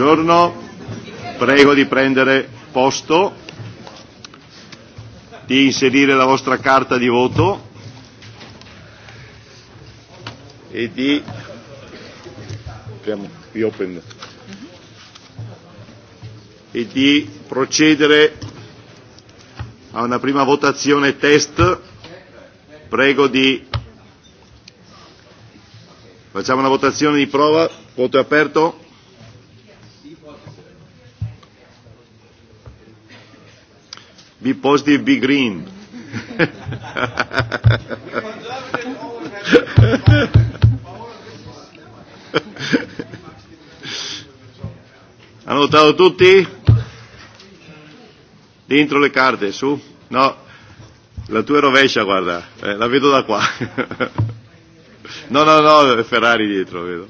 Buongiorno, prego di prendere posto, di inserire la vostra carta di voto e di e di procedere a una prima votazione test. Prego di facciamo una votazione di prova, voto aperto. positive, be green. Hanno votato tutti? Dentro le carte, su? No, la tua è rovescia, guarda, eh, la vedo da qua. no, no, no, Ferrari dietro, vedo.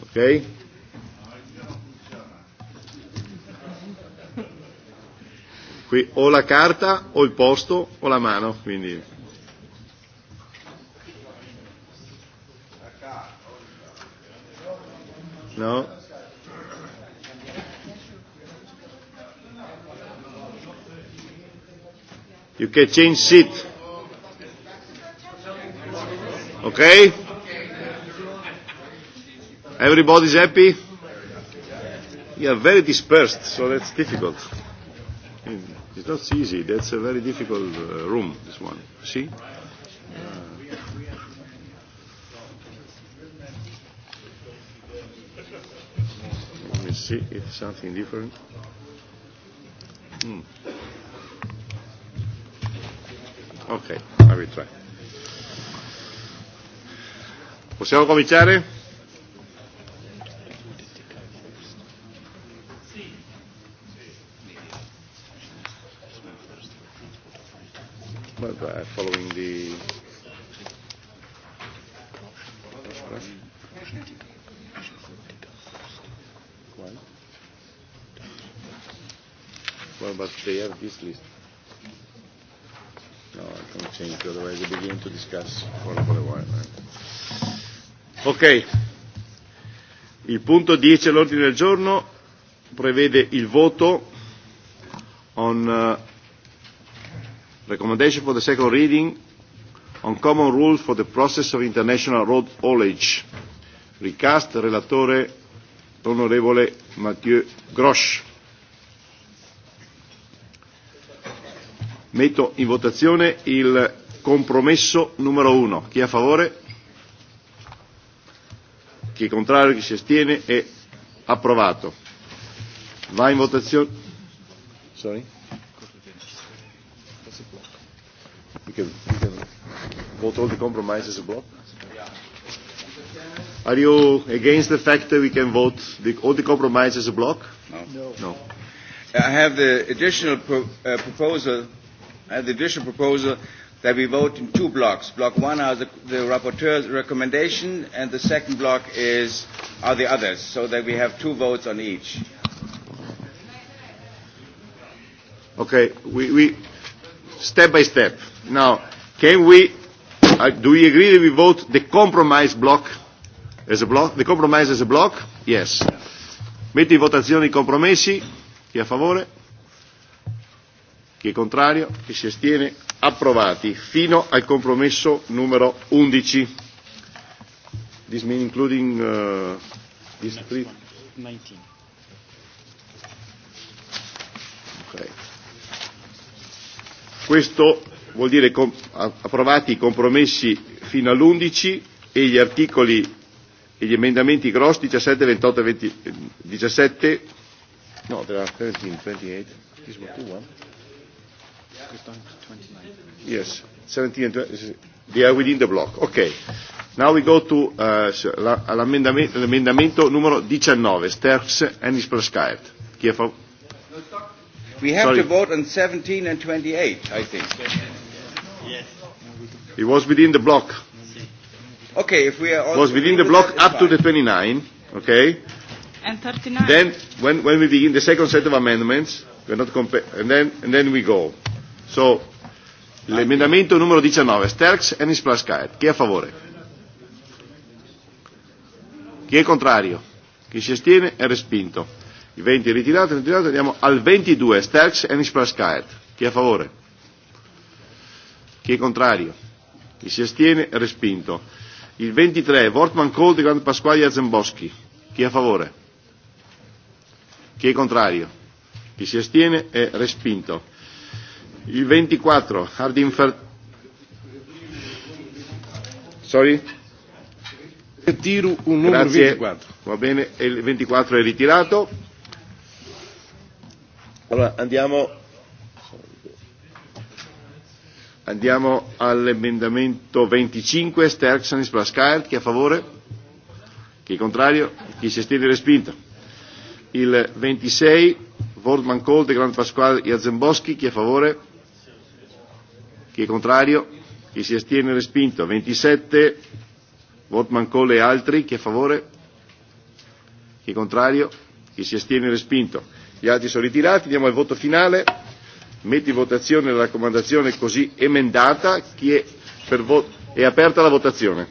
Ok? qui o la carta o il posto o la mano, quindi No? You can change seat. Okay? Everybody's happy? You are very dispersed, so that's difficult not easy. That's a very difficult uh, room, this one. See? Uh, let me see if something different. Hmm. Okay, I will try. ¿Possiamo cominciare? this list. No, I can't change, otherwise we begin to discuss for, for a while. Right? Ok, il punto 10 all'ordine del giorno prevede il voto on uh, recommendation for the second reading on common rules for the process of international road haulage. Recast relatore onorevole Mathieu Grosch. Metto in votazione il compromesso numero 1. Chi è a favore? Chi è contrario? Chi si astiene? È approvato. Va in votazione. Sorry? You can, you can vote all the compromises block. Are you against the fact that we can vote the, all the compromises as a block? No. no. No. I have the additional pro, uh, proposal uh, the division proposal that we vote in two blocks. Block one are the, the rapporteur's recommendation, and the second block is, are the others, so that we have two votes on each. Okay, we, we step by step. Now, can we, uh, do we agree that we vote the compromise block as a block? The compromise as a block? Yes. Metti in votazione i compromessi. Chi è a favore? Chi è contrario? Chi si astiene? Approvati fino al compromesso numero 11. This means including uh, this three. 19. Okay. Questo vuol dire com- approvati i compromessi fino all'11 e gli articoli e gli emendamenti gross 17, 28 e 20, 17, eh, no, there are 13, 28, this one, two, one. We've done 29. Yes, 17 and 20. They are within the block. Okay. Now we go to uh, l'emendamento numero 19, Sterks and is prescribed. Chi è fav- We have Sorry. to vote on 17 and 28, I think. Yes. It was within the block. Okay, if we are all was within the block that, up fine. to the 29, okay? And 39. Then, when, when we begin the second set of amendments, we're not compa- and, then, and then we go. So, l'emendamento numero 19, Sterks e Nisplaskait. Chi è a favore? Chi è contrario? Chi si astiene è respinto. I 20 ritirati, ritirati, andiamo al 22, Sterks e Nisplaskait. Chi è a favore? Chi è contrario? Chi si astiene è respinto. Il 23, Wortmann Kohl di Grande Pasquale Azenboschi. Chi è a favore? Chi è contrario? Chi si astiene è respinto Il 24, Hardin Fer... Sorry? Ritiro un numero Grazie. 24. Va bene, e il 24 è ritirato. Allora andiamo, andiamo all'emendamento 25, Sterksanis Plaskaert, chi è a favore? Chi è contrario? Chi si astiene respinto? Il 26, Wortmann Kohl, De Grand Pasquale Jazenboschi, chi è a favore? Chi è contrario? Chi si astiene? Respinto. 27. Votman Cole e altri. Chi è a favore? Chi è contrario? Chi si astiene? Respinto. Gli altri sono ritirati. Andiamo al voto finale. Metti in votazione la raccomandazione così emendata. Chi è per voto? È aperta la votazione.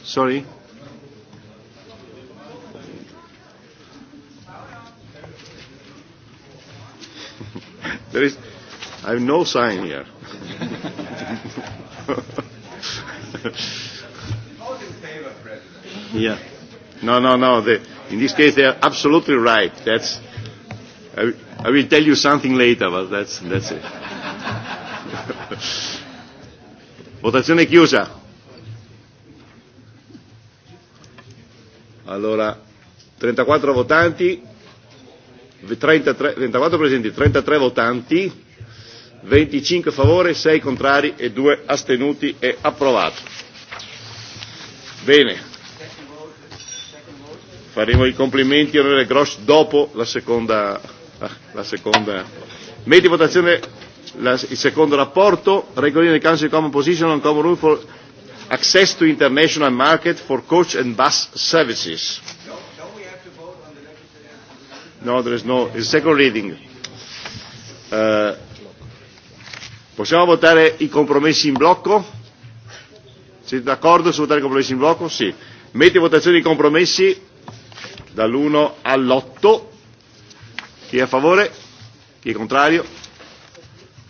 Sorry? there is, I have no sign here. yeah. No, no, no. They, in this case, they are absolutely right. That's. I, I will tell you something later, but that's that's it. Votazione chiusa. Allora, 34 votanti, 33, 24 presenti, 33 votanti, 25 favore, 6 contrari e 2 astenuti. È approvato. Bene. Faremo i complimenti onorevole Gross dopo la seconda, ah, la seconda. Metti in votazione la, il secondo rapporto, Regolino del Council Common Position on Common Rule for Access to International Market for Coach and Bus Services No, there is no. It's second reading. Eh, possiamo votare i compromessi in blocco? Siete d'accordo su votare i compromessi in blocco? Sì. Metti in votazione i compromessi dall'1 all'8. Chi è a favore? Chi è contrario?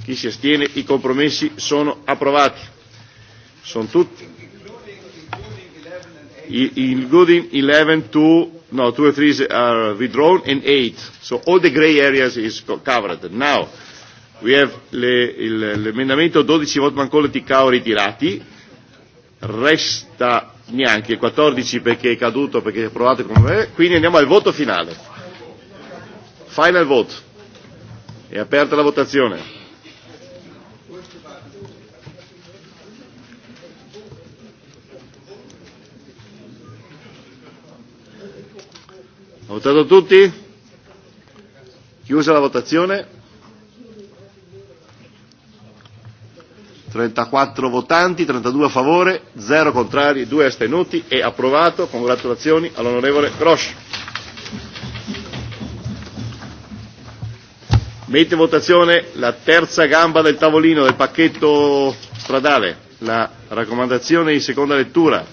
Chi si astiene? I compromessi sono approvati. Sono tutti. Including 11 to no, two or three are withdrawn, and eight. So all the grey areas is covered. Now, we have le, l'emendamento 12 Votman Call Ticao ritirati, resta neanche il 14 perché è caduto, perché è approvato come quindi andiamo al voto finale. Final vote. È aperta la votazione. Votato tutti? Chiusa la votazione. 34 votanti, 32 a favore, 0 contrari, 2 astenuti e approvato. Congratulazioni all'onorevole Grosch. Mette in votazione la terza gamba del tavolino del pacchetto stradale, la raccomandazione di seconda lettura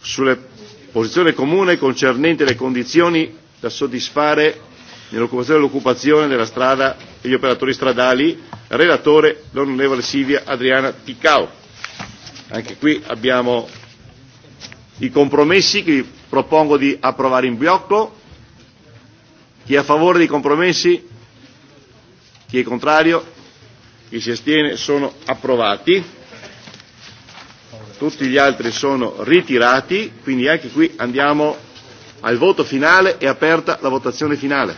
sulle posizione comune concernente le condizioni da soddisfare nell'occupazione e l'occupazione della strada e gli operatori stradali, relatore l'onorevole Silvia Adriana Ticao. Anche qui abbiamo i compromessi che propongo di approvare in blocco. Chi è a favore dei compromessi? Chi è contrario? Chi si astiene? Sono approvati tutti gli altri sono ritirati, quindi anche qui andiamo al voto finale, è aperta la votazione finale.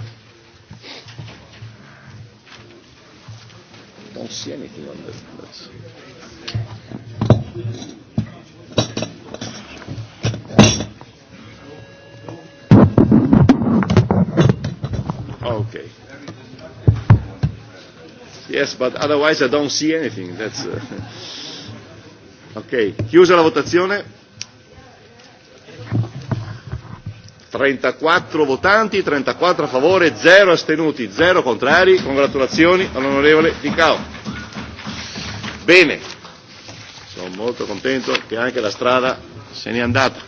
Don't see anything on this. That's... Okay. Yes, but otherwise I don't see anything. That's. Uh... Ok, chiusa la votazione. 34 votanti, 34 a favore, 0 astenuti, 0 contrari. Congratulazioni all'onorevole Ticao. Bene, sono molto contento che anche la strada se n'è andata.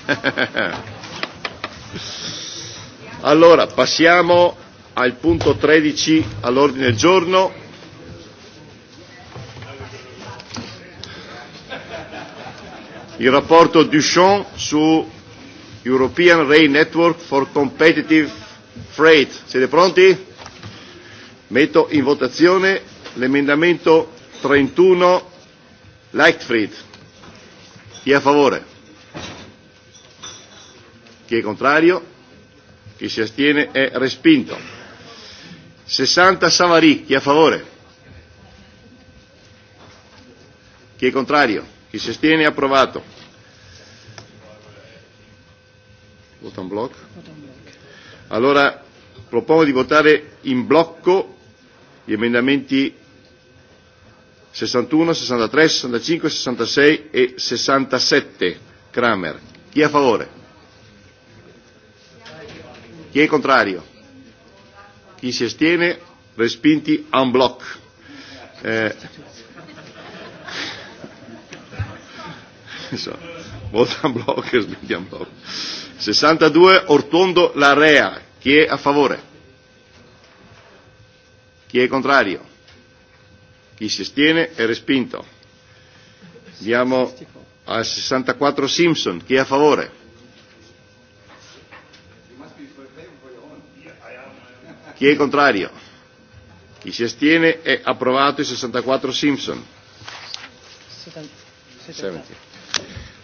allora, passiamo al punto 13 all'ordine del giorno il rapporto Duchamp su European Rail Network for Competitive Freight. Siete pronti? Metto in votazione l'emendamento 31 Lightfried. Chi è a favore? Chi è contrario? Chi si astiene è respinto. 60 Savary, chi è a favore? Chi è contrario? Chi si astiene? Approvato. Voto in blocco? Allora propongo di votare in blocco gli emendamenti 61, 63, 65, 66 e 67. Kramer. Chi è a favore? Chi è contrario? Chi si astiene? Respinti en bloc. Eh, so, voto a blocco e sbaglia un blocco. 62 Ortondo Larea, chi è a favore? Chi è contrario? Chi si astiene è respinto. Andiamo al 64 Simpson, chi è a favore? Chi è contrario? Chi si astiene è approvato il 64 Simpson. 70.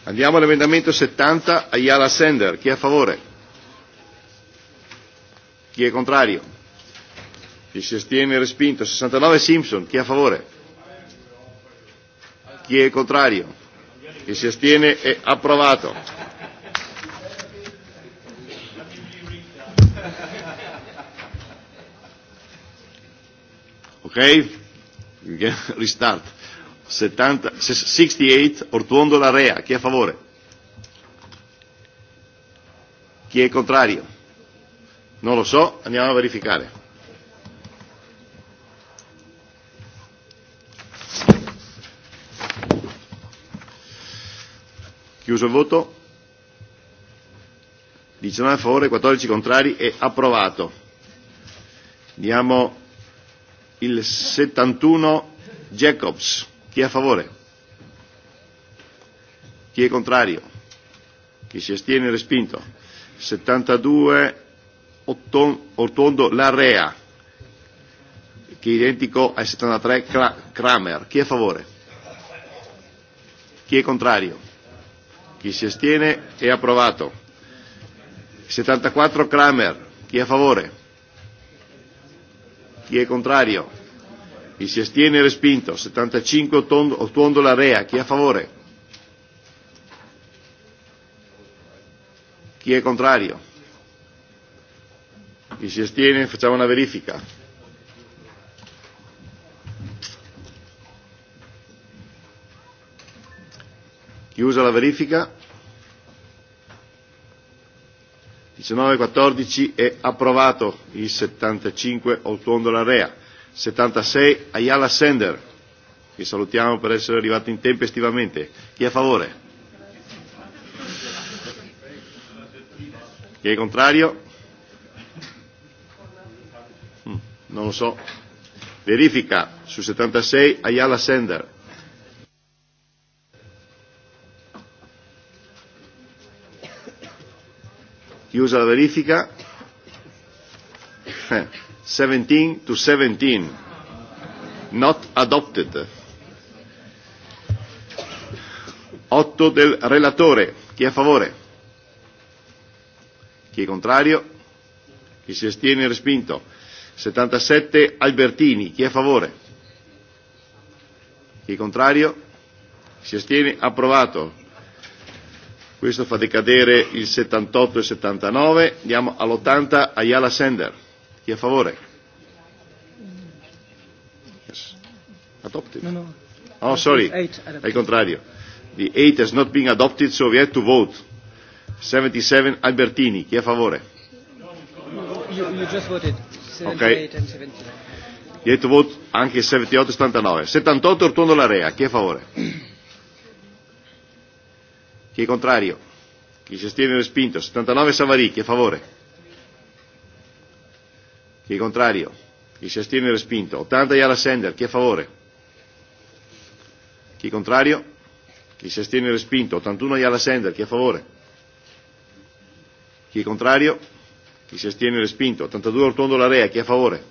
Andiamo all'emendamento 70, Ayala Sender. Chi è a favore? Chi è contrario? Chi si astiene respinto. 69 Simpson. Chi è a favore? Chi è contrario? Chi si astiene è approvato. Ok? Restart. 70, 68 Ortuondo Larea. Chi è a favore? Chi è contrario? Non lo so, andiamo a verificare. Chiuso il voto. 19 a favore, 14 contrari e approvato. Diamo il 71 Jacobs. Chi è a favore? Chi è contrario? Chi si astiene respinto. 72 Ortondo Larrea, che è identico al 73 Kramer. Chi è a favore? Chi è contrario? Chi si astiene è approvato. 74 Kramer. Chi è a favore? Chi è contrario? Chi si astiene è respinto. 75 Ottuondola Rea. Chi è a favore? Chi è contrario? Chi si astiene? Facciamo una verifica. Chiusa la verifica. 19-14 è approvato il 75 Ottuondola Rea. 76 Ayala Sender, che salutiamo per essere arrivati in tempo estivamente. Chi è a favore? Chi è contrario? Mm, non lo so. Verifica su 76 Ayala Sender. Chiusa la verifica. Eh 17 to 17. Not adopted. 8 del relatore. Chi è a favore? Chi è contrario? Chi si astiene è respinto. 77 Albertini. Chi è a favore? Chi è contrario? Si astiene? Approvato. Questo fa decadere il 78 e 79. Andiamo all'80 Ayala Sender. Chi è a favore? Yes. Adopted. No, no. Oh, sorry. Eight Al contrario. The 8 has not been adopted, so we had to vote. 77 Albertini. Chi è a favore? You, you just voted. 78 okay. and 79. You had to vote anche 78 e 79. 78 Ortuondo Larea. Chi è a favore? Chi è contrario? Chi si astiene respinto? 79 Savarì. Chi è a favore? Chi è contrario? Chi si astiene respinto. 80 Yala Sender, chi è a favore? Chi è contrario? Chi si astiene respinto. 81 Yala Sender, chi è a favore? Chi è contrario? Chi si astiene respinto. 82 Ortondo Larea, chi è a favore?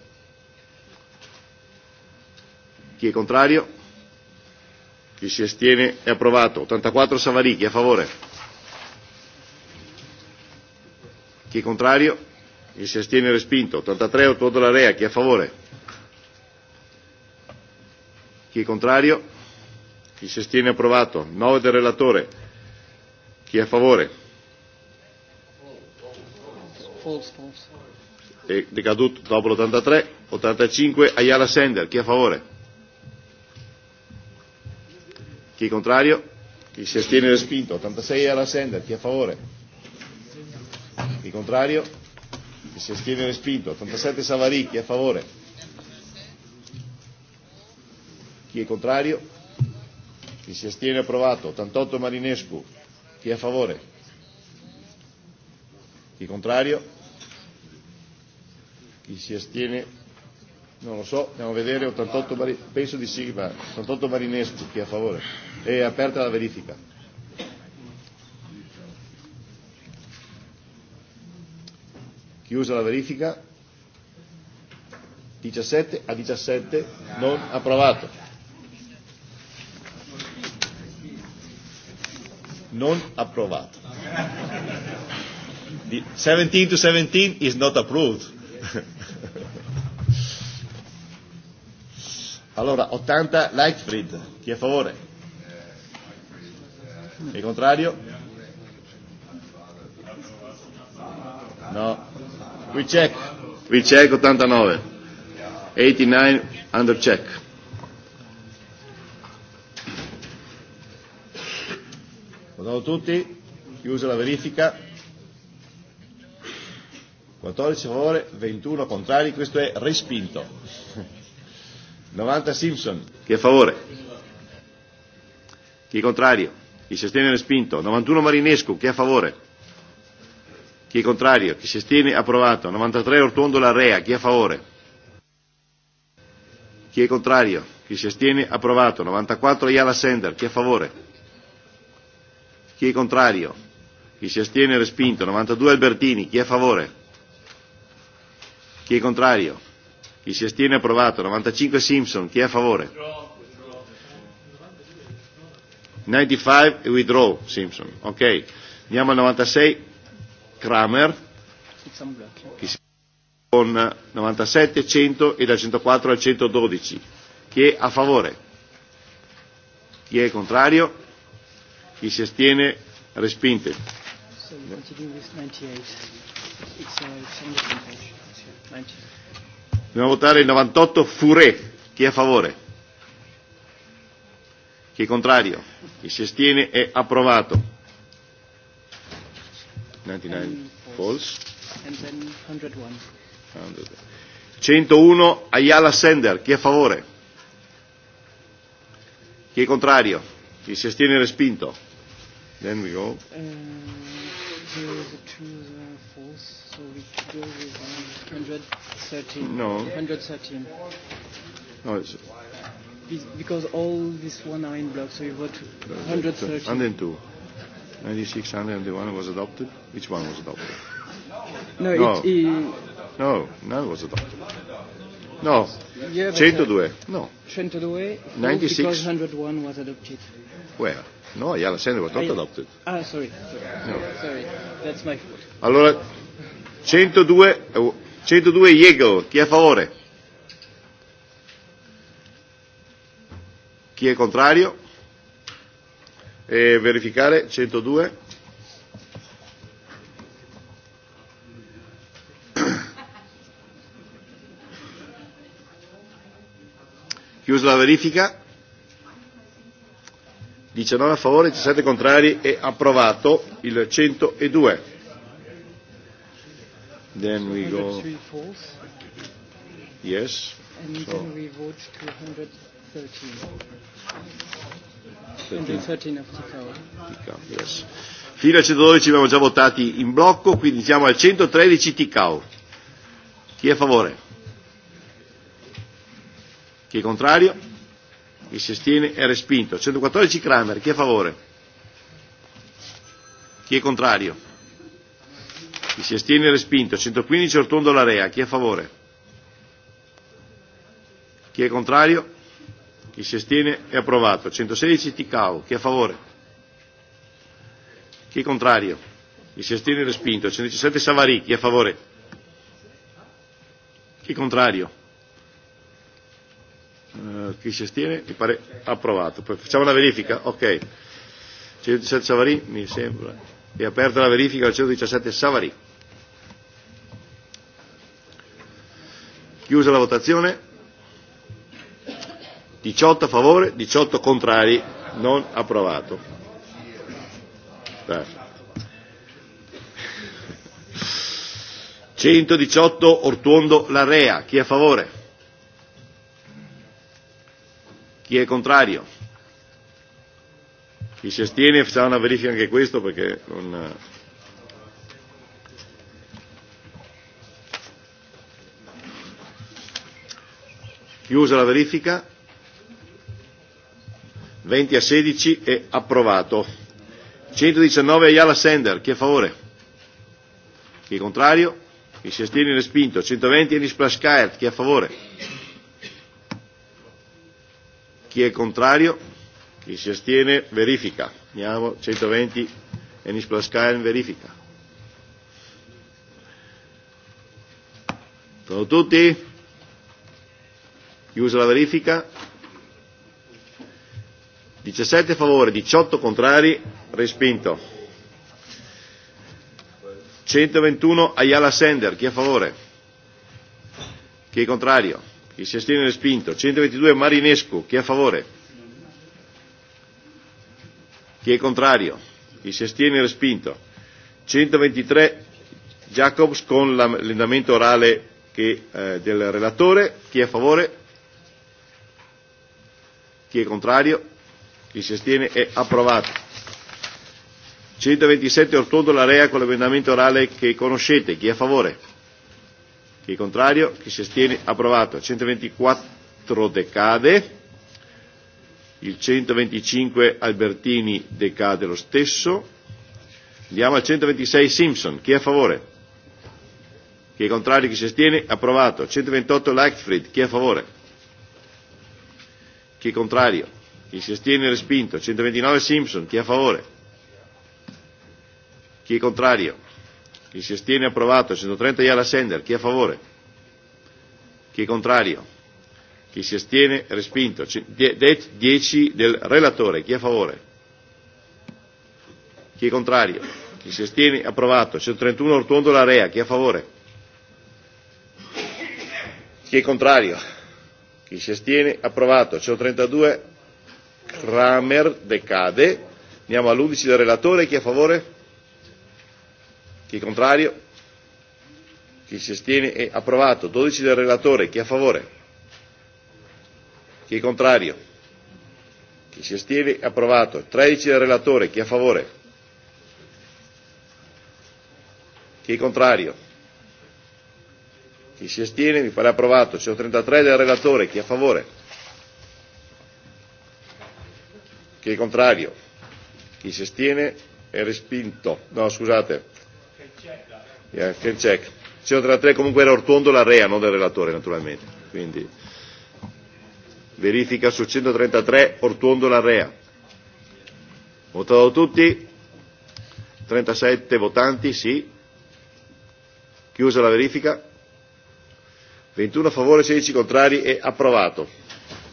Chi è contrario? Chi si astiene è approvato. 84 Savarì, chi è a favore? Chi è contrario? Chi si astiene respinto. 83 Ottuoto la Rea. Chi è a favore? Chi è contrario? Chi si astiene approvato. 9 del relatore. Chi è a favore? False, false. È decaduto dopo l'83. 85 Ayala Sender. Chi è a favore? Chi è contrario? Chi si astiene respinto. 86 Ayala Sender. Chi è a favore? Chi è contrario? che si astiene respinto. 87 Savarì, chi è a favore? Chi è contrario? Chi si astiene approvato. 88 Marinescu, chi è a favore? Chi è contrario? Chi si astiene? Non lo so, andiamo a vedere. 88 Mari... Penso di sì, ma 88 Marinescu, chi è a favore? È aperta la verifica. Chiusa la verifica. 17 a 17 non approvato. Non approvato. The 17 to 17 is not approved. allora, 80 Lightfried, chi è a favore? Chi è contrario? No. We check. We check 89. 89 under check. Votato tutti, chiusa la verifica. 14 a favore, 21 contrari, questo è respinto. 90 Simpson, chi è a favore? Chi è contrario? Chi si astiene respinto? 91 Marinescu, chi è a favore? Chi è contrario? Chi si astiene? Approvato. 93 Ortondo Larrea. Chi è a favore? Chi è contrario? Chi si astiene? Approvato. 94 Iala Sender. Chi è a favore? Chi è contrario? Chi si astiene? Respinto. 92 Albertini. Chi è a favore? Chi è contrario? Chi si astiene? Approvato. 95 Simpson. Chi è a favore? 95 withdraw Simpson. Ok. Andiamo al 96 Kramer che si con 97, 100 e da 104 al 112. Chi è a favore? Chi è contrario? Chi si astiene? Respinte. So Dobbiamo votare il 98 Furé. Chi è a favore? Chi è contrario? Chi si astiene è approvato. 99 false. And then 101. 101 Ayala Sender, chi è a favore? Chi è contrario? Chi si astiene respinto? Then we go. Uh, the, the two are uh, false, so we go with 113. No. 113. No, it's, Be because all this one are in block, so you vote 113. Uh, 102. 96, 101 was adopted. Which one was adopted? No, no. It, it... no none was adopted. No, yeah, 102. Uh, no. 102. 96. Because 101 was adopted. Where? No, Ayala Sender was not Ayala. adopted. Ah, sorry. Sorry. No. sorry. That's my fault. Allora, 102, 102 Jägel, chi è a favore? Chi è contrario? eh, verificare 102 chiusa la verifica 19 a favore 17 contrari e approvato il 102 Then we go. Yes. And so. then we vote to 113. 113 of Ticao. Ticao, yes. Fino al 112 abbiamo già votati in blocco, quindi siamo al 113 Ticao. Chi è a favore? Chi è contrario? Chi si astiene è respinto. 114 Kramer, chi è a favore? Chi è contrario? Chi si astiene è respinto. 115 Ortondo Larea, chi è a favore? Chi è contrario? Chi si astiene è approvato. 116 Ticao. Chi è a favore? Chi è contrario? Chi si astiene è respinto. 117 Savarì. Chi è a favore? Chi è contrario? Uh, chi si astiene mi pare approvato. Poi facciamo una verifica? Ok. 117 Savarì mi sembra. È aperta la verifica al 117 Savarì. Chiusa la votazione 18 a favore, 18 contrari, non approvato. Dai. 118 Ortuondo Larrea, chi è a favore? Chi è contrario? Chi si astiene fa una verifica anche questo perché non... Eh. Chiusa la verifica. 20 a 16 è e approvato. 119 Ayala Sender, chi è a favore? Chi è contrario? Chi si astiene respinto. 120 Enis Plaskaert, chi è a favore? Chi è contrario? Chi si astiene verifica. Andiamo, 120 Enis Plaskaert verifica. Sono tutti? Chiusa la verifica 17 a favore, 18 contrari, respinto. 121 Ayala Sender, chi è a favore? Chi è contrario? Chi si astiene respinto? 122 Marinescu, chi è a favore? Chi è contrario? Chi si astiene respinto? 123 Jacobs con l'emendamento orale che, eh, del relatore, chi è a favore? Chi è contrario? Chi si astiene è eh, approvato. 127 Ortondo Larea con l'emendamento orale che conoscete. Chi è a favore? Chi è contrario? Chi si astiene? Approvato. 124 decade. Il 125 Albertini decade lo stesso. Andiamo al 126 Simpson. Chi è a favore? Chi è contrario? Chi si astiene? Approvato. 128 Leichfried. Chi è a favore? Chi è contrario? Chi si astiene respinto. 129 Simpson. Chi è a favore? Chi è contrario? Chi si astiene approvato. 130 Iala Sender. Chi è a favore? Chi è contrario? Chi si astiene respinto. Det 10 del relatore. Chi è a favore? Chi è contrario? Chi si astiene approvato. 131 Ortuondo Larea. Chi è a favore? Chi è contrario? Chi si astiene? Approvato. 132 Kramer decade. Andiamo all'11 del relatore. Chi è a favore? Chi è contrario? Chi si astiene è approvato. 12 del relatore. Chi è a favore? Chi è contrario? Chi si astiene è approvato. 13 del relatore. Chi è a favore? Chi è contrario? Chi si astiene mi pare approvato. 133 del relatore. Chi è a favore? Chi è contrario? Chi si astiene? È respinto. No, scusate. Yeah, can check. Signor Trattore, comunque era ortondo la rea, non del relatore, naturalmente. Quindi verifica su 133 ortondo la rea. Votato tutti? 37 votanti, sì. Chiusa la verifica. 21 a favore, 16 contrari e approvato.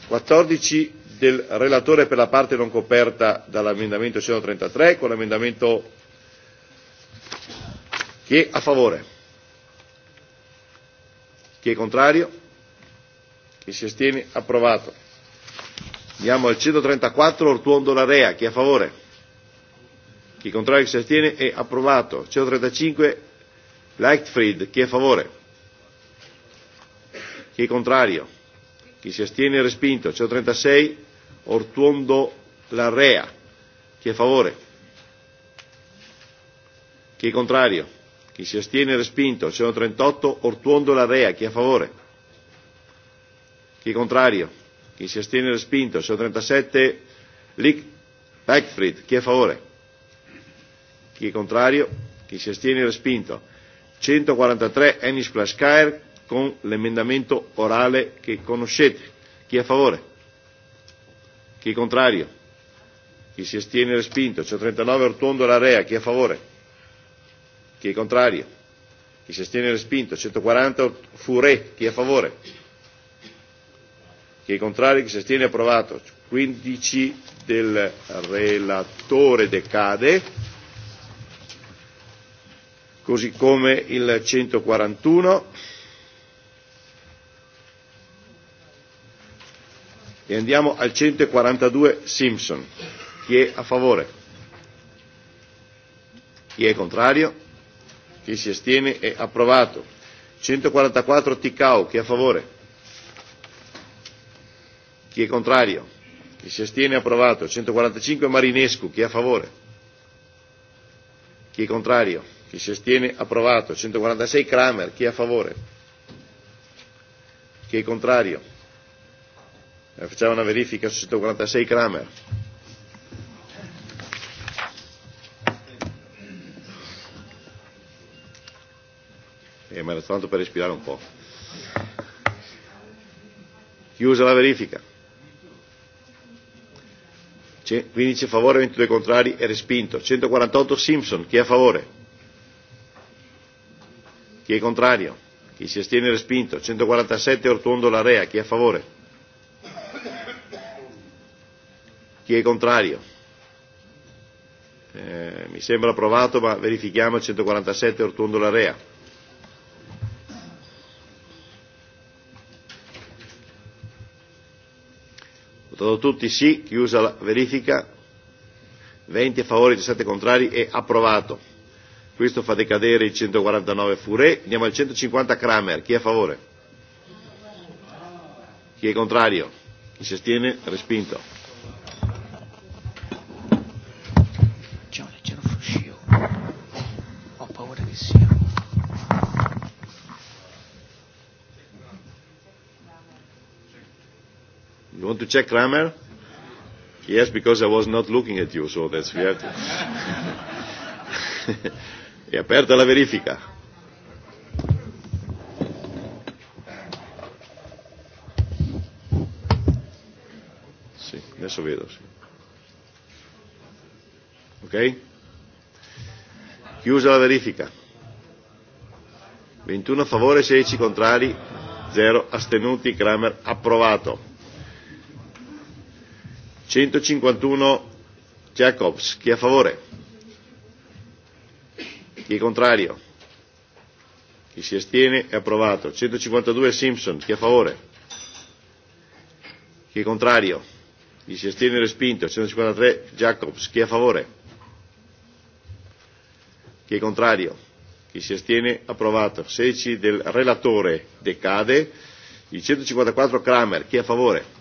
14 del relatore per la parte non coperta dall'emendamento 133 con l'emendamento chi è a favore? Chi è contrario? Chi si astiene? Approvato. Andiamo al 134 Ortuondo Larea. Chi è a favore? Chi è contrario? Chi si astiene? È approvato. 135 Leichtfried. Chi è a favore? Chi è contrario? Chi si astiene è respinto. 136 Ortuondo Larrea. Chi è a favore? Chi è contrario? Chi si astiene è respinto. 138 Ortuondo Larrea. Chi è a favore? Chi è contrario? Chi si astiene è respinto. 137 Lick Backfried. Chi è a favore? Chi è contrario? Chi si astiene è respinto. 143 Ennis Plaskaer con l'emendamento orale che conoscete. Chi è a favore? Chi è contrario? Chi si astiene respinto? 139 Ortuondo Larea. Chi è a favore? Chi è contrario? Chi si astiene respinto? 140 Furé. Chi è a favore? Chi è contrario? Chi si astiene approvato? 15 del relatore decade così come il 141 E andiamo al 142 Simpson. Chi è a favore? Chi è contrario? Chi si astiene è approvato. 144 Ticao. Chi è a favore? Chi è contrario? Chi si astiene è approvato. 145 Marinescu. Chi è a favore? Chi è contrario? Chi si astiene approvato. 146 Kramer. Chi è a favore? Chi è contrario? Eh, facciamo una verifica su 146 Kramer. Eh, ma era tanto per respirare un po'. Chiusa la verifica. 15 a favore, 22 contrari e respinto. 148 Simpson, chi è a favore? Chi è contrario? Chi si astiene respinto? 147 Ortuondo Larea, chi è a favore? Chi è contrario? Eh, mi sembra approvato, ma verifichiamo il 147 Ortuondo Larea. Votato tutti sì, chiusa la verifica. 20 a favore, 17 contrari e approvato. Questo fa decadere il 149 Furé. Andiamo al 150 Kramer. Chi è a favore? Chi è contrario? Chi si astiene? Respinto. to check grammar? Yes, because I was not looking at you, so that's weird. È e aperta la verifica. Sì, adesso vedo, sì. Ok? Chiusa la verifica. 21 a favore, 16 contrari, 0 astenuti, Kramer approvato. 151 Jacobs, chi è a favore? Chi è contrario? Chi si astiene è approvato. 152 Simpson, chi è a favore? Chi è contrario? Chi si astiene è respinto. 153 Jacobs, chi è a favore? Chi è contrario? Chi si astiene approvato. 16 del relatore decade. Il 154 Kramer, chi è a favore?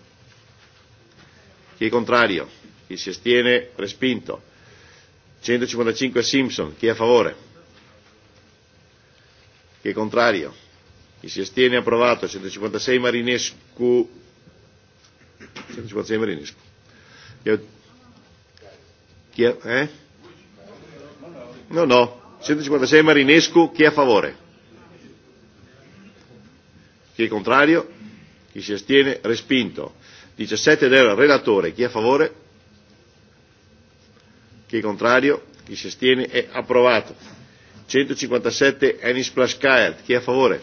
Chi è contrario? Chi si astiene? Respinto. 155 Simpson. Chi è a favore? Chi è contrario? Chi si astiene? Approvato. 156 Marinescu. 156 Marinescu. Chi è... Chi è... Eh? No, no. 156 Marinescu. Chi è a favore? Chi è contrario? Chi si astiene? Respinto. 17 del relatore. Chi è a favore? Chi è contrario? Chi si astiene? È approvato. 157 Ennis Plaskaert. Chi è a favore?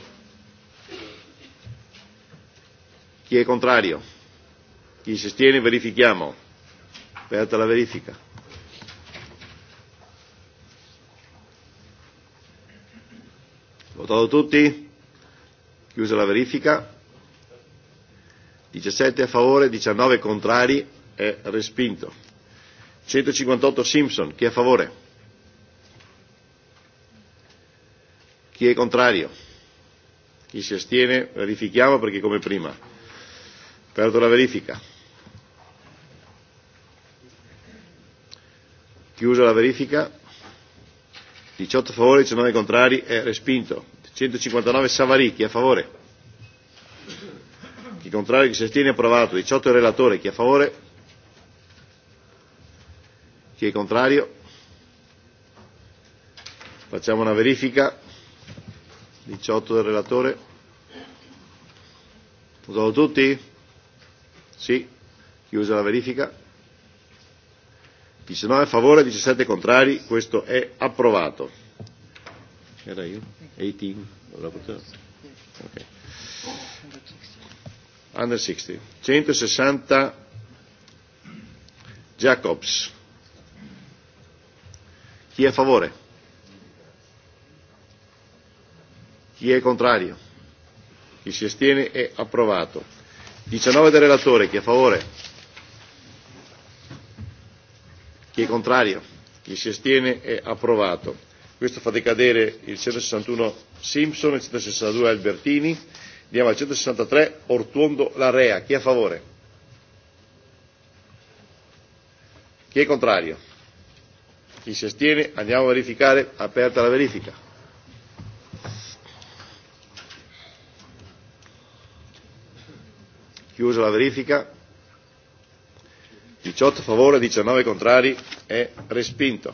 Chi è contrario? Chi si astiene? Verifichiamo. Aperta la verifica. Votato tutti? Chiusa la verifica 17 a favore, 19 contrari, è respinto. 158 Simpson, chi è a favore? Chi è contrario? Chi si astiene? Verifichiamo perché come prima. Perdo la verifica. Chiusa la verifica. 18 a favore, 19 contrari, è respinto. 159 Savaricchi, a favore? Chi contrario, chi si astiene, approvato. 18 il relatore, chi è a favore? Chi è contrario? Facciamo una verifica. 18 del relatore. Votato tutti? Sì. Chiusa la verifica. 19 a favore, 17 contrari. Questo è approvato. Era io? 18. Okay. 160. 160 Jacobs. Chi è a favore? Chi è contrario? Chi si astiene è approvato. 19 del relatore, chi è a favore? Chi è contrario? Chi si astiene è approvato. Questo fa decadere il 161 Simpson e il 162 Albertini Andiamo al 163, Ortuondo Larea. Chi è a favore? Chi è contrario? Chi si astiene? Andiamo a verificare. Aperta la verifica. Chiusa la verifica. 18 a favore, 19 contrari, è respinto.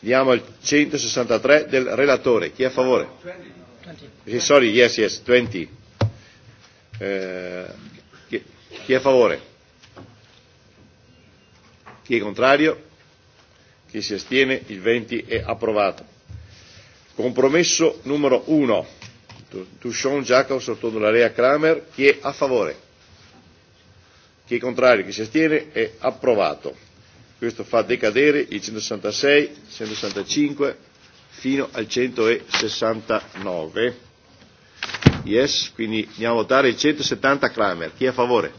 Andiamo al 163 del relatore. Chi è a favore? 20. Eh, sorry, yes, yes, 20. Eh, chi, chi è a favore? Chi è contrario? Chi si astiene? Il 20 è approvato. Compromesso numero 1. Tushon, Giacomo, Sottodolarea, Kramer. Chi è a favore? Chi è contrario? Chi si astiene? È approvato. Questo fa decadere il 166, 165, fino al 169. Yes, quindi andiamo a votare il 170 Kramer. Chi è a favore?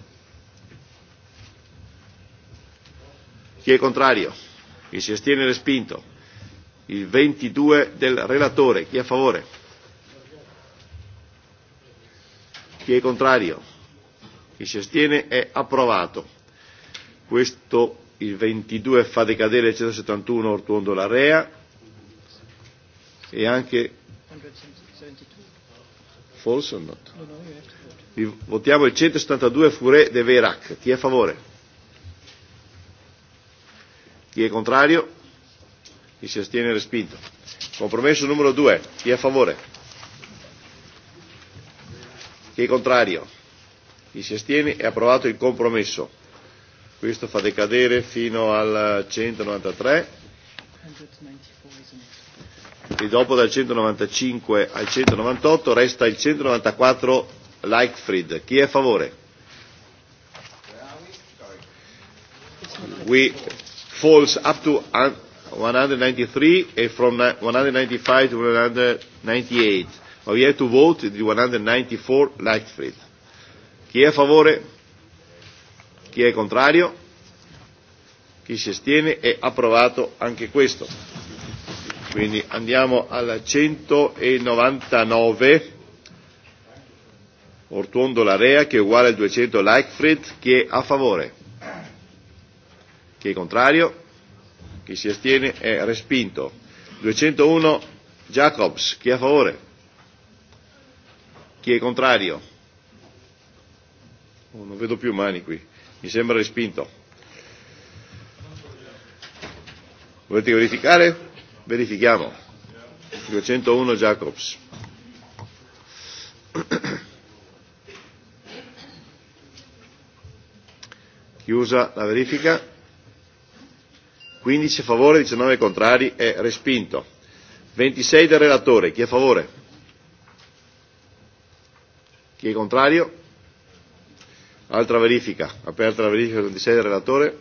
Chi è contrario? Chi si astiene respinto? Il 22 del relatore. Chi è a favore? Chi è contrario? Chi si astiene è approvato. Questo il 22 fa decadere il 171 Ortuondo Larea e anche false o not? Votiamo il 172 Fure de Verac. Chi è a favore? Chi è contrario? Chi si astiene respinto. Compromesso numero 2. Chi è a favore? Chi è contrario? Chi si astiene è approvato il compromesso. Questo fa decadere fino al 193. 194 e dopo dal 195 al 198 resta il 194 Leichfried. Chi è a favore? We falls up to 193 and e from 195 to 198. But we have to vote the 194 Leichfried. Chi è a favore? Chi è contrario? Chi si astiene? È approvato anche questo. Quindi andiamo alla 199 Ortuondo Larea che è uguale al 200 Leichfried che è a favore. Chi è contrario? Chi si astiene è respinto. 201 Jacobs, chi è a favore? Chi è contrario? Oh, non vedo più mani qui, mi sembra respinto. Volete verificare? Verifichiamo. 201 Jacobs. Chiusa la verifica. 15 a favore, 19 contrari, è respinto. 26 del relatore, chi è a favore? Chi è contrario? Altra verifica, aperta la verifica 26 del relatore.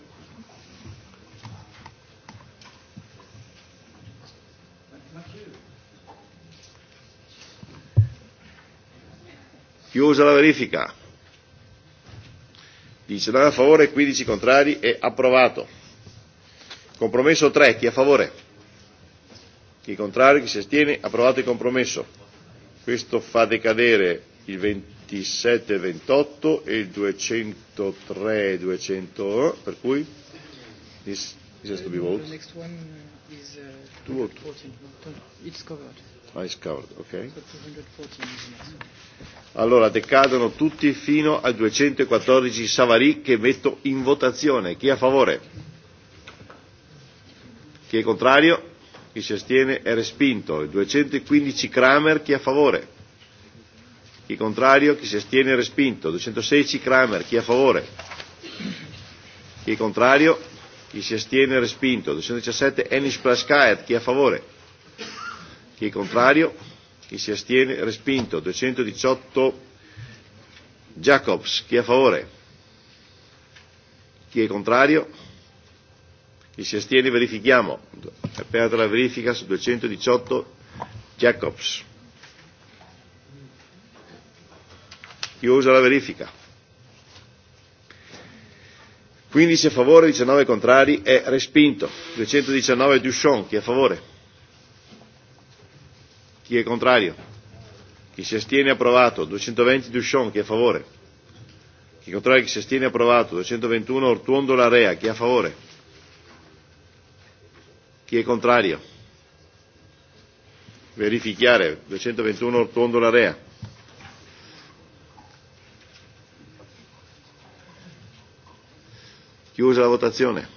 Chiusa la verifica. 19 a favore, 15 contrari, è approvato. Compromesso 3, chi è a favore? Chi è contrario, chi si astiene, approvato il compromesso. Questo fa decadere il 27, 28 e il 203, 201, e eh? per cui this, this has to be voted. The next one is uh, 214. It's covered. I ah, scored, ok? E allora decadono tutti fino al 214 Savary che metto in votazione. Chi è a favore? Chi è contrario? Chi si astiene è respinto. Il 215 Kramer, chi è a favore? Chi è contrario? Chi si astiene è respinto. 216 Kramer, chi è a favore? Chi è contrario? Chi si astiene è respinto. 217 Ennis Plaskaet, chi è a favore? Chi è contrario? Chi si astiene? Respinto. 218 Jacobs. Chi è a favore? Chi è contrario? Chi si astiene? Verifichiamo. È aperta la verifica su 218 Jacobs. Chiusa la verifica. 15 a favore, 19 contrari, è respinto. 219 Duchamp, chi è a favore? Chi è contrario? Chi si astiene approvato. 220 Duscion, chi è a favore? Chi contrario, chi si astiene approvato. 221 Ortuondo Larea, chi è a favore? Chi è contrario? Verificare. 221 Ortuondo Larea. Chiusa la votazione.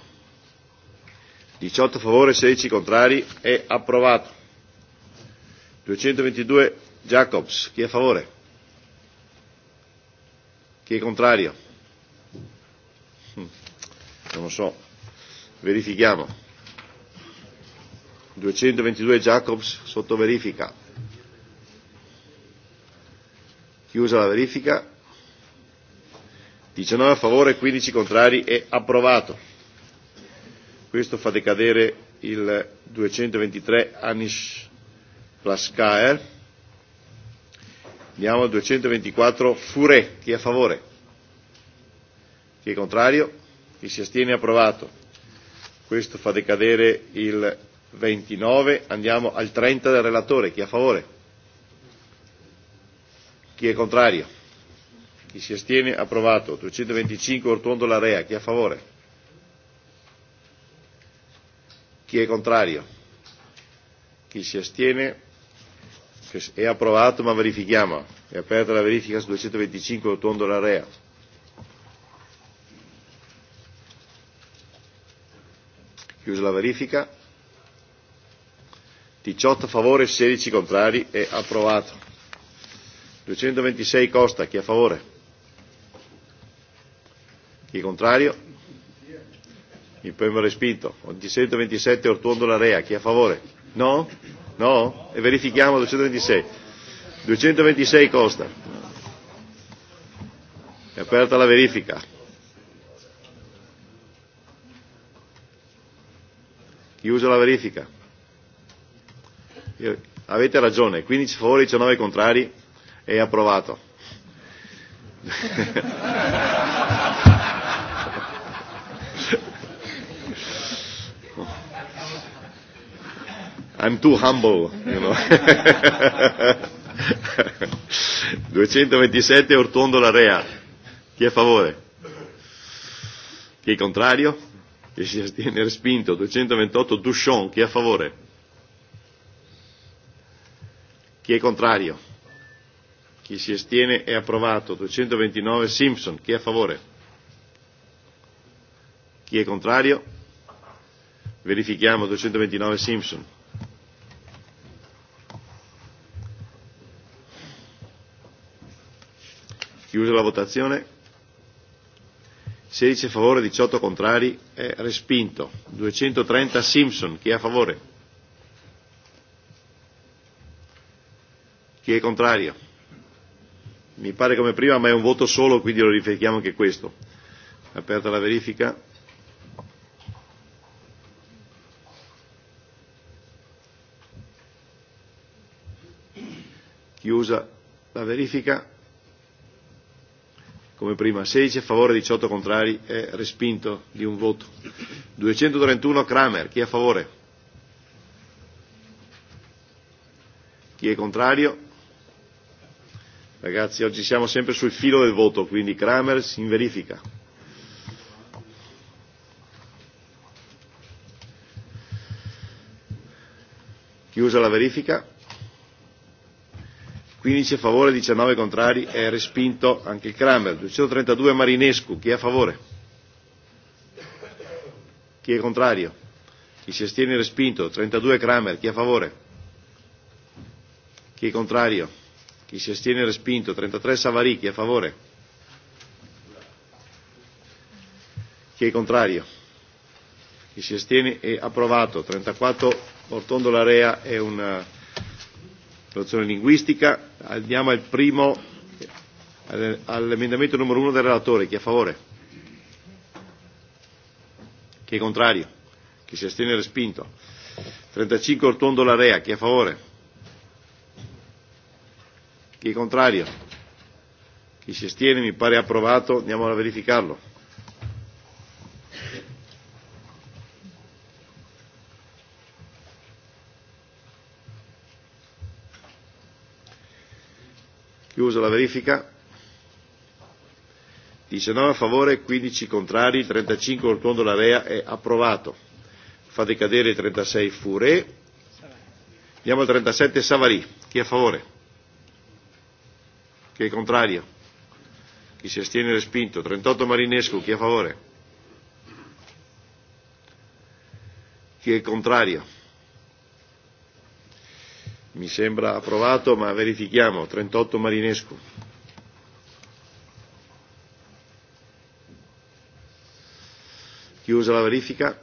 18 a favore, 16 contrari, è approvato. 222 Jacobs, chi è a favore? Chi è contrario? Hmm, non lo so, verifichiamo. 222 Jacobs sotto verifica. Chiusa la verifica. 19 a favore, 15 contrari e approvato. Questo fa decadere il 223 Anish plus CAER. Andiamo al 224 Furé. Chi è a favore? Chi è contrario? Chi si astiene? Approvato. Questo fa decadere il 29. Andiamo al 30 del relatore. Chi è a favore? Chi è contrario? Chi si astiene? Approvato. 225 Ortuondo Larea. Chi è a favore? Chi è contrario? Chi si astiene? è approvato ma verifichiamo. È aperta la verifica su 225 Otondo Larea. Chiusa la verifica. 18 a favore, 16 contrari, è approvato. 226 Costa, chi è a favore? Chi è contrario? Il primo respinto. 227 Ortuondo Larea, chi è a favore? No? No? E verifichiamo 226. 226 Costa. È aperta la verifica. Chiusa la verifica. Io, avete ragione, 15 favori, 19 contrari, è approvato. I'm too humble, you know. 227 Ortondo Larea. Chi è a favore? Chi è contrario? Chi si astiene respinto? 228 Duchon. Chi è a favore? Chi è contrario? Chi si astiene è approvato. 229 Simpson. Chi è a favore? Chi è contrario? Verifichiamo 229 Simpson. Chiusa la votazione. 16 a favore, 18 contrari, è respinto. 230 Simpson, chi è a favore? Chi è contrario? Mi pare come prima, ma è un voto solo, quindi lo riflettiamo anche questo. Aperta la verifica. Chiusa la verifica come prima, 16 a favore, 18 contrari, è respinto di un voto. 231 Kramer, chi è a favore? Chi è contrario? Ragazzi, oggi siamo sempre sul filo del voto, quindi Kramer in verifica. Chiusa la verifica 15 a favore, 19 contrari, è respinto anche il Kramer. 232 Marinescu, chi è a favore? Chi è contrario? Chi si astiene respinto? 32 Kramer, chi è a favore? Chi è contrario? Chi si astiene respinto? 33 Savarì, chi è a favore? Chi è contrario? Chi si astiene è approvato. 34 Ortondo Larea è un traduzione linguistica. Andiamo al primo, all'emendamento numero uno del relatore. Chi è a favore? Chi è contrario? Chi si astiene respinto? 35 Ortondo Larea. Chi è a favore? Chi è contrario? Chi si astiene mi pare approvato. Andiamo a verificarlo. chiusa la verifica. 19 a favore, 15 contrari, 35 Ortuondo Larea è approvato. Fa decadere il 36 Fure. Andiamo al 37 Savary. Chi è a favore? Chi è contrario? Chi si astiene respinto? 38 Marinescu. Chi è a favore? Chi è contrario? mi sembra approvato ma verifichiamo 38 Marinescu chiusa la verifica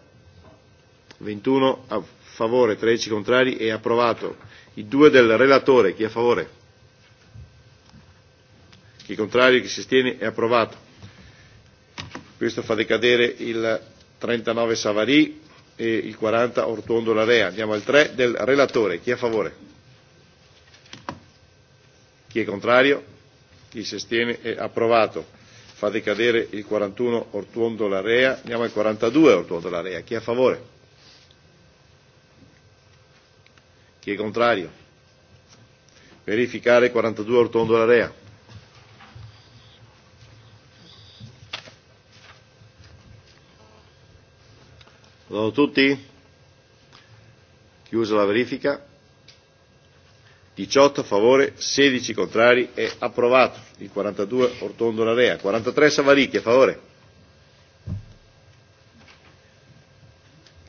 21 a favore 13 contrari e approvato i due del relatore chi è a favore chi è contrario chi si astiene è approvato questo fa decadere il 39 Savary e il 40 Ortuondo Larea andiamo al 3 del relatore chi è a favore Chi è contrario? Chi si astiene? È approvato. Fa decadere il 41 Ortuondo Larea. Andiamo al 42 Ortuondo Larea. Chi è a favore? Chi è contrario? Verificare 42 Ortuondo Larea. Votato tutti? Chiusa la verifica. 18 a favore, 16 contrari, è approvato. Il 42 Ortondo Larea. 43 Savaricchi a favore.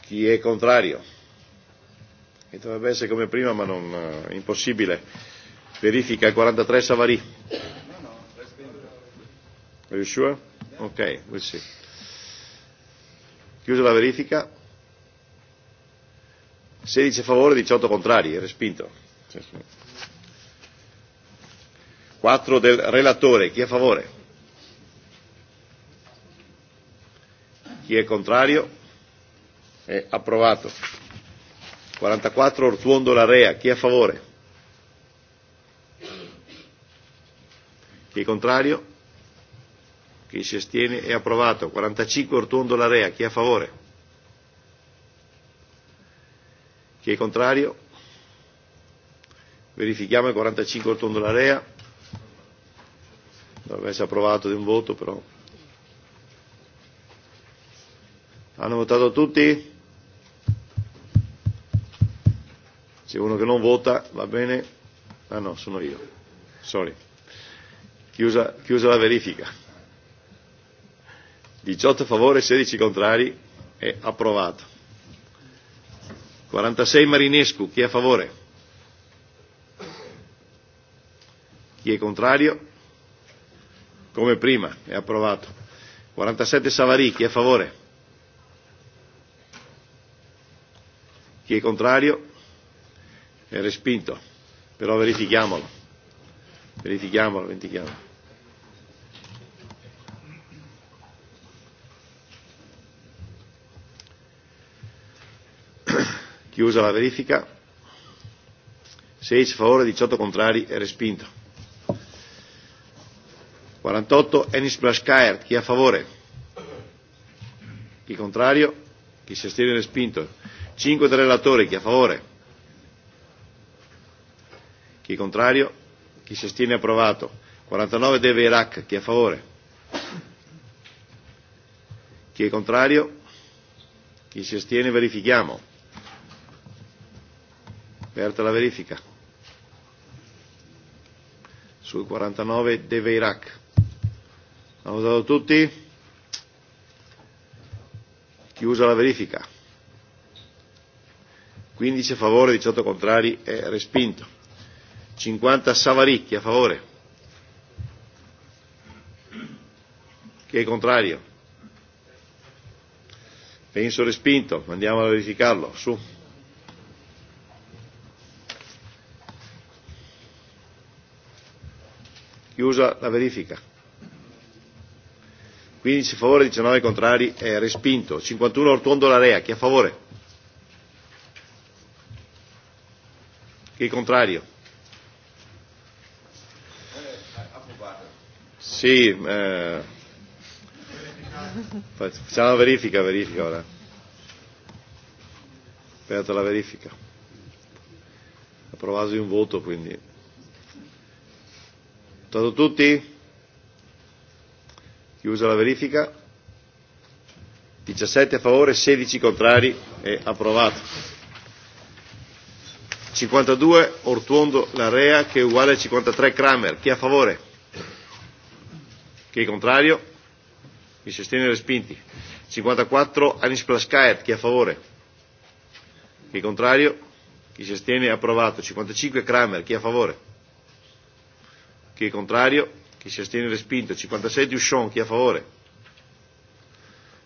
Chi è contrario? E dovrebbe essere come prima ma non è eh, impossibile. Verifica il 43 Savarì. Are you sure? Ok, we'll see. Chiusa la verifica. 16 a favore, 18 contrari, respinto. 4 del relatore. Chi è a favore? Chi è contrario? È approvato. 44 Ortuondo Larea. Chi è a favore? Chi è contrario? Chi si astiene è approvato. 45 Ortuondo Larea. Chi è a favore? Chi è contrario? verifichiamo il 45 Tondolarea dovrebbe essere approvato di un voto però hanno votato tutti? c'è uno che non vota va bene? ah no sono io sorry chiusa, chiusa la verifica 18 a favore 16 contrari è approvato 46 Marinescu chi è a favore? Chi è contrario? Come prima, è approvato. 47 Savarì, chi è a favore? Chi è contrario? È respinto. Però verifichiamolo. Verifichiamolo, verifichiamolo. Chiusa la verifica. 16 favore, 18 contrari e respinto. 48 Enis Blascaer, chi è a favore? Chi è contrario? Chi si astiene respinto? 5 del relatore, chi è a favore? Chi è contrario? Chi si astiene approvato? 49 deve Iraq, chi è a favore? Chi è contrario? Chi si astiene verifichiamo. Aperta la verifica. Sul 49 deve Iraq. Hanno votato tutti? Chiusa la verifica. 15 a favore, 18 contrari, è respinto. 50 Savaricchi a favore. Chi è contrario? Penso respinto, andiamo a verificarlo, su. Chiusa la verifica. 15 favore, 19 contrari, è respinto. 51 Ortuondo Larea, chi è a favore? Chi è contrario? Sì, eh, facciamo verifica, verifica ora. Aperta la verifica. Approvato di un voto, quindi. Stato tutti? Chiusa la verifica. 17 a favore, 16 contrari, è approvato. 52 Ortuondo Larea che è uguale a 53 Kramer. Chi è a favore? Chi è contrario? Chi si astiene respinti. 54 Anis Plaskaet. Chi è a favore? Chi è contrario? Chi si astiene approvato. 55 Kramer. Chi è a favore? Chi è contrario? Chi si astiene respinto. 56 di Uscion. Chi è a favore?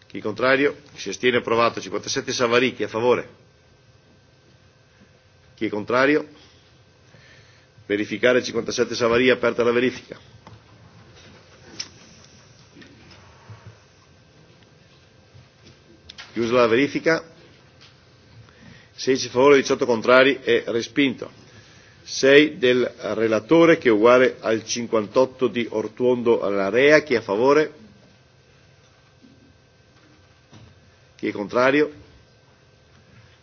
Chi è contrario? Chi si astiene approvato. 57 Savarì. Chi è a favore? Chi è contrario? Verificare 57 Savarì. Aperta la verifica. Chiusa la verifica. 16 favore, 18 contrari e respinto. 6 del relatore che è uguale al 58 di Ortuondo Allarea. Chi è a favore? Chi è contrario?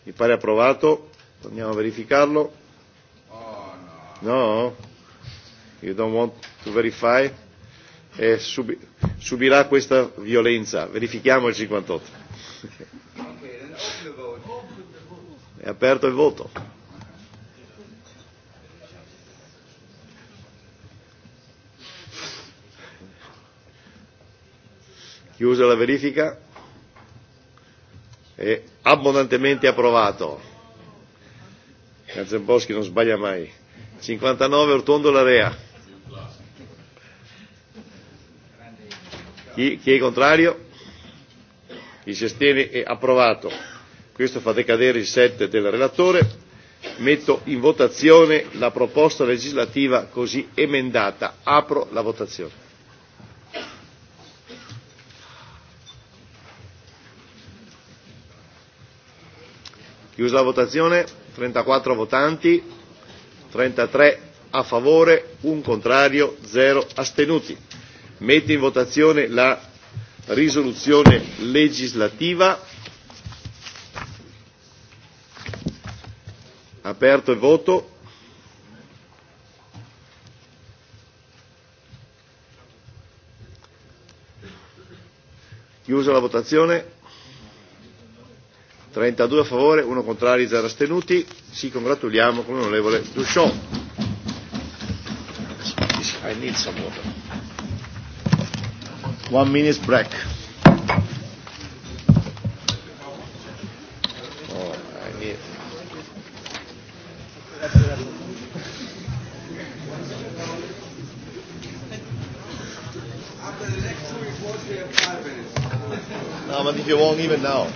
Mi pare approvato. Andiamo a verificarlo. Oh, no. no? You don't want to verify? Eh, subi- subirà questa violenza. Verifichiamo il 58. È aperto il voto. Chiusa la verifica. È abbondantemente approvato. Gazzemboschi non sbaglia mai. 59 Ortondo Larea. Chi, chi è contrario? Chi si astiene è approvato. Questo fa decadere il 7 del relatore metto in votazione la proposta legislativa così emendata. Apro la votazione. Chiusa la votazione, 34 votanti, 33 a favore, 1 contrario, 0 astenuti. Mette in votazione la risoluzione legislativa. Aperto il voto. Chiusa la votazione. 32 a favore, 1 contrari, 0 astenuti. Ci congratuliamo con l'onorevole Duchon. I need some water. One minute break. Oh, I need... After the next two reports, we have five minutes. No, but if you won't even now.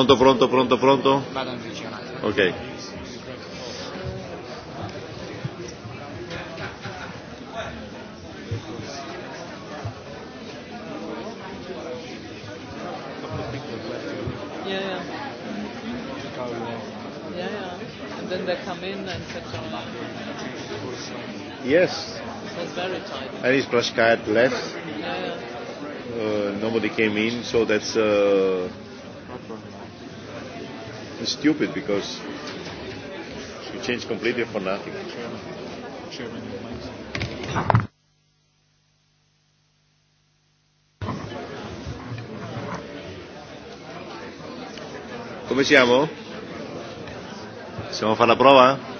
Pronto, pronto, pronto, pronto? Ok. Yeah, yeah. Yeah, yeah. And then they come in and sit down. Yes. It was very tight. And his brush card left. Yeah, yeah. Uh, nobody came in, so that's. Uh, is stupid because we change completely for nothing. Chairman, Chairman, Come siamo? Possiamo fare la prova?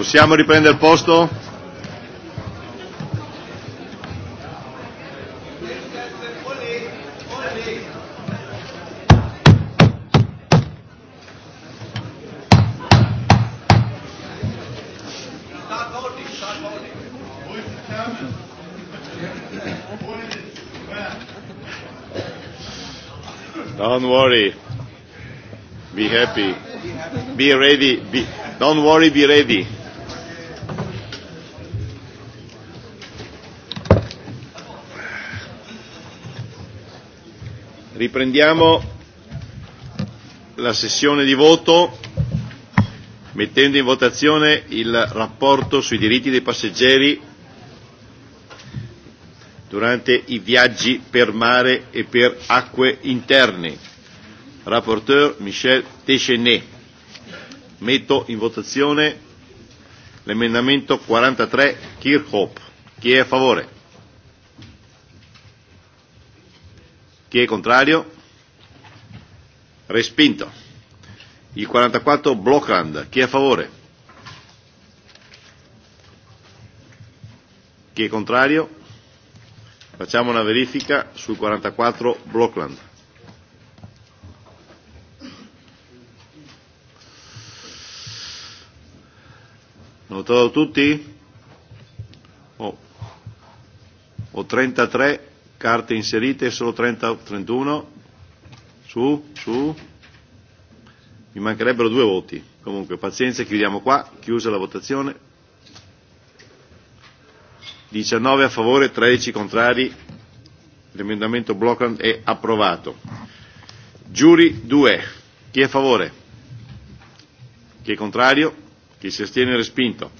Possiamo riprendere posto? Don't worry. Be happy. Be ready. Be, don't worry, be ready. Riprendiamo la sessione di voto mettendo in votazione il rapporto sui diritti dei passeggeri durante i viaggi per mare e per acque interne. Rapporteur Michel Techenet. Metto in votazione l'emendamento 43 Kirchhoff. Chi è a favore? Chi è contrario? Respinto. Il 44 Blockland. Chi è a favore? Chi è contrario? Facciamo una verifica sul 44 Blockland. Notato tutti? Ho oh. oh 33 carte inserite, solo 30, 31. Su, su. Mi mancherebbero due voti. Comunque, pazienza, chiudiamo qua. Chiusa la votazione. 19 a favore, 13 contrari. L'emendamento Blockland è approvato. Giuri 2. Chi è a favore? Chi è contrario? Chi si astiene respinto?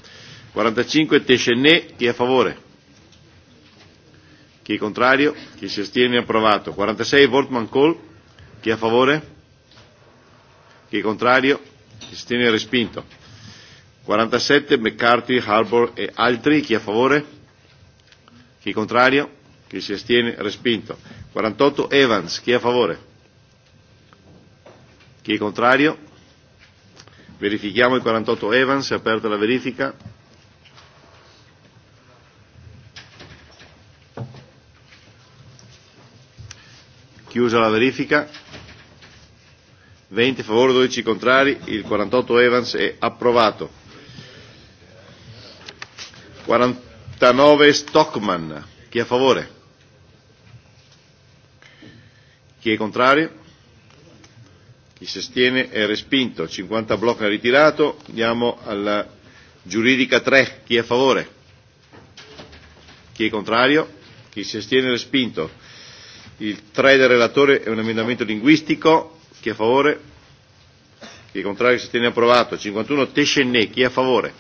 45 Tescenè. Chi è a favore? Chi è contrario? Chi si astiene? Approvato. 46 Wortman Call. Chi è a favore? Chi è contrario? Chi si astiene? Respinto. 47 McCarthy, Harbour e altri. Chi è a favore? Chi è contrario? Chi si astiene? Respinto. 48 Evans. Chi è a favore? Chi è contrario? Verifichiamo il 48 Evans, è aperta la verifica. Chiusa la verifica. 20 favore, 12 contrari, il 48 Evans è approvato. 49 Stockman, chi è a favore? Chi è contrario? Chi si astiene è respinto. 50 blocca ritirato. Andiamo alla giuridica 3. Chi è a favore? Chi è contrario? Chi si astiene è respinto. Il 3 del relatore è un emendamento linguistico. Chi è a favore? Chi è contrario si tiene approvato. 51 Tescenne. Chi è a favore?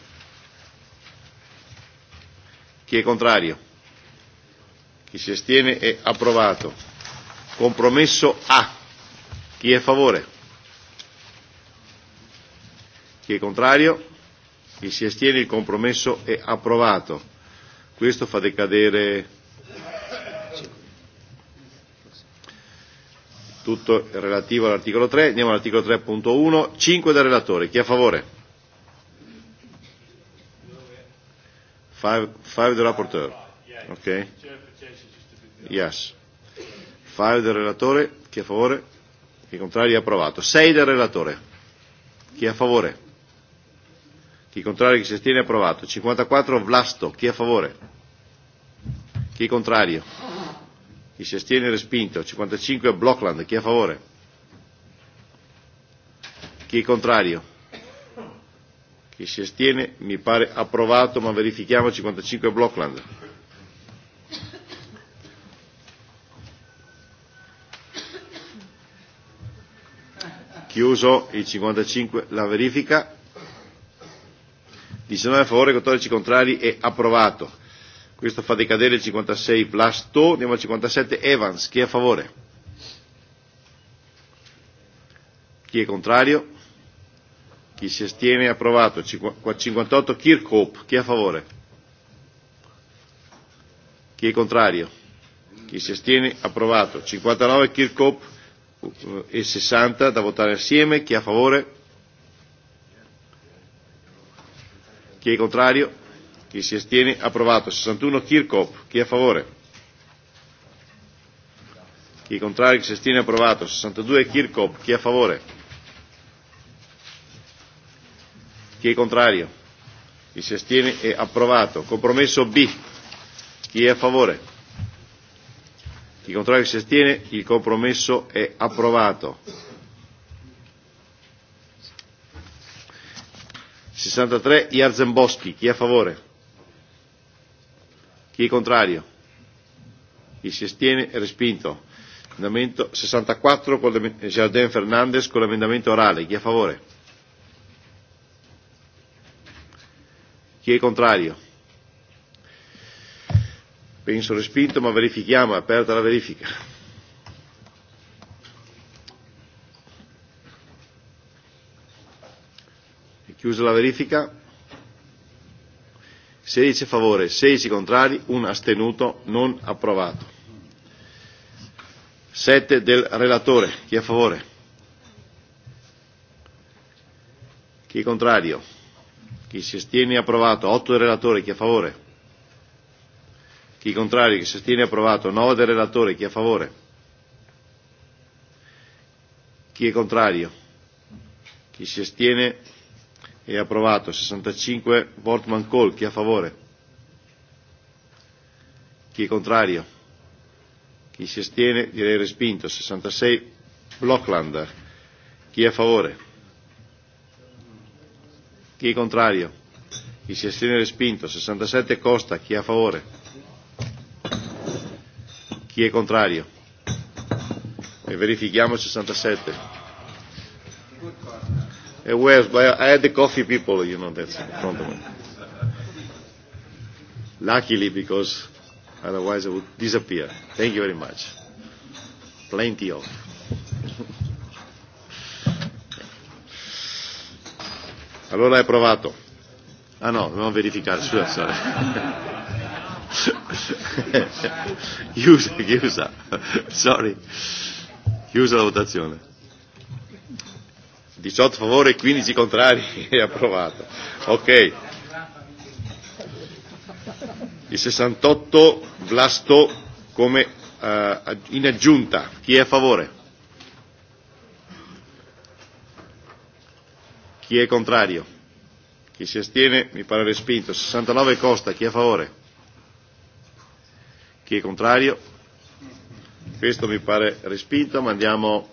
Chi è contrario? Chi si astiene è approvato. Compromesso A. Chi è a favore? Chi è contrario? Chi si astiene il compromesso è approvato. Questo fa decadere tutto relativo all'articolo 3. Andiamo all'articolo 3.1, 5 del relatore, chi è a favore? 5 the rapporteur. Ok? Yes. 5 del relatore, chi è a favore? Chi è contrario è approvato. 6 del relatore, chi è a favore? Chi è contrario chi si astiene è approvato. 54 Vlasto, chi è a favore? Chi è contrario? Chi si astiene è respinto. 55 Blockland. Chi è a favore? Chi è contrario? Chi si astiene mi pare approvato, ma verifichiamo 55 Blockland. Chiuso il 55 la verifica. 19 a favore, 14 contrari e approvato. Questo fa decadere il 56 Vlasto, andiamo al 57 Evans, chi è a favore? Chi è contrario? Chi si astiene è approvato. 58 Kirkhope, chi è a favore? Chi è contrario? Chi si astiene approvato. 59 Kirkhope eh, e 60 da votare assieme, chi è a favore? Chi è contrario? Chi si astiene? Approvato. 61 Kirchhoff. Chi è a favore? Chi è contrario? Chi si astiene? Approvato. 62 Kirchhoff. Chi è a favore? Chi è contrario? Chi si astiene? È approvato. Compromesso B. Chi è a favore? Chi contrario? Chi si astiene? Il compromesso è approvato. 63 Jarzembowski. Chi è a favore? Chi è contrario? Chi si astiene è respinto. Emendamento 64 con Jardin Fernandez con l'emendamento orale. Chi è a favore? Chi è contrario? Penso respinto, ma verifichiamo, è aperta la verifica. È chiusa la verifica. 16 a favore, 16 contrari, 1 astenuto, non approvato. 7 del relatore, chi è a favore? Chi è contrario? Chi si astiene approvato? 8 del relatore, chi è a favore? Chi è contrario? Chi si astiene approvato? 9 del relatore, chi è a favore? Chi è contrario? Chi si astiene approvato? è approvato. 65 Wortman Call, chi è a favore? Chi è contrario? Chi si astiene? Direi respinto. 66 Blockland, chi è a favore? Chi è contrario? Chi si astiene respinto. 67 Costa, chi è a favore? Chi è contrario? E verifichiamo 67 aware, but I had the coffee people, you know, that's in front of me. Luckily, because otherwise I would disappear. Thank you very much. Plenty of. Allora è approvato. Ah no, dobbiamo verificare, scusa, sorry. chiusa, chiusa. Sorry. Chiusa la votazione. 18 favore e 15 contrari è approvato. Ok. Il 68 Vlasto come uh, in aggiunta. Chi è a favore? Chi è contrario? Chi si astiene mi pare respinto. 69 Costa, chi è a favore? Chi è contrario? Questo mi pare respinto, ma andiamo,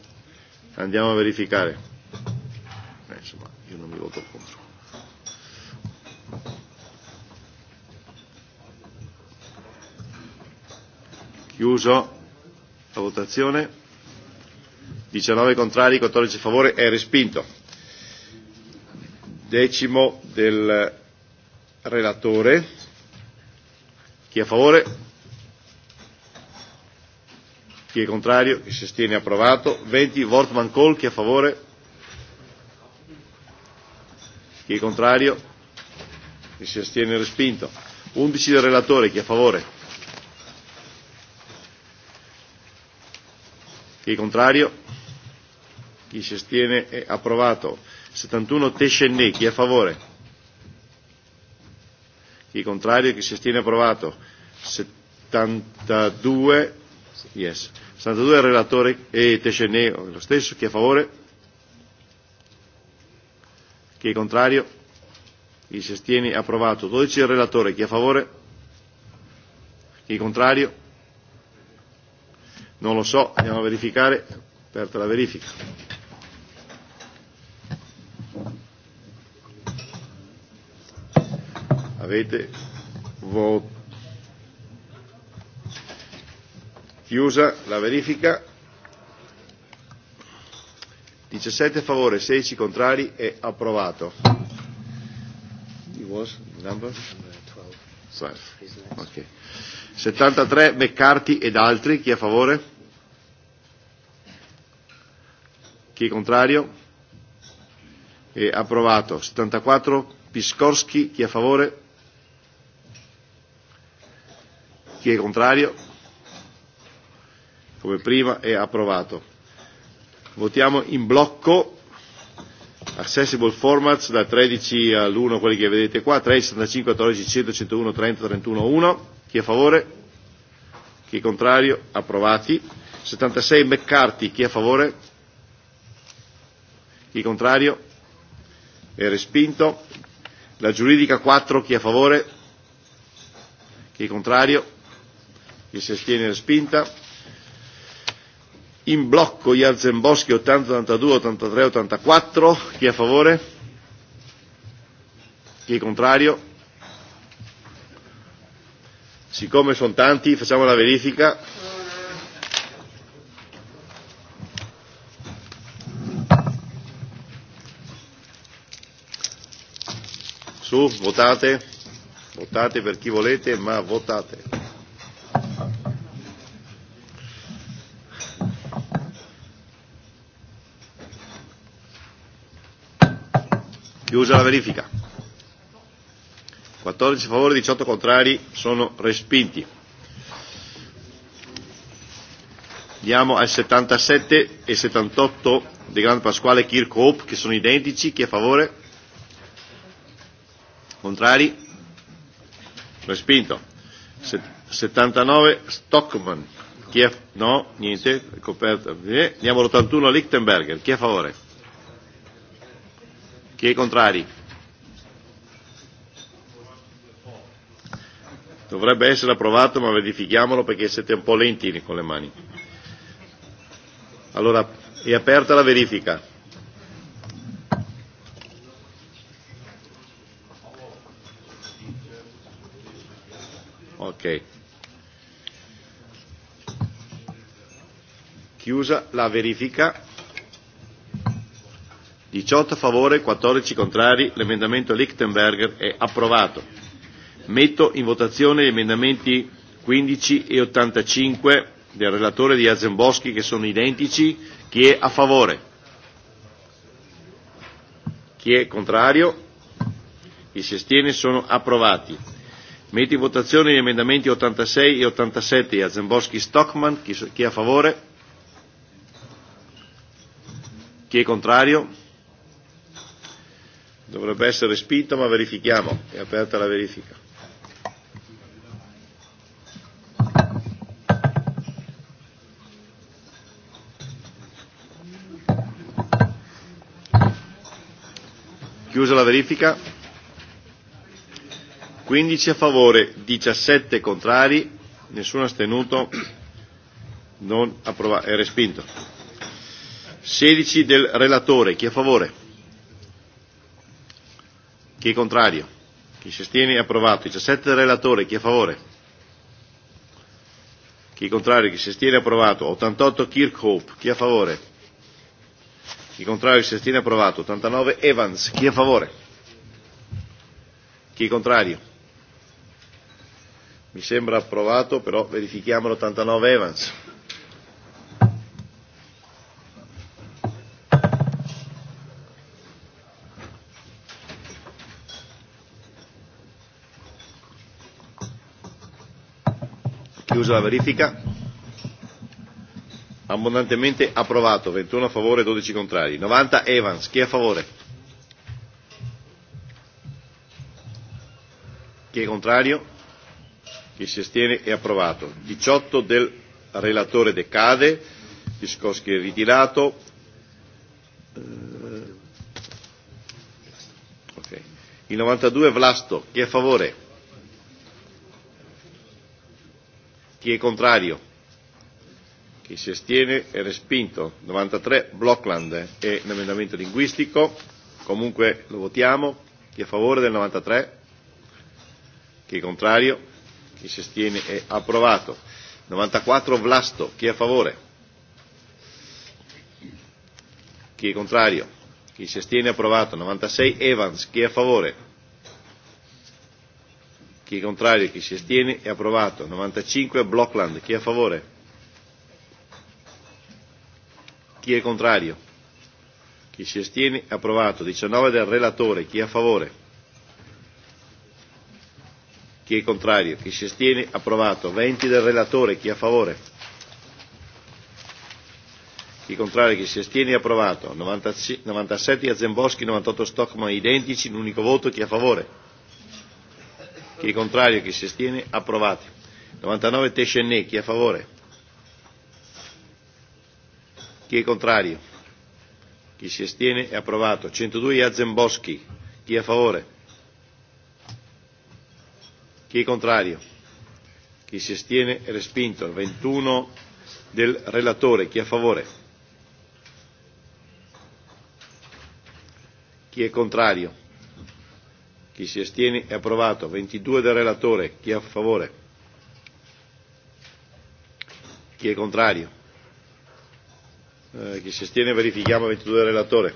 andiamo a verificare mi voto contro. Chiuso la votazione. 19 contrari, 14 a favore, è respinto. Decimo del relatore. Chi è a favore? Chi è contrario? Chi si astiene? Approvato. 20 Wortmann Kohl. Chi è a favore? Chi è contrario? Chi si astiene respinto. 11 del relatore, chi è a favore? Chi è contrario? Chi si astiene è approvato. 71 Tescenne, chi è a favore? Chi è contrario? Chi si astiene è approvato. 72, yes. 72 il relatore e Tescenne lo stesso, chi è a favore? Chi è contrario? Chi si astiene? Approvato. 12 il relatore. Chi è a favore? Chi è contrario? Non lo so. Andiamo a verificare. Aperta la verifica. Avete votato. Chiusa la verifica. 17 a favore, 16 contrari, è e approvato. It was number? 12. 12. Okay. 73 Meccarti ed altri, chi è a favore? Chi è contrario? È approvato. 74 Piskorski, chi è a favore? Chi è contrario? Come prima è approvato. Votiamo in blocco accessible formats da 13 all'1 quelli che vedete qua, 3, 65, 14, 100, 101, 30, 31, 1. Chi è a favore? Chi è contrario? Approvati. 76 McCarthy, chi è a favore? Chi è contrario? È respinto. La giuridica 4, chi è a favore? Chi è contrario? Chi si astiene è respinta in blocco Jarzemboschi 80, 82, 83, 84. Chi è a favore? Chi è contrario? Siccome sono tanti, facciamo la verifica. Su, votate, votate per chi volete, ma votate. chiusa la verifica. 14 favori, 18 contrari, sono respinti. Andiamo al 77 e 78 di Gran Pasquale Kirchhoff, che sono identici. Chi è a favore? Contrari? Respinto. Se, 79 Stockman. Chi è, no, niente, coperta. Andiamo eh, all'81 Lichtenberger. Chi è a favore? Chi è contrari? Dovrebbe essere approvato, ma verifichiamolo perché siete un po' lenti con le mani. Allora, è aperta la verifica. Ok. Chiusa la verifica. 18 a favore, 14 contrari, l'emendamento Lichtenberger è approvato. Metto in votazione gli emendamenti 15 e 85 del relatore di Azenboschi che sono identici. Chi è a favore? Chi è contrario? Chi si astiene sono approvati. Metto in votazione gli emendamenti 86 e 87 di Azenboschi Stockman. Chi, chi è a favore? Chi è contrario? Dovrebbe essere spinto, ma verifichiamo. È aperta la verifica. Chiusa la verifica. 15 a favore, 17 contrari, nessuno astenuto, non approvato, è respinto. 16 del relatore, chi è a favore? Chi è contrario? Chi si astiene? Approvato. 17 del relatore. Chi è a favore? Chi è contrario? Chi si astiene? Approvato. 88 Kirkhope. Chi è a favore? Chi è contrario? Chi si astiene? Approvato. 89 Evans. Chi è a favore? Chi è contrario? Mi sembra approvato, però verifichiamo l'89 Evans. chiusa la verifica abbondantemente approvato 21 a favore 12 contrari 90 Evans chi è a favore chi è contrario chi si astiene è approvato 18 del relatore decade Piscoschi è ritirato eh, okay. il 92 Vlasto chi è a favore Chi è contrario? Chi si astiene è respinto. 93 Blockland eh, è un emendamento linguistico, comunque lo votiamo. Chi è a favore del 93? Chi è contrario? Chi si astiene è approvato. 94 Vlasto, chi è a favore? Chi è contrario? Chi si astiene è approvato. 96 Evans, chi è a favore? Chi è contrario, chi si astiene è approvato. 95 Blockland, chi è a favore? Chi è contrario? Chi si astiene è approvato. 19 del relatore, chi è a favore? Chi è contrario? Chi si astiene? Approvato. 20 del relatore. Chi è a favore? Chi è contrario? Chi si astiene? Approvato. 97 a Zemboschi, 98 Stockman identici, un unico voto. Chi è a favore? Chi è contrario, chi si astiene, approvati. 99 Tescennè, chi è a favore? Chi è contrario? Chi si astiene è approvato. 102 Iazemboschi, chi è a favore? Chi è contrario? Chi si astiene è respinto. 21 del relatore, chi è a favore? Chi è contrario? Chi si astiene è approvato. 22 del relatore. Chi è a favore? Chi è contrario? Eh, chi si astiene verifichiamo 22 del relatore.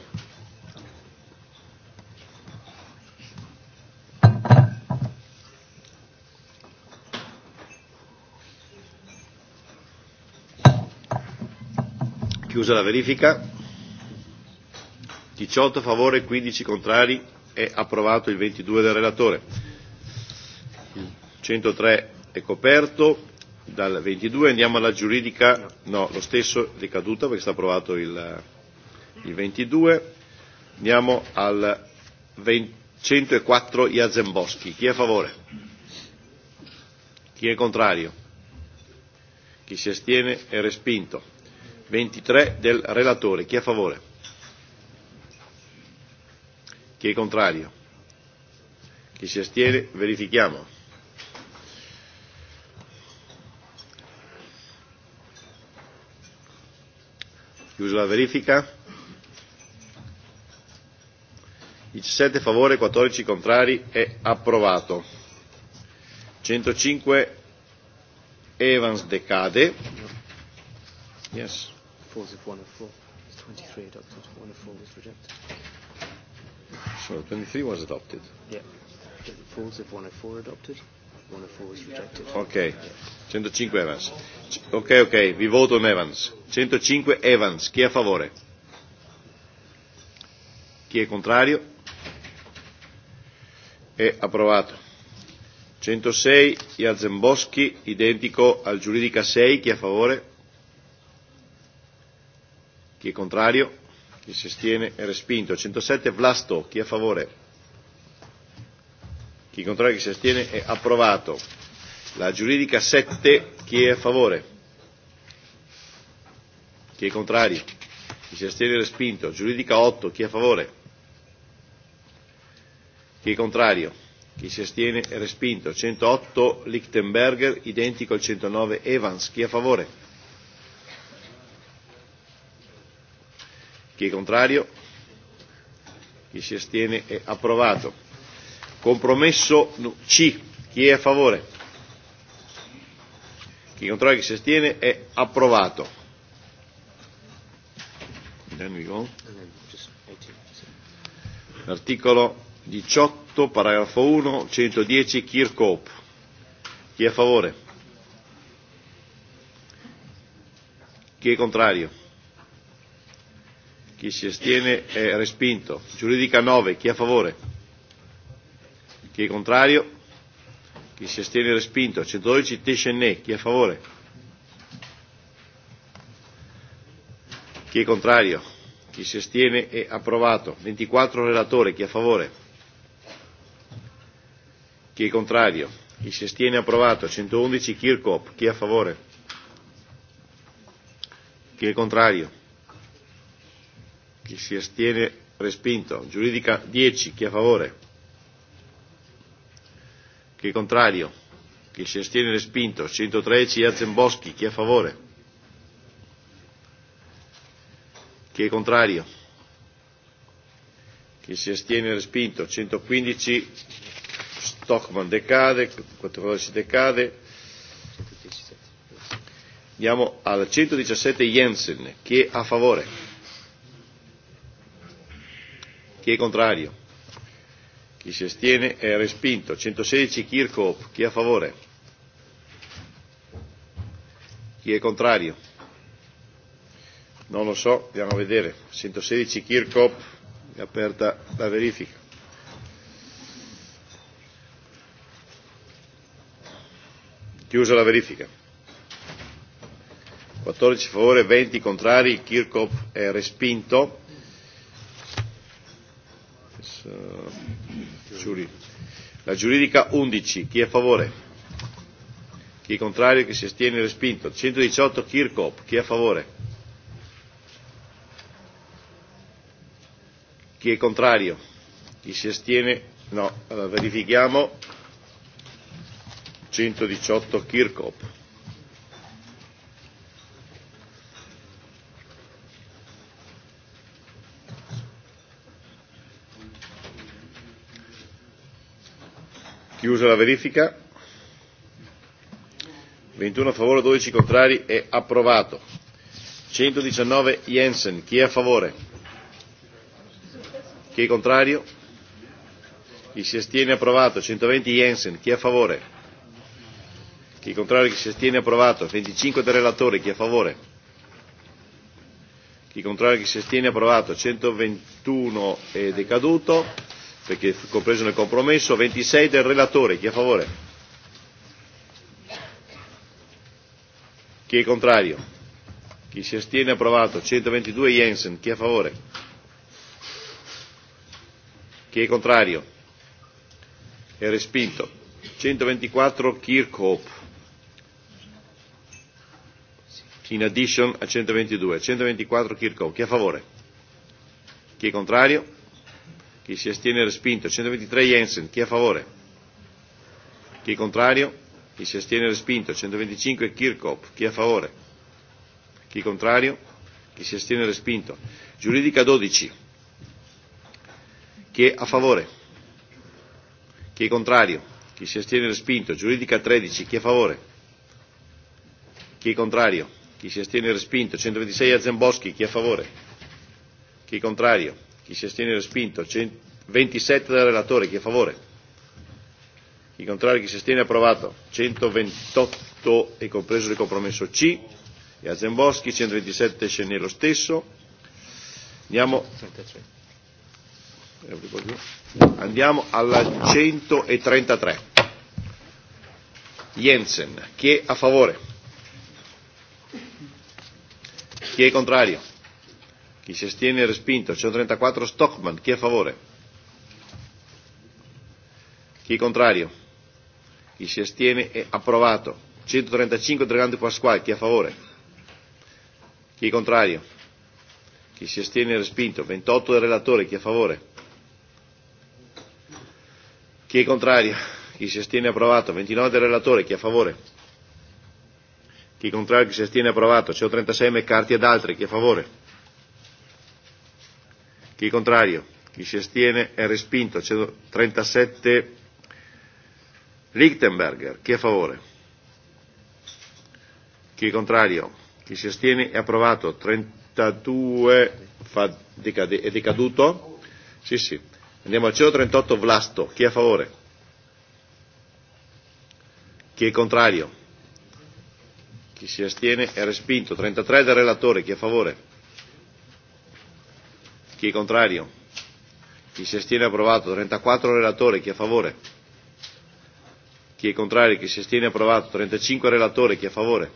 Chiusa la verifica. 18 a favore, 15 contrari è approvato il 22 del relatore. Il 103 è coperto dal 22, andiamo alla giuridica, no, lo stesso è caduta perché sta approvato il, il 22. Andiamo al 20, 104 Iazemboschi. Chi è a favore? Chi è contrario? Chi si astiene è respinto. 23 del relatore. Chi è a favore? Chi è contrario? Chi si astiene? Verifichiamo. Chiusa la verifica. 17 favore, 14 contrari, è approvato. 105 Evans decade. Yes. Falls if 104 is 23 adopted, 104 was rejected. So 23 was adopted. Yeah. It falls if 104 adopted. 104 was rejected. Okay. 105 Evans. Ok, ok, vi voto on Evans. 105 Evans. Chi è a favore? Chi è contrario? È approvato. 106 Iazemboschi, identico al giuridica 6. Chi è a favore? Chi è contrario? chi si astiene è respinto. 107 Vlasto, chi è a favore? Chi controlla chi si astiene è approvato. La giuridica 7, chi è a favore? Chi è contrario? Chi si astiene è respinto. Giuridica 8, chi è a favore? Chi è contrario? Chi si astiene è respinto. 108 Lichtenberger, identico al 109 Evans, chi è a favore? Chi è contrario? Chi si astiene è approvato. Compromesso C. Chi è a favore? Chi controlla chi si astiene è approvato. L'articolo 18, paragrafo 1, 110, Kirchhoff. Chi è a favore? Chi è contrario? Chi si astiene è respinto. Giuridica 9. Chi è a favore? Chi è contrario? Chi si astiene è respinto. 112 Tescenne. Chi è a favore? Chi è contrario? Chi si astiene è approvato. 24 relatore. Chi è a favore? Chi è contrario? Chi si astiene approvato. 111 Kirkop. Chi è a favore? Chi è contrario? Chi si astiene? Respinto. Giuridica 10. Chi è a favore? Chi è contrario? Chi si astiene? Respinto. 113. Azenboschi. Chi è a favore? Chi è contrario? Chi si astiene? Respinto. 115. Stockman decade. 14 decade. Andiamo al 117 Jensen. Chi è a favore? Chi è contrario? Chi si astiene è respinto. 116 Kirchhoff. Chi è a favore? Chi è contrario? Non lo so, andiamo a vedere. 116 Kirchhoff. È aperta la verifica. Chiusa la verifica. 14 favore, 20 contrari, Kirchhoff è respinto uh, la giuridica 11 chi è a favore chi è contrario chi si astiene respinto 118 Kirchhoff chi è a favore chi è contrario chi si astiene no allora, verifichiamo 118 Kirchhoff Chiusa la verifica. 21 a favore, 12 contrari, è approvato. 119 Jensen, chi è a favore? Chi è contrario? Chi si astiene approvato. 120 Jensen, chi è a favore? Chi è contrario, chi si astiene approvato. 25 del relatore, chi è a favore? Chi è contrario, chi si astiene approvato. 121 è decaduto perché è compreso nel compromesso, 26 del relatore, chi è a favore? Chi è contrario? Chi si astiene approvato? 122 Jensen, chi è a favore? Chi è contrario? È respinto. 124 Kirkhope. in addition a 122. 124 Kirchhoff. Chi è a favore? Chi è contrario? Chi si astiene respinto. 123 Jensen. Chi è a favore? Chi è contrario? Chi si astiene respinto. 125 Kirchhoff. Chi è a favore? Chi è contrario? Chi si astiene respinto. Giuridica 12. Chi è a favore? Chi è contrario? Chi si astiene respinto. Giuridica 13. Chi è a favore? Chi è contrario? Chi si astiene respinto. 126 Azenboschi. Chi è a favore? Chi è contrario? Chi si astiene respinto. 27 del relatore. Chi è a favore? Chi contrario? Chi si astiene approvato. 128 e compreso il compromesso C. E a Zemboschi 127 scende lo stesso. Andiamo. 33. Andiamo alla 133. Jensen, chi è a favore? Chi è contrario? Chi si astiene è respinto. 134 Stockman. Chi è a favore? Chi è contrario? Chi si astiene è approvato. 135 Dragante Pasquale. Chi è a favore? Chi è contrario? Chi si astiene è respinto. 28 del relatore. Chi è a favore? Chi è contrario? Chi si astiene è approvato. 29 del relatore. Chi è a favore? Chi è contrario? Chi si astiene è approvato. 136 McCarthy ed altri. Chi è a favore? Chi è contrario? Chi si astiene è respinto. 137 Lichtenberger. Chi è a favore? Chi è contrario? Chi si astiene è approvato. 32 fa, decade, è decaduto? Sì, sì. Andiamo al 138 Vlasto. Chi è a favore? Chi è contrario? Chi si astiene è respinto. 33 del relatore. Chi è a favore? Chi è contrario? Chi si astiene approvato? 34 relatore, chi è a favore? Chi è contrario? Chi si astiene approvato? 35 relatore, chi è a favore?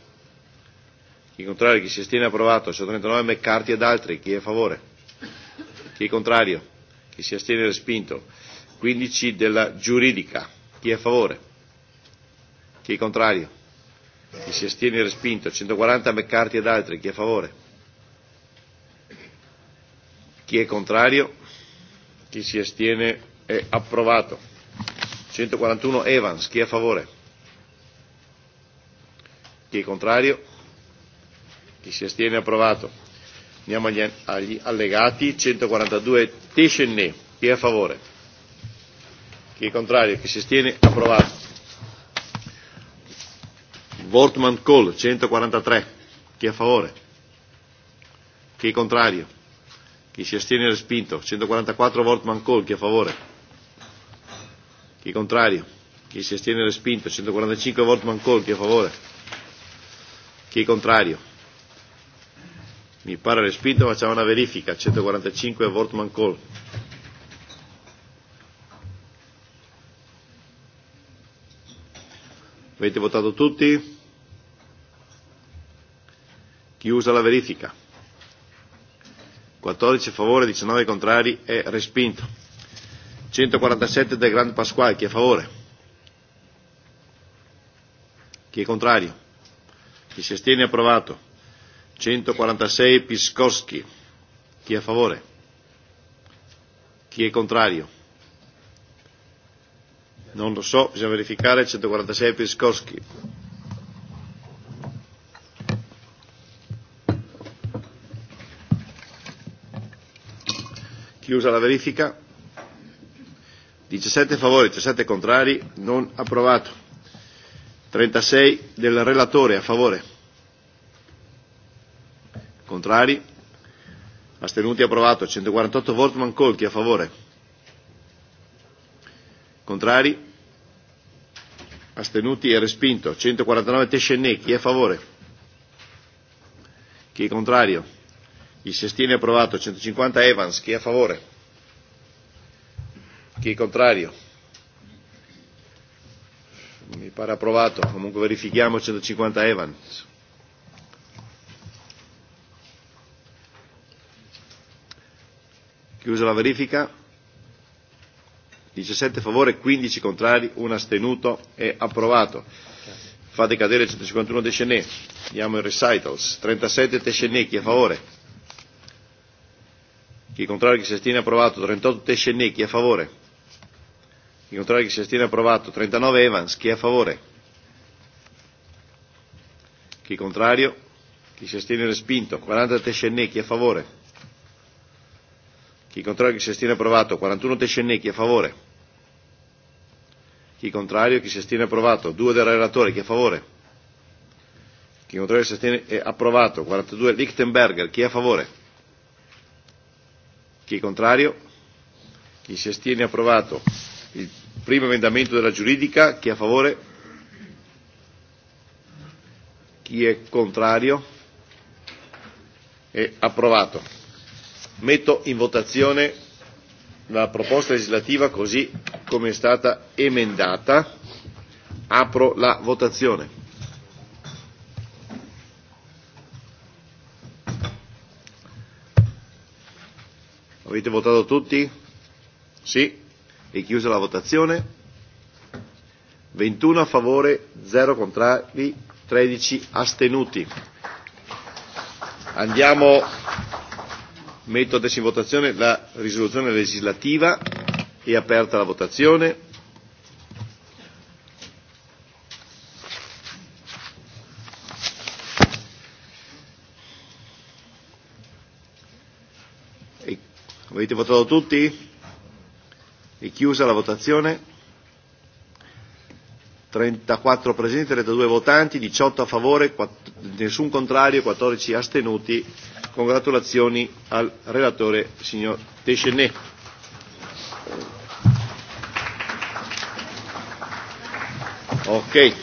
Chi è contrario? Chi si astiene approvato? 139 McCarthy ed altri, chi è a favore? Chi è contrario? Chi si astiene respinto? 15 della giuridica, chi è a favore? Chi è contrario? Chi si astiene respinto? 140 McCarthy ed altri, chi è a favore? Chi è contrario? Chi si astiene? È approvato. 141 Evans. Chi è a favore? Chi è contrario? Chi si astiene? È approvato. Andiamo agli, agli allegati. 142 Teschenne. Chi è a favore? Chi è contrario? Chi si astiene? Approvato. Wortmann Kohl, 143. Chi è a favore? Chi è contrario? Chi si astiene è respinto. 144 Wortman Call, chi è a favore? Chi è contrario? Chi si astiene è respinto. 145 Wortman Call, chi è a favore? Chi è contrario? Mi pare respinto, facciamo una verifica. 145 Wortman Call. Avete votato tutti? Chiusa la verifica. 14 a favore, 19 contrari, è e respinto. 147 del Grande Pasquale, chi è a favore? Chi è contrario? Chi si astiene approvato. 146 Piskowski, chi è a favore? Chi è contrario? Non lo so, bisogna verificare. 146 Piskowski. Chiusa la verifica. 17 favori, 17 contrari, non approvato. 36 del relatore a favore. Contrari. Astenuti approvato. 148 Voltman Colchi a favore. Contrari. Astenuti e respinto. 149 Tescennecchi a favore. Chi è contrario? Chi si astiene approvato. 150 Evans. Chi è a favore? Chi è contrario? Mi pare approvato. Comunque verifichiamo 150 Evans. Chiusa la verifica. 17 favore, 15 contrari, 1 astenuto e approvato. Fa decadere il 151 Descenè. Andiamo ai recitals. 37 Tescenè, chi è a favore? Chi contrario chi si astiene approvato 38 Tescenè, e chi è a favore? Chi contrario chi si astiene approvato 39 Evans, chi è a favore? Chi contrario? Chi si astiene respinto 40 Tescenè, e chi è a favore? Chi contrario chi si astiene approvato 41 Tescenè, e chi è a favore? Chi contrario chi si astiene approvato 2 del relatore, chi è a favore? Chi contrario si astiene è eh, approvato 42 Lichtenberger, chi è a favore? Chi è contrario? Chi si astiene? Approvato. Il primo emendamento della giuridica. Chi è a favore? Chi è contrario? È approvato. Metto in votazione la proposta legislativa così come è stata emendata. Apro la votazione. Avete votato tutti? Sì. È chiusa la votazione. 21 a favore, 0 contrari, 13 astenuti. Andiamo, metto adesso in votazione la risoluzione legislativa. È aperta la votazione. Avete votato tutti? È chiusa la votazione. 34 presenti, 32 votanti, 18 a favore, 4, nessun contrario, 14 astenuti. Congratulazioni al relatore signor Teschenet. Ok.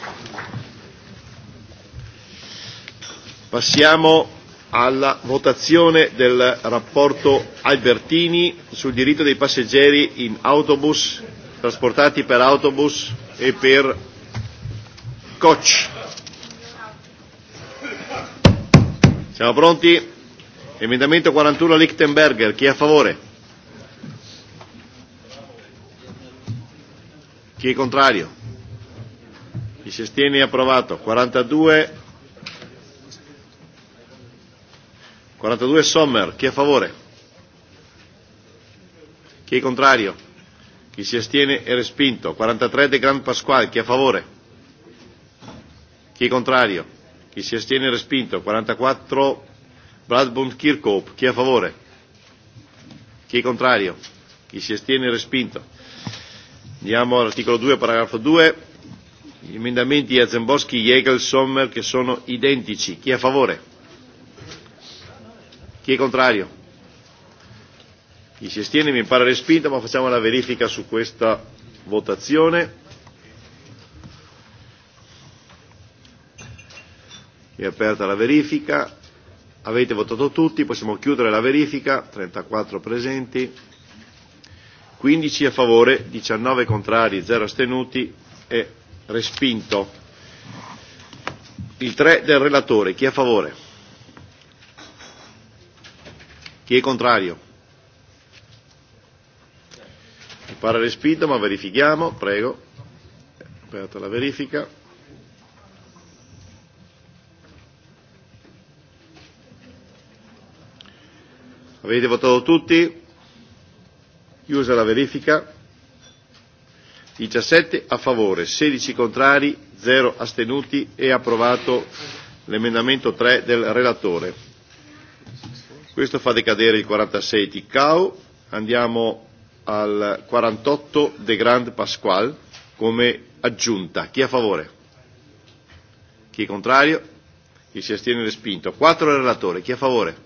Passiamo alla votazione del rapporto Albertini sul diritto dei passeggeri in autobus, trasportati per autobus e per coach. Siamo pronti? Emendamento 41 Lichtenberger, chi è a favore? Chi è contrario? Chi si astiene è approvato. 42 42 Sommer, chi è a favore? Chi è contrario? Chi si astiene è respinto. 43 De Gran Pasquale, chi è a favore? Chi è contrario? Chi si astiene è respinto. 44 Bradbund Kirkhope, chi è a favore? Chi è contrario? Chi si astiene è respinto. Andiamo all'articolo 2, paragrafo 2. Gli emendamenti Azenboschi, Jägel, Sommer che sono identici. Chi è a favore? Chi è contrario? Chi si astiene mi pare respinta, ma facciamo la verifica su questa votazione. È aperta la verifica. Avete votato tutti, possiamo chiudere la verifica. 34 presenti, 15 a favore, 19 contrari, 0 astenuti e respinto. Il 3 del relatore, chi è a favore? Chi è contrario? Mi pare respinto, ma verifichiamo, prego. Aperta la verifica. Avete votato tutti? Chiusa la verifica. 17 a favore, 16 contrari, 0 astenuti e approvato l'emendamento 3 del relatore. Questo fa decadere il 46 Ticcao. Andiamo al 48 De Grand Pasquale come aggiunta. Chi è a favore? Chi è contrario? Chi si astiene respinto? 4 del relatore. Chi è a favore?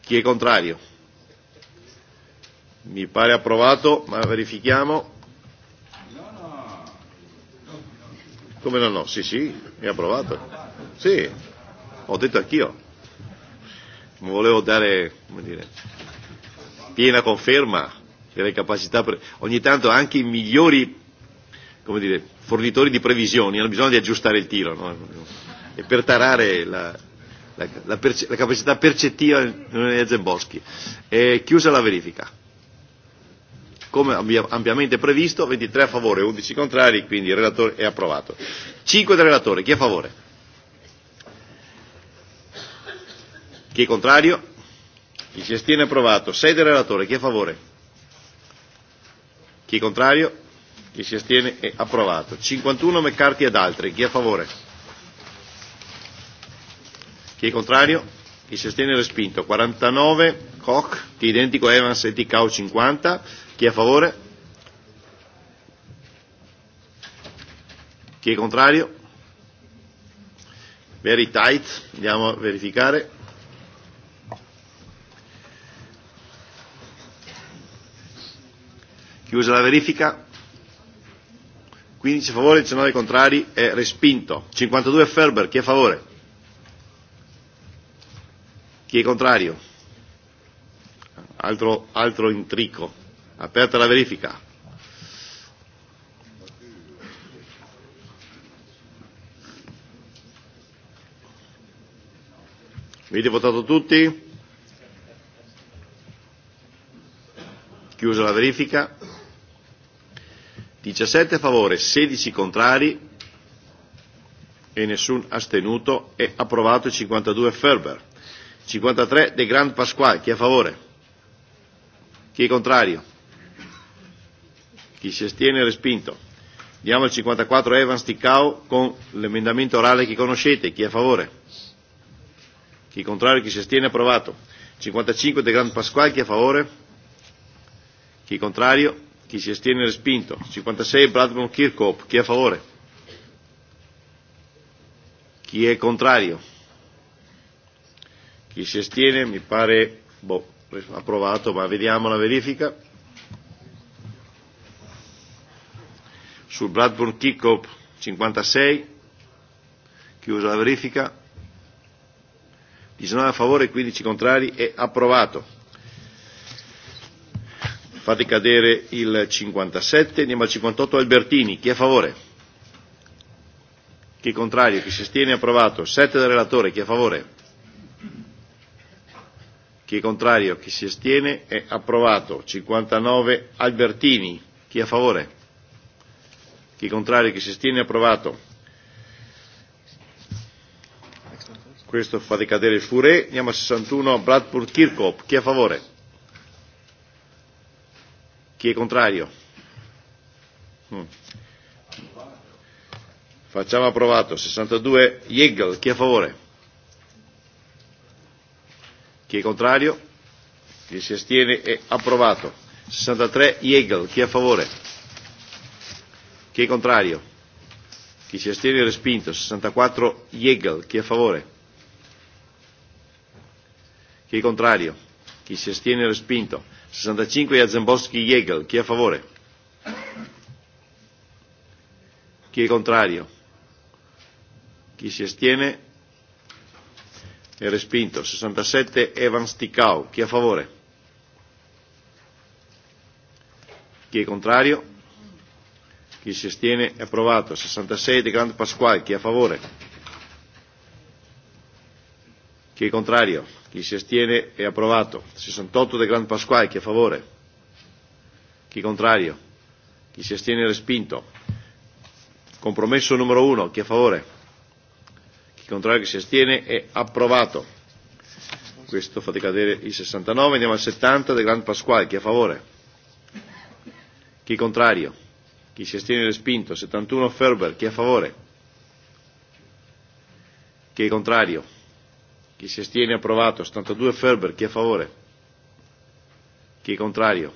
Chi è contrario? Mi pare approvato, ma verifichiamo. Come no, no, sì, sì, è approvato. Sì, ho detto anch'io volevo dare come dire, piena conferma delle capacità, per, ogni tanto anche i migliori come dire, fornitori di previsioni hanno bisogno di aggiustare il tiro no? e per tarare la, la, la, perce- la capacità percettiva dell'Unione Zemboschi. E chiusa la verifica. Come ampiamente previsto, 23 a favore, 11 contrari, quindi il relatore è approvato. 5 del relatore, chi è a favore? Chi è contrario? Chi si astiene approvato. 6 del relatore. Chi è a favore? Chi è contrario? Chi si astiene è approvato. 51 McCarthy ed altri. Chi è a favore? Chi è contrario? Chi si astiene è respinto. 49 Koch, che è identico a Evans e Ticao 50. Chi è a favore? Chi è contrario? Very tight, andiamo a verificare. Chiusa la verifica. 15 favori, 19 contrari, è respinto. 52 Ferber, chi è a favore? Chi è contrario? Altro, altro intrico. Aperta la verifica. Avete votato tutti? Chiusa la verifica. 17 a favore, 16 contrari e nessun astenuto. È approvato il 52 Ferber. 53 De Grand Pasquale. Chi è a favore? Chi è contrario? Chi si astiene è respinto. Diamo il 54 Evans Ticao con l'emendamento orale che conoscete. Chi è a favore? Chi è contrario? Chi si astiene? Approvato. 55 De Grand Pasquale. Chi è a favore? Chi è contrario? Chi si astiene respinto. 56 Bradburn Kirkhope. Chi è a favore? Chi è contrario? Chi si astiene mi pare boh, approvato, ma vediamo la verifica. Sul Bradburn Kirkhope 56. Chiusa la verifica. 19 a favore, 15 contrari e approvato. Fate cadere il 57, andiamo al 58 Albertini, chi è a favore? Chi è contrario? Chi si astiene? Approvato. 7 del relatore, chi è a favore? Chi è contrario? Chi si astiene? È approvato. 59 Albertini, chi è a favore? Chi è contrario? Chi si astiene? È approvato. Questo fa decadere il Furé. Andiamo al 61 Bradford Kirchhoff, chi è a favore? Chi è contrario? Mm. Facciamo approvato. 62 Yegel. Chi è a favore? Chi è contrario? Chi si astiene è approvato. 63 Yegel. Chi è a favore? Chi è contrario? Chi si astiene è respinto. 64 Yegel. Chi è a favore? Chi è contrario? Chi si astiene respinto. 65 Jazembowski Jägel. Chi è a favore? Chi è contrario? Chi si astiene è respinto. 67 Evan Sticau. Chi è a favore? Chi è contrario? Chi si astiene è approvato. 66 De Grande Pasquale. Chi è a favore? Chi è contrario? Chi si astiene è approvato. 68 De Grand Pasquale, chi è a favore? Chi contrario? Chi si astiene è respinto. Compromesso numero 1, chi è a favore? Chi contrario chi si astiene è approvato. Questo fate cadere il 69, andiamo al 70 De Grand Pasquale, chi è a favore? Chi contrario? Chi si astiene è respinto. 71 Ferber, chi è a favore? Chi è contrario? Chi si astiene approvato. 72 Ferber. Chi è a favore? Chi è contrario?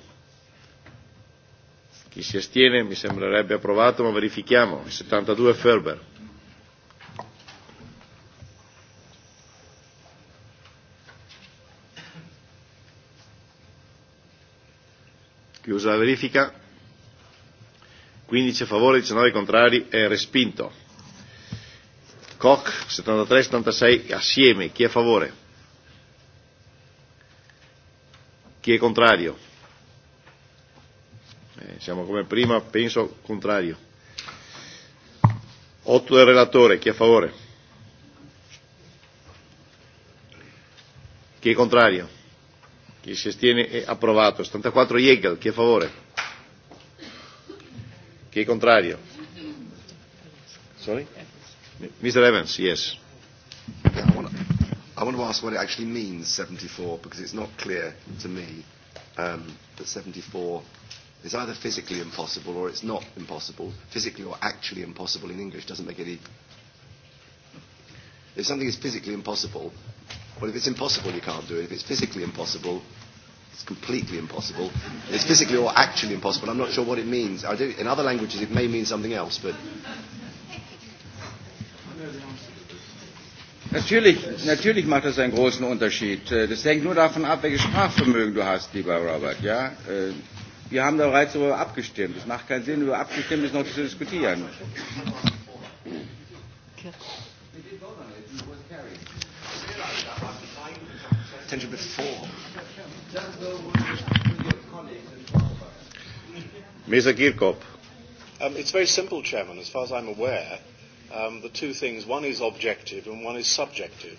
Chi si astiene mi sembrerebbe approvato, ma verifichiamo. 72 Ferber. Chiusa la verifica. 15 a favore, 19 contrari, è respinto. Koch 73-76 assieme. Chi è a favore? Chi è contrario? Eh, siamo come prima, penso contrario. 8 del relatore, chi è a favore? Chi è contrario? Chi si astiene è approvato. 74 Jägel, chi è a favore? Chi è contrario? Sorry? Mr. Evans, yes. Yeah, I, want to, I want to ask what it actually means, 74, because it's not clear to me um, that 74 is either physically impossible or it's not impossible. Physically or actually impossible in English doesn't make any. If something is physically impossible, well, if it's impossible, you can't do it. If it's physically impossible, it's completely impossible. It's physically or actually impossible. I'm not sure what it means. I do, in other languages, it may mean something else, but Natürlich, natürlich macht das einen großen Unterschied. Äh, das hängt nur davon ab, welches Sprachvermögen du hast, lieber Robert. Ja? Äh, wir haben da bereits darüber abgestimmt. Es macht keinen Sinn, über Abgestimmtes noch zu diskutieren. Mr. Kirkhope. Um, it's very simple, Chairman. As far as I'm aware, um, the two things. One is objective and one is subjective.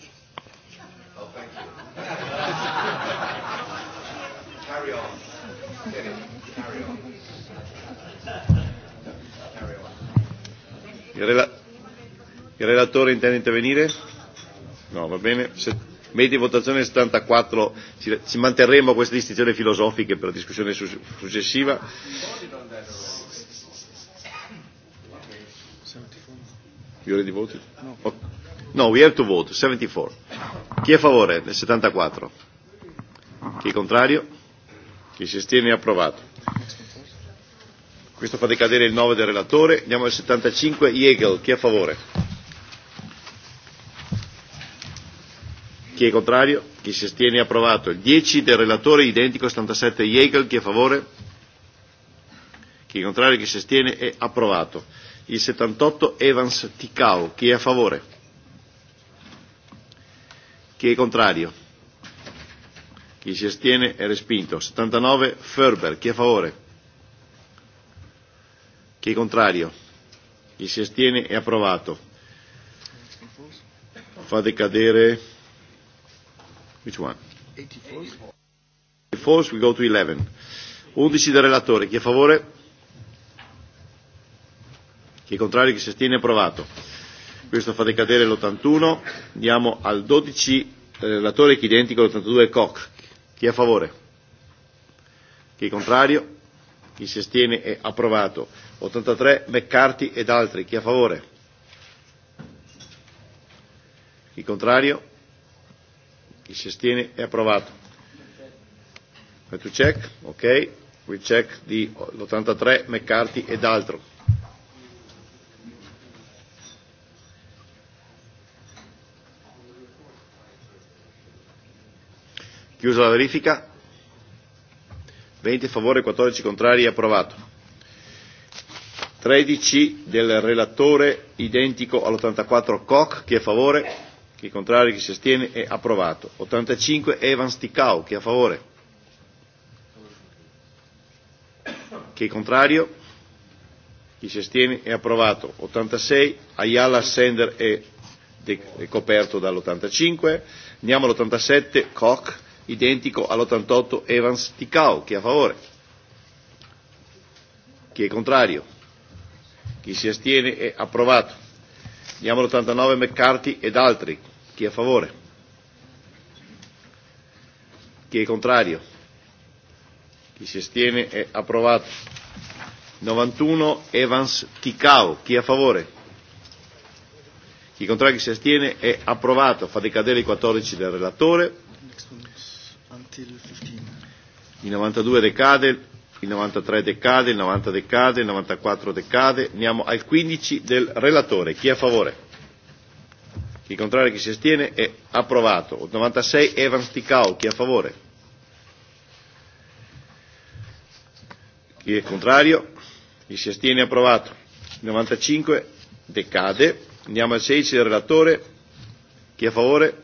Oh, thank you. Carry on. Get it. Carry on. Carry on. Il, rela- il relatore intende intervenire? No, va bene. Se- Metti in votazione 74, ci, ci manterremo queste distinzioni filosofiche per la discussione su- successiva. You already voted? No. Okay. No, we have to vote. 74. Chi è a favore del 74? Chi è contrario? Chi si astiene è approvato. Questo fa decadere il 9 del relatore. Andiamo al 75. Jägel. Chi è a favore? Chi è contrario? Chi si astiene è approvato. Il 10 del relatore, identico 77 Jägel. Chi è a favore? Chi è contrario? Chi si astiene è approvato. Il 78 Evans Ticao. Chi è a favore? Chi è contrario? Chi si astiene è respinto. 79 Ferber. Chi è a favore? Chi è contrario? Chi si astiene è approvato. Fate cadere. Which one? 84. False, we go to 11. 11 del relatore. Chi è a favore? Chi è contrario, chi si astiene, approvato. Questo fa decadere l'81. Andiamo al 12, eh, relatore che è identico all'82 Koch. Chi è a favore? Chi è contrario? Chi si astiene è approvato. 83 McCarthy ed altri. Chi è a favore? Chi contrario? Chi si astiene è approvato. To check, ok, we check di l'83 McCarthy ed altro. Chiusa la verifica. 20 a favore, 14 contrari, approvato. 13 del relatore, identico all'84 Koch, chi è a favore, chi è contrario, chi si astiene, è approvato. 85 Evans Ticau, chi è a favore, chi è contrario, chi si astiene, è approvato. 86 Ayala Sender è, è coperto dall'85. Andiamo all'87 Koch identico all'88 Evans Ticao. Chi è a favore? Chi è contrario? Chi si astiene è approvato. Andiamo all'89 McCarthy ed altri. Chi è a favore? Chi è contrario? Chi si astiene è approvato. 91 Evans Ticao. Chi è a favore? Chi contrario chi si astiene è approvato. Fa decadere i 14 del relatore until 15. Il 92 decade, il 93 decade, il 90 decade, il 94 decade. Andiamo al 15 del relatore. Chi è a favore? Chi è contrario, chi si astiene è approvato. 96 Evans Ticao. Chi è a favore? Chi è contrario? Chi si astiene è approvato. Il 95 decade. Andiamo al 16 del relatore. Chi è a favore?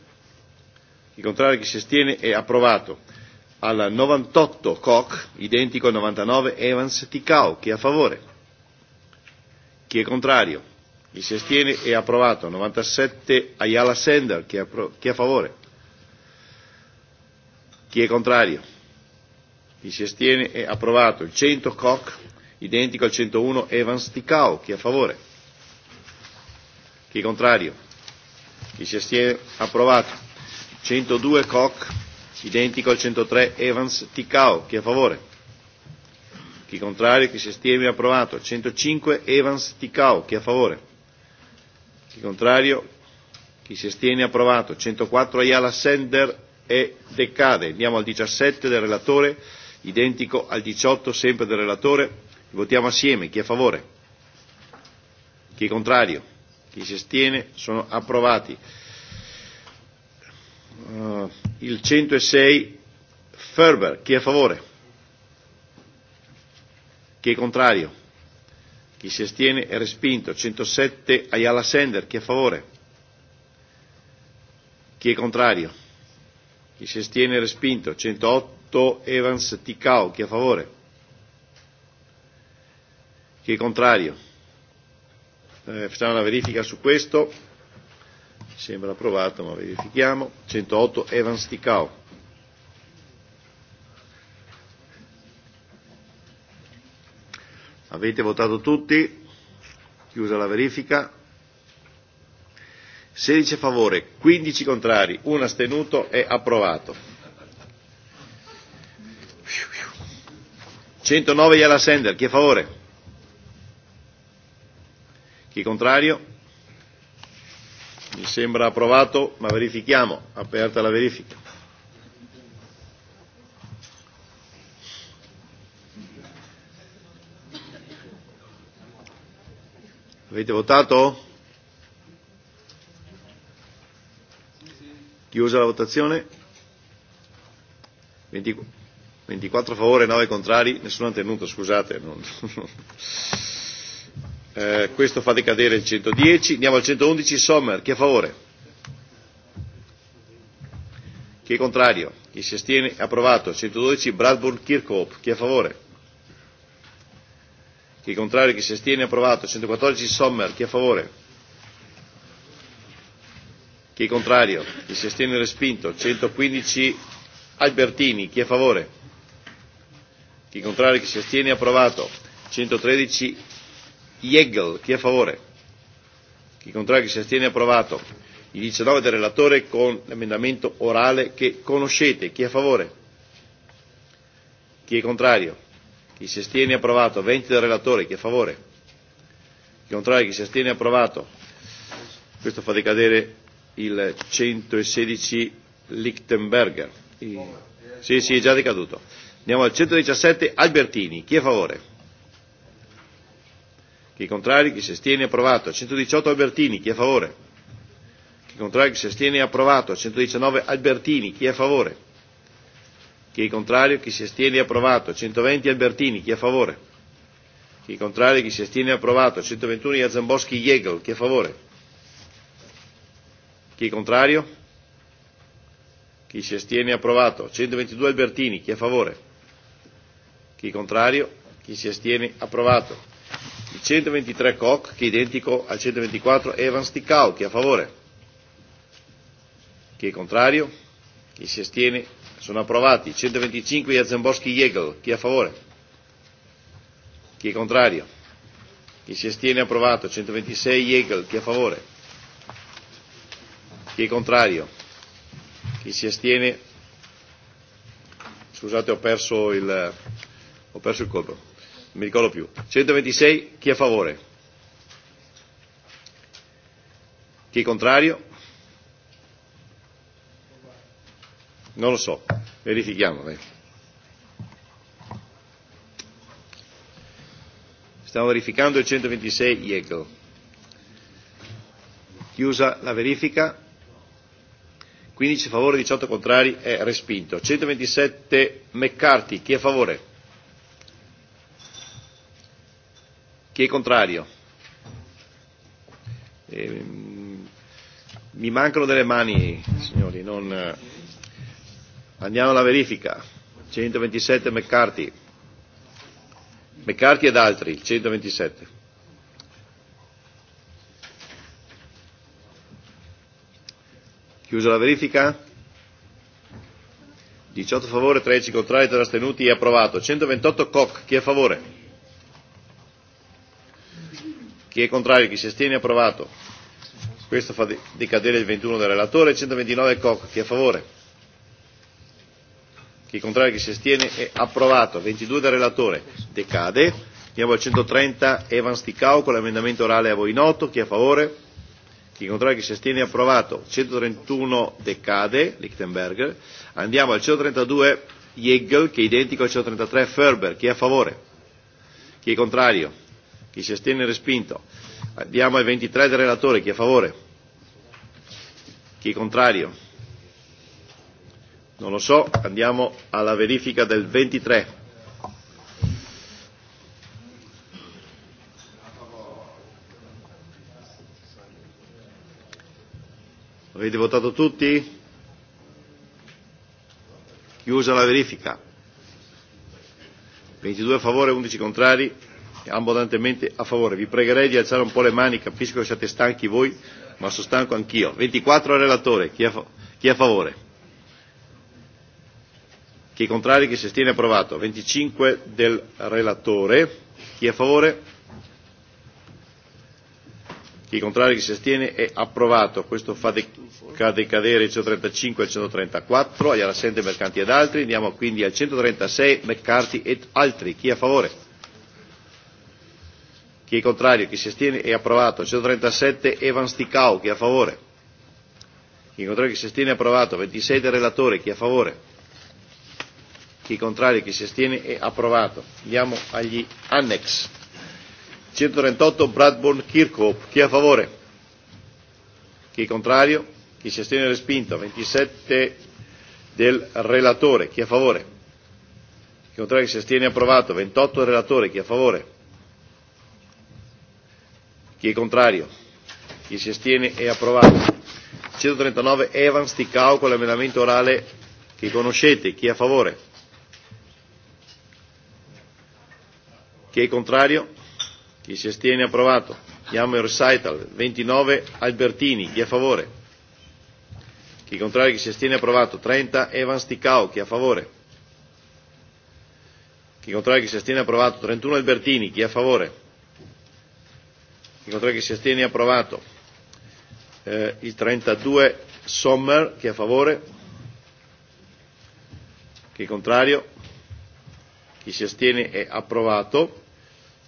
Chi contrario, chi si astiene è approvato. Al 98 Koch, identico al 99 Evans Ticao. Chi è a favore? Chi è contrario? Chi si astiene è approvato. 97 Ayala Sender. Chi è, appro- chi è a favore? Chi è contrario? Chi si astiene è approvato. Il 100 Koch, identico al 101 Evans Ticao. Chi è a favore? Chi è contrario? Chi si astiene? Approvato. 102 Koch, identico al 103 Evans Ticao. Chi è a favore? Chi è contrario? Chi si astiene? Approvato. 105 Evans Ticao. Chi è a favore? Chi è contrario? Chi si astiene? Approvato. 104 Ayala Sender e decade. Andiamo al 17 del relatore, identico al 18 sempre del relatore. Votiamo assieme. Chi è a favore? Chi è contrario? Chi si astiene? Sono approvati uh, il 106 Ferber, chi è a favore? Chi è contrario? Chi si astiene è respinto. 107 Ayala Sender, chi è a favore? Chi è contrario? Chi si astiene è respinto. 108 Evans Ticao, chi è a favore? Chi è contrario? Eh, facciamo la verifica su questo sembra approvato ma verifichiamo 108 Evans Ticao avete votato tutti chiusa la verifica 16 a favore 15 contrari 1 astenuto è approvato 109 Iala Sender chi è a favore chi è contrario Mi sembra approvato, ma verifichiamo. Aperta la verifica. Avete votato? Chiusa la votazione. 20, 24 favore, 9 contrari, nessuno ha tenuto, scusate. Non... Eh, questo fa decadere il 110. Andiamo al 111. Sommer, chi è a favore? Chi è contrario? Chi si astiene? Approvato. 112. Bradburn Kirchhoff, chi è a favore? Chi è contrario? Chi si astiene? Approvato. 114. Sommer, chi è a favore? Chi è contrario? Chi si astiene? Respinto. 115. Albertini, chi è a favore? Chi è contrario, chi si astiene, approvato. 113 Iegel, chi è a favore? Chi contrario, chi si astiene, approvato. Il 19 del relatore con l'emendamento orale che conoscete. Chi è a favore? Chi è contrario? Chi si astiene, approvato. 20 del relatore, chi è a favore? Chi contrario, chi si astiene, approvato. Questo fa decadere il 116 Lichtenberger. I... Sì, sì, è già decaduto. Andiamo al 117 Albertini. Chi è a favore? Chi è contrario, chi si astiene, approvato. 118 Albertini, chi è a favore? Chi è contrario, chi si astiene, approvato. 119 Albertini, chi è a favore? Chi è contrario, chi si astiene, approvato. 120 Albertini, chi è a favore? Chi è contrario, chi si astiene, approvato. 121 Iazamboschi, Jegel, chi è a favore? Chi è contrario? Chi si astiene, approvato. 122 Albertini, chi è a favore? Chi è contrario? Chi si astiene, approvato. 123 Koch, che è identico al 124 Evans Ticao. Chi è a favore? Chi è contrario? Chi si astiene? Sono approvati. 125 Jazenboschi Jegel. Chi è a favore? Chi è contrario? Chi si astiene? Approvato. 126 Jegel. Chi è a favore? Chi è contrario? Chi si astiene? Scusate, ho perso il, ho perso il colpo mi ricordo più. 126, chi è a favore? Chi è contrario? Non lo so, verifichiamo. Dai. Stiamo verificando il 126 IECO. Chiusa la verifica. 15 a favore, 18 contrari, è respinto. 127 McCarthy, chi è a favore? Chi è contrario? Eh, mi mancano delle mani, signori. Non... Eh, andiamo alla verifica. 127 McCarthy. McCarthy ed altri, il 127. Chiusa la verifica. 18 a favore, 13 contrari, 3 astenuti, è approvato. 128 Koch, chi è a favore? Chi è contrario? Chi si astiene? Approvato. Questo fa decadere il 21 del relatore. 129 Koch. Chi è a favore? Chi è contrario? Chi si astiene? È approvato. 22 del relatore. Decade. Andiamo al 130 Evan Sticao con l'emendamento orale a voi noto. Chi è a favore? Chi è contrario? Chi si astiene? Approvato. 131 decade. Lichtenberger. Andiamo al 132 Jegel che è identico al 133 Ferber. Chi è a favore? Chi è contrario? Chi si astiene respinto. Andiamo al 23 del relatore. Chi è a favore? Chi è contrario? Non lo so. Andiamo alla verifica del 23. Avete votato tutti? Chiusa la verifica. 22 a favore, 11 contrari abbondantemente a favore. Vi pregherei di alzare un po' le mani, capisco che siete stanchi voi, ma sono stanco anch'io. 24 relatore, chi è, chi è a favore? Chi è contrario, chi si astiene, approvato. 25 del relatore, chi è a favore? Chi contrario chi si astiene è approvato. Questo fa decadere il 135 e il 134, agli assente mercanti ed altri. Andiamo quindi al 136 mercanti ed altri. Chi è a favore? Chi è contrario? Chi si astiene? È approvato. 137 Evan Sticau. Chi è a favore? Chi è contrario? Chi si astiene? È approvato. 26 del relatore. Chi è a favore? Chi è contrario? Chi si astiene? È approvato. Andiamo agli annex. 138 Bradburn Kirkhope. Chi è a favore? Chi è contrario? Chi si astiene? Respinto. 27 del relatore. Chi è a favore? Chi è contrario? Chi si astiene? Approvato. 28 del relatore. Chi è a favore? Chi è contrario? Chi si astiene è approvato. 139 Evans Ticao con l'emendamento orale che conoscete. Chi è a favore? Chi è contrario? Chi si astiene approvato. Chiamo il recital 29 Albertini. Chi è a favore? Chi è contrario? Chi si astiene approvato. 30 Evans Ticao. Chi è a favore? Chi è contrario? Chi si astiene approvato. 31 Albertini. Chi è a favore? Chi contrario chi si astiene approvato. Eh, il 32 Sommer, chi è a favore? Chi è contrario? Chi si astiene è approvato.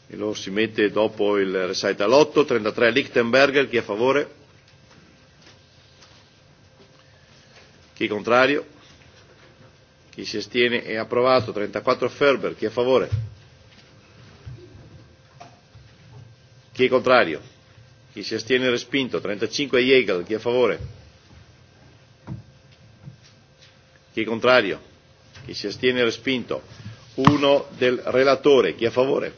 E lo si mette dopo il recital 8, 33 Lichtenberger, chi è a favore? Chi è contrario? Chi si astiene è approvato. 34 Ferber, chi è a favore? Chi è contrario? Chi si astiene respinto? 35 Jägel, chi è a favore? Chi è contrario? Chi si astiene respinto? 1 del relatore, chi è a favore?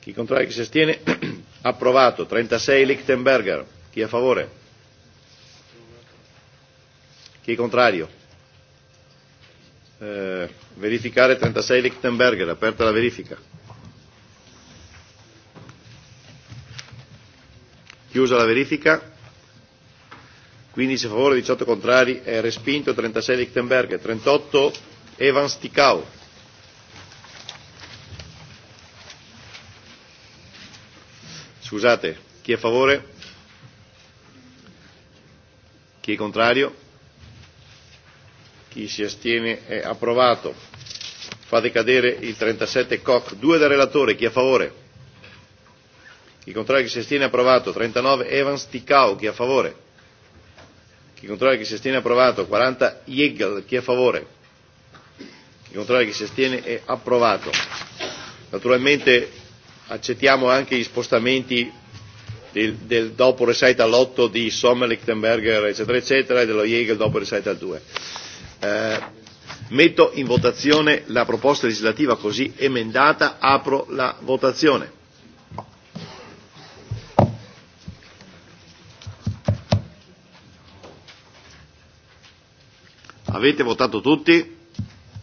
Chi è contrario? Chi si astiene? Approvato. 36 Lichtenberger, chi è a favore? Chi è contrario? Eh, verificare 36 Lichtenberger, aperta la verifica. Chiusa la verifica. 15 a favore, 18 contrari, è respinto. 36 Lichtenberger, 38 Evans Ticau. Scusate, chi è a favore? Chi è contrario? Chi si astiene è approvato. Fa decadere il 37 Koch. Due da relatore, chi è a favore? Chi contrario chi si astiene approvato. 39 Evans Ticao. Chi è a favore? Chi contrario chi si astiene approvato. 40 Yegel. Chi è a favore? Chi contrario chi si astiene è approvato. Naturalmente accettiamo anche gli spostamenti del, del dopo recital all'8 di Sommer, Lichtenberger, eccetera, eccetera, e dello Jägel dopo recital 2. Eh, metto in votazione la proposta legislativa così emendata, apro la votazione. Avete votato tutti?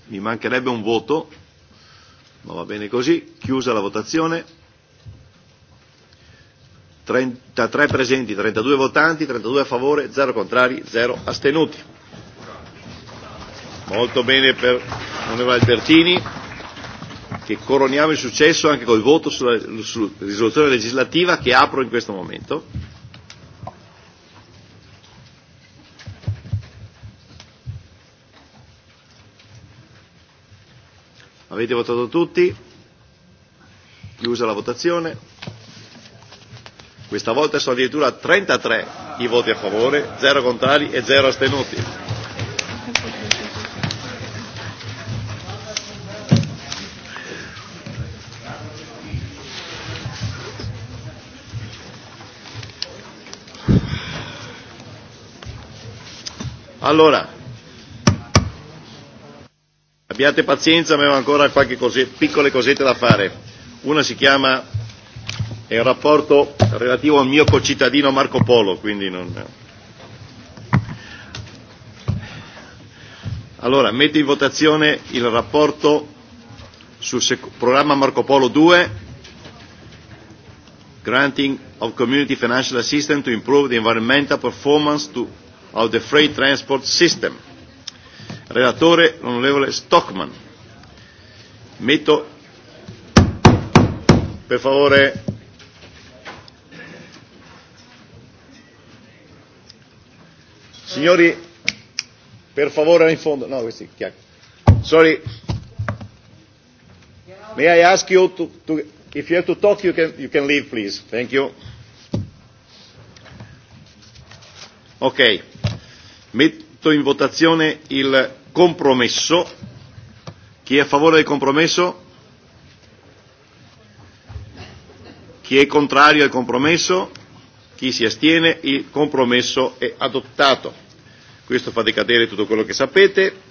Mi mancherebbe un voto, ma va bene così. Chiusa la votazione. 33 presenti, 32 votanti, 32 a favore, 0 contrari, 0 astenuti. Molto bene per l'onorevole Albertini, che coroniamo il successo anche col voto sulla, sulla risoluzione legislativa che apro in questo momento. Avete votato tutti? Chiusa la votazione. Questa volta sono addirittura 33 i voti a favore, 0 contrari e 0 astenuti. Allora, abbiate pazienza, ma avevo ancora qualche cose, piccole cosette da fare. Una si chiama, è un rapporto relativo al mio concittadino Marco Polo, quindi non... Allora, metto in votazione il rapporto sul sec- programma Marco Polo 2, granting of community financial assistance to improve the environmental performance to, of the freight transport system Relatore l'onorevole Stockman. Metto per favore signori per favore in fondo no questi chiacchiere sorry may I ask you to, to if you have to talk you can, you can leave please thank you ok metto in votazione il compromesso. Chi è a favore del compromesso? Chi è contrario al compromesso? Chi si astiene? Il compromesso è adottato. Questo fa decadere tutto quello che sapete.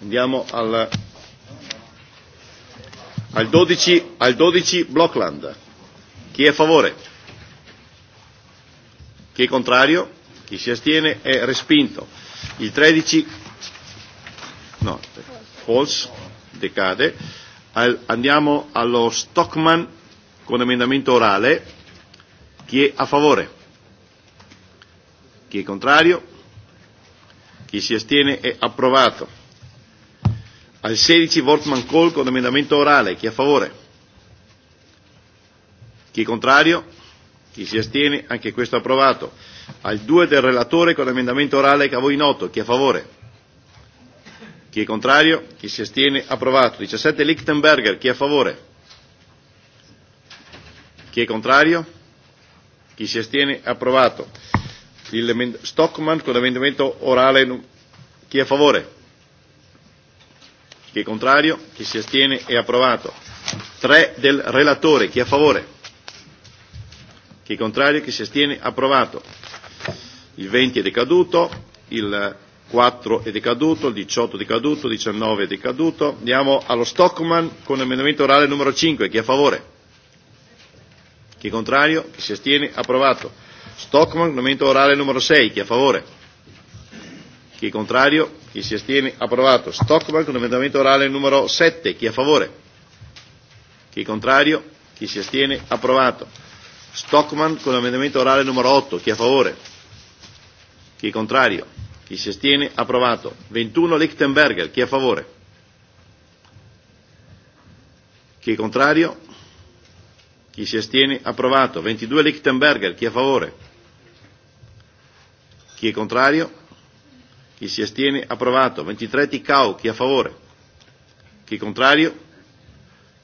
Andiamo al, al, 12, al 12 Blockland. Chi è a favore? Chi è contrario? Chi si astiene è respinto. Il 13 no, false, decade. Al, andiamo allo Stockman con emendamento orale. Chi è a favore? Chi è contrario? Chi si astiene è approvato. Al 16 Wortman Call con emendamento orale. Chi è a favore? Chi è contrario? Chi si astiene? Anche questo approvato. Al 2 del relatore con emendamento orale che a voi noto. Chi è a favore? Chi è contrario? Chi si astiene? Approvato. 17 Lichtenberger. Chi è a favore? Chi è contrario? Chi si astiene? Approvato. Il Stockman con l'emendamento orale. Chi è a favore? Chi è contrario? Chi si astiene? È approvato. 3 del relatore. Chi è a favore? Chi è contrario? Chi si astiene? Approvato. Il 20 è decaduto. Il 4 è decaduto, il 18 è decaduto, il 19 è decaduto. Andiamo allo Stockman con emendamento orale numero 5. Chi è a favore? Chi è contrario? Chi si astiene? Approvato. Stockman, emendamento orale numero 6. Chi è a favore? Chi è contrario? Chi si astiene? Approvato. Stockman con emendamento orale numero 7. Chi è a favore? Chi è contrario? Chi si astiene? Approvato. Stockman con l'emendamento orale numero 8. Chi è a favore? Chi è contrario? Chi si astiene? Approvato. 21 Lichtenberger. Chi è a favore? Chi è contrario? Chi si astiene? Approvato. 22 Lichtenberger. Chi è a favore? Chi è contrario? Chi si astiene? Approvato. 23 Ticao. Chi è a favore? Chi è contrario?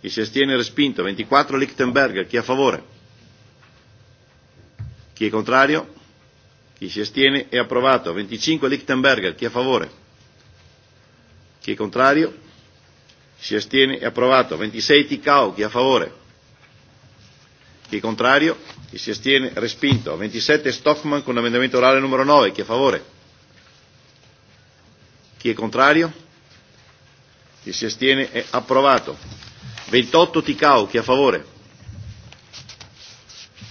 Chi si astiene? Respinto. 24 Lichtenberger. Chi è a favore? Chi è contrario? Chi si astiene è approvato. 25 Lichtenberger. Chi è a favore? Chi è contrario? Si astiene è approvato. 26 Ticao. Chi è a favore? Chi è contrario? Chi si astiene respinto. 27 Stockman con l'emendamento orale numero 9. Chi è a favore? Chi è contrario? Chi si astiene è approvato. 28 Ticao. Chi è a favore?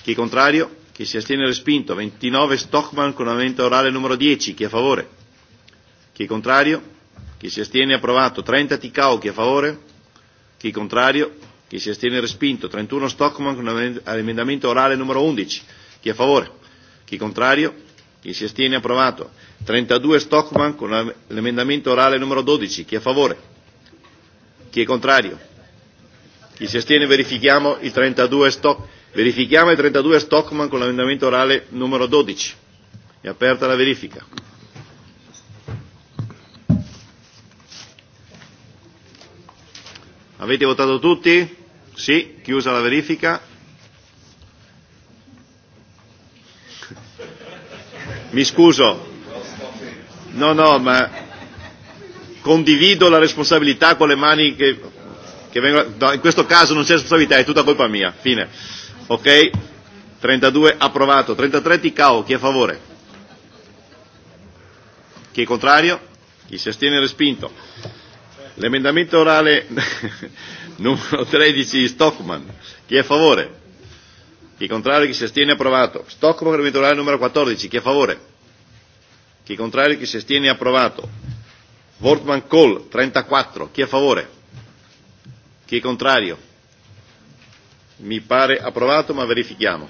Chi è contrario? Chi si astiene respinto. 29 Stockman con aumento orale numero 10. Chi è a favore? Chi è contrario? Chi si astiene approvato. 30 Ticao. Chi è a favore? Chi è contrario? Chi si astiene respinto. 31 Stockman con emendamento orale numero 11. Chi è a favore? Chi è contrario? Chi si astiene approvato. 32 Stockman con l'emendamento orale numero 12. Chi è a favore? Chi è contrario? Chi si astiene verifichiamo il 32 Stockman. Verifichiamo i 32 Stockman con l'emendamento orale numero 12. È aperta la verifica. Avete votato tutti? Sì, chiusa la verifica. Mi scuso. No, no, ma condivido la responsabilità con le mani che, che vengono. No, in questo caso non c'è responsabilità, è tutta colpa mia. Fine. Ok? 32 approvato. 33 Ticao, chi è a favore? Chi è contrario? Chi si astiene respinto. L'emendamento orale numero 13 di Stockman, chi è a favore? Chi è contrario? Chi si astiene approvato. Stockman, emendamento orale numero 14, chi è a favore? Chi è contrario? Chi si astiene approvato. Wortman Call 34, chi è a favore? Chi è contrario? Mi pare approvato, ma verifichiamo.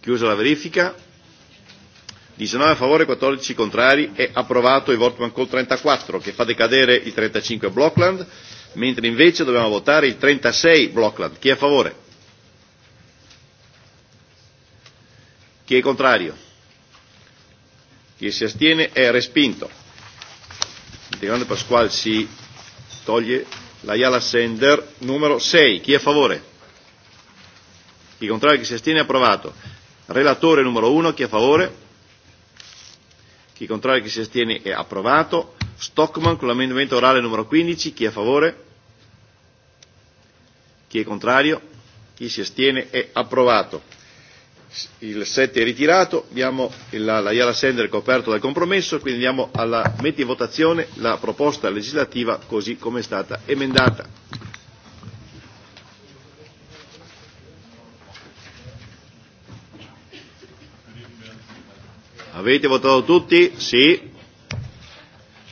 Chiusa la verifica. 19 a favore, 14 contrari. È approvato il Wortmann Call 34, che fa decadere il 35 Blockland, mentre invece dobbiamo votare il 36 Blockland. Chi è a favore? Chi è contrario? Chi si astiene è respinto di Grande Pasquale si toglie la Yala Sender numero 6. Chi è a favore? Chi contrario chi si astiene approvato. Relatore numero 1, chi è a favore? Chi contrario chi si astiene è approvato. Stockman con l'amendamento orale numero 15, chi è a favore? Chi è contrario? Chi si astiene è approvato il 7 è ritirato, abbiamo la, la Iala Sender coperto dal compromesso, quindi andiamo alla metti in votazione la proposta legislativa così come è stata emendata. Avete votato tutti? Sì.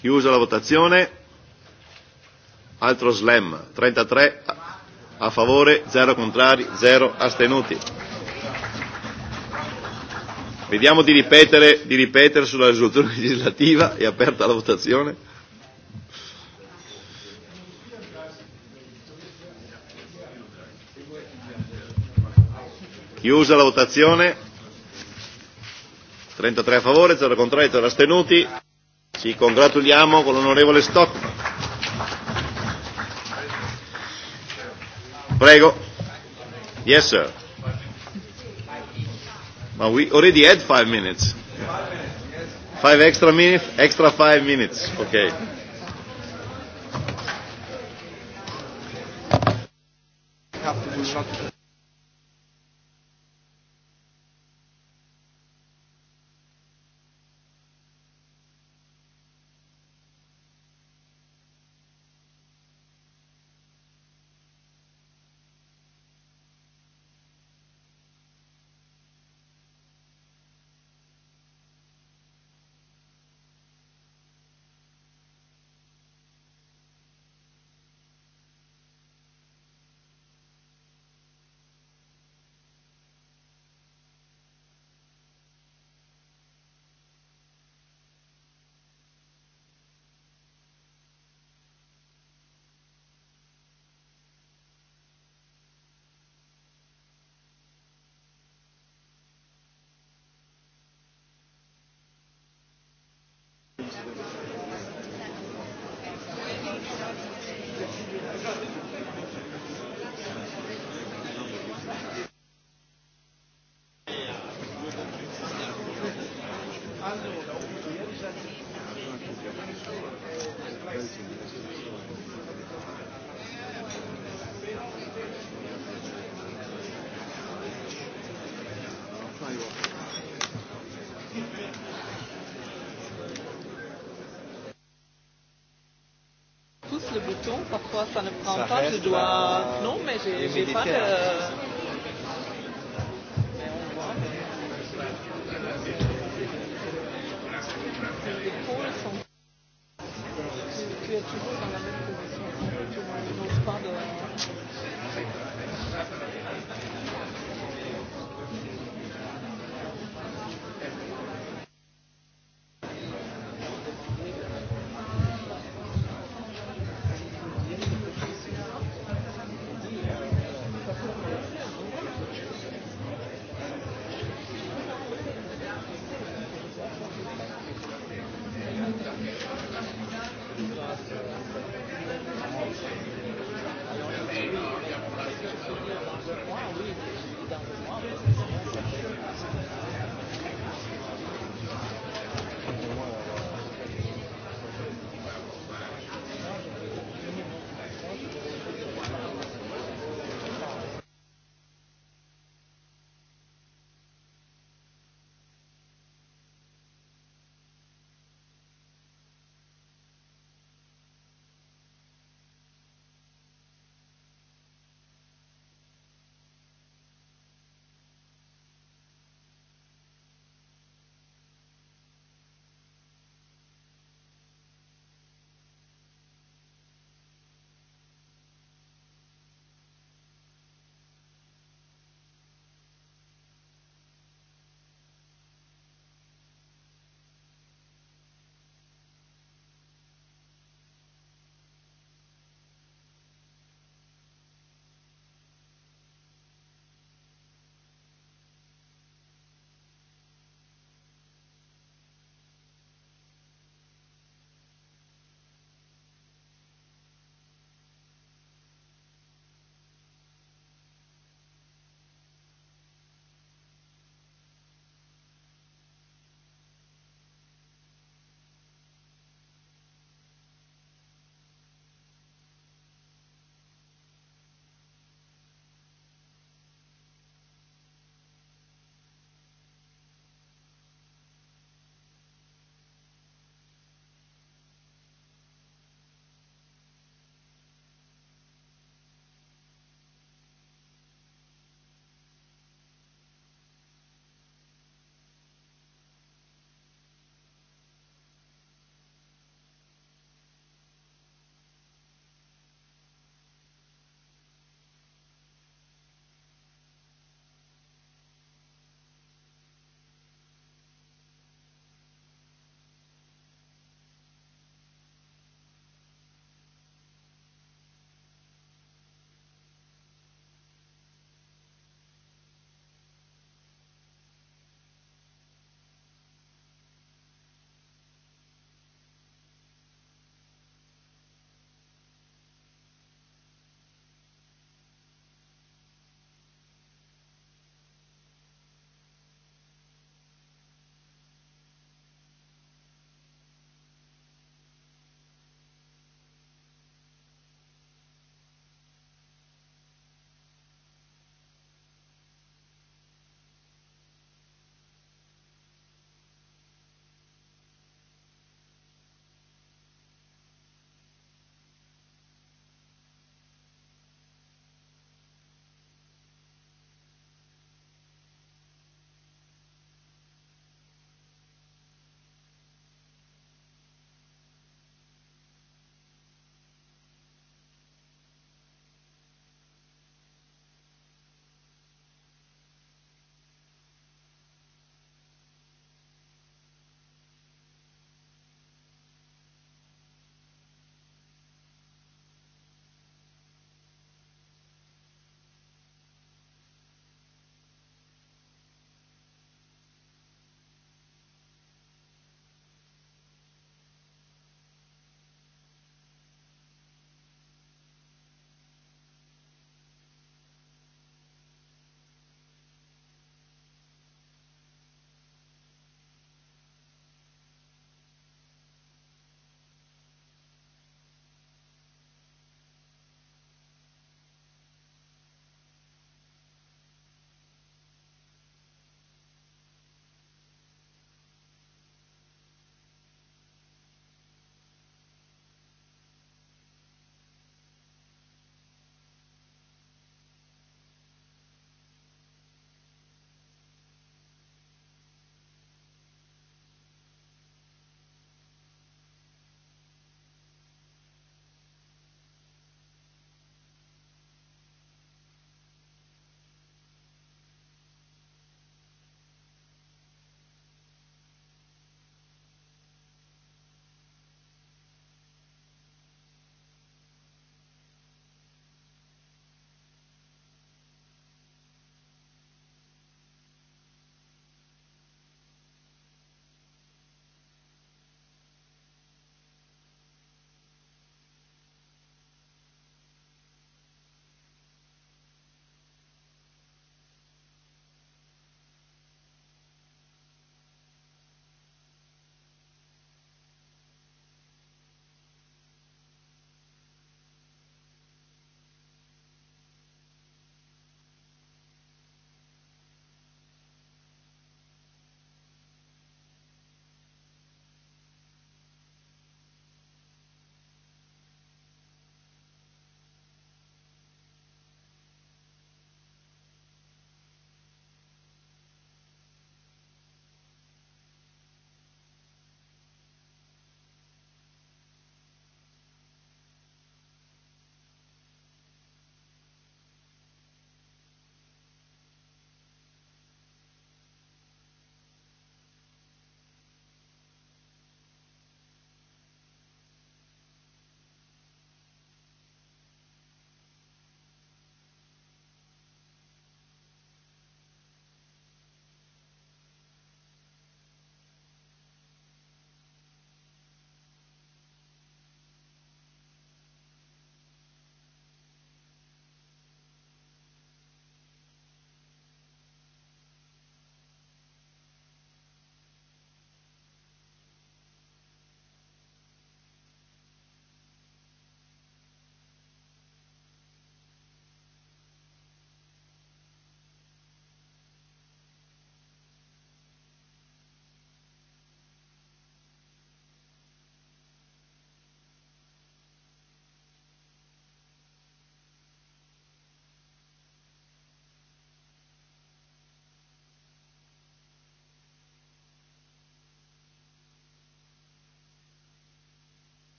Chiusa la votazione. Altro slam. 33 a favore, 0 contrari, 0 astenuti. Vediamo di ripetere, di ripetere sulla risoluzione legislativa. È e aperta la votazione. Chiusa la votazione. 33 a favore, 0 contrari, 0 astenuti. Ci congratuliamo con l'onorevole Stock. Prego. Yes, sir. But we already had five minutes. Five, minutes, yes. five extra minutes, extra five minutes. Okay. Have to do not ça ne prend ça pas, je dois. La... Non, mais j'ai pas de.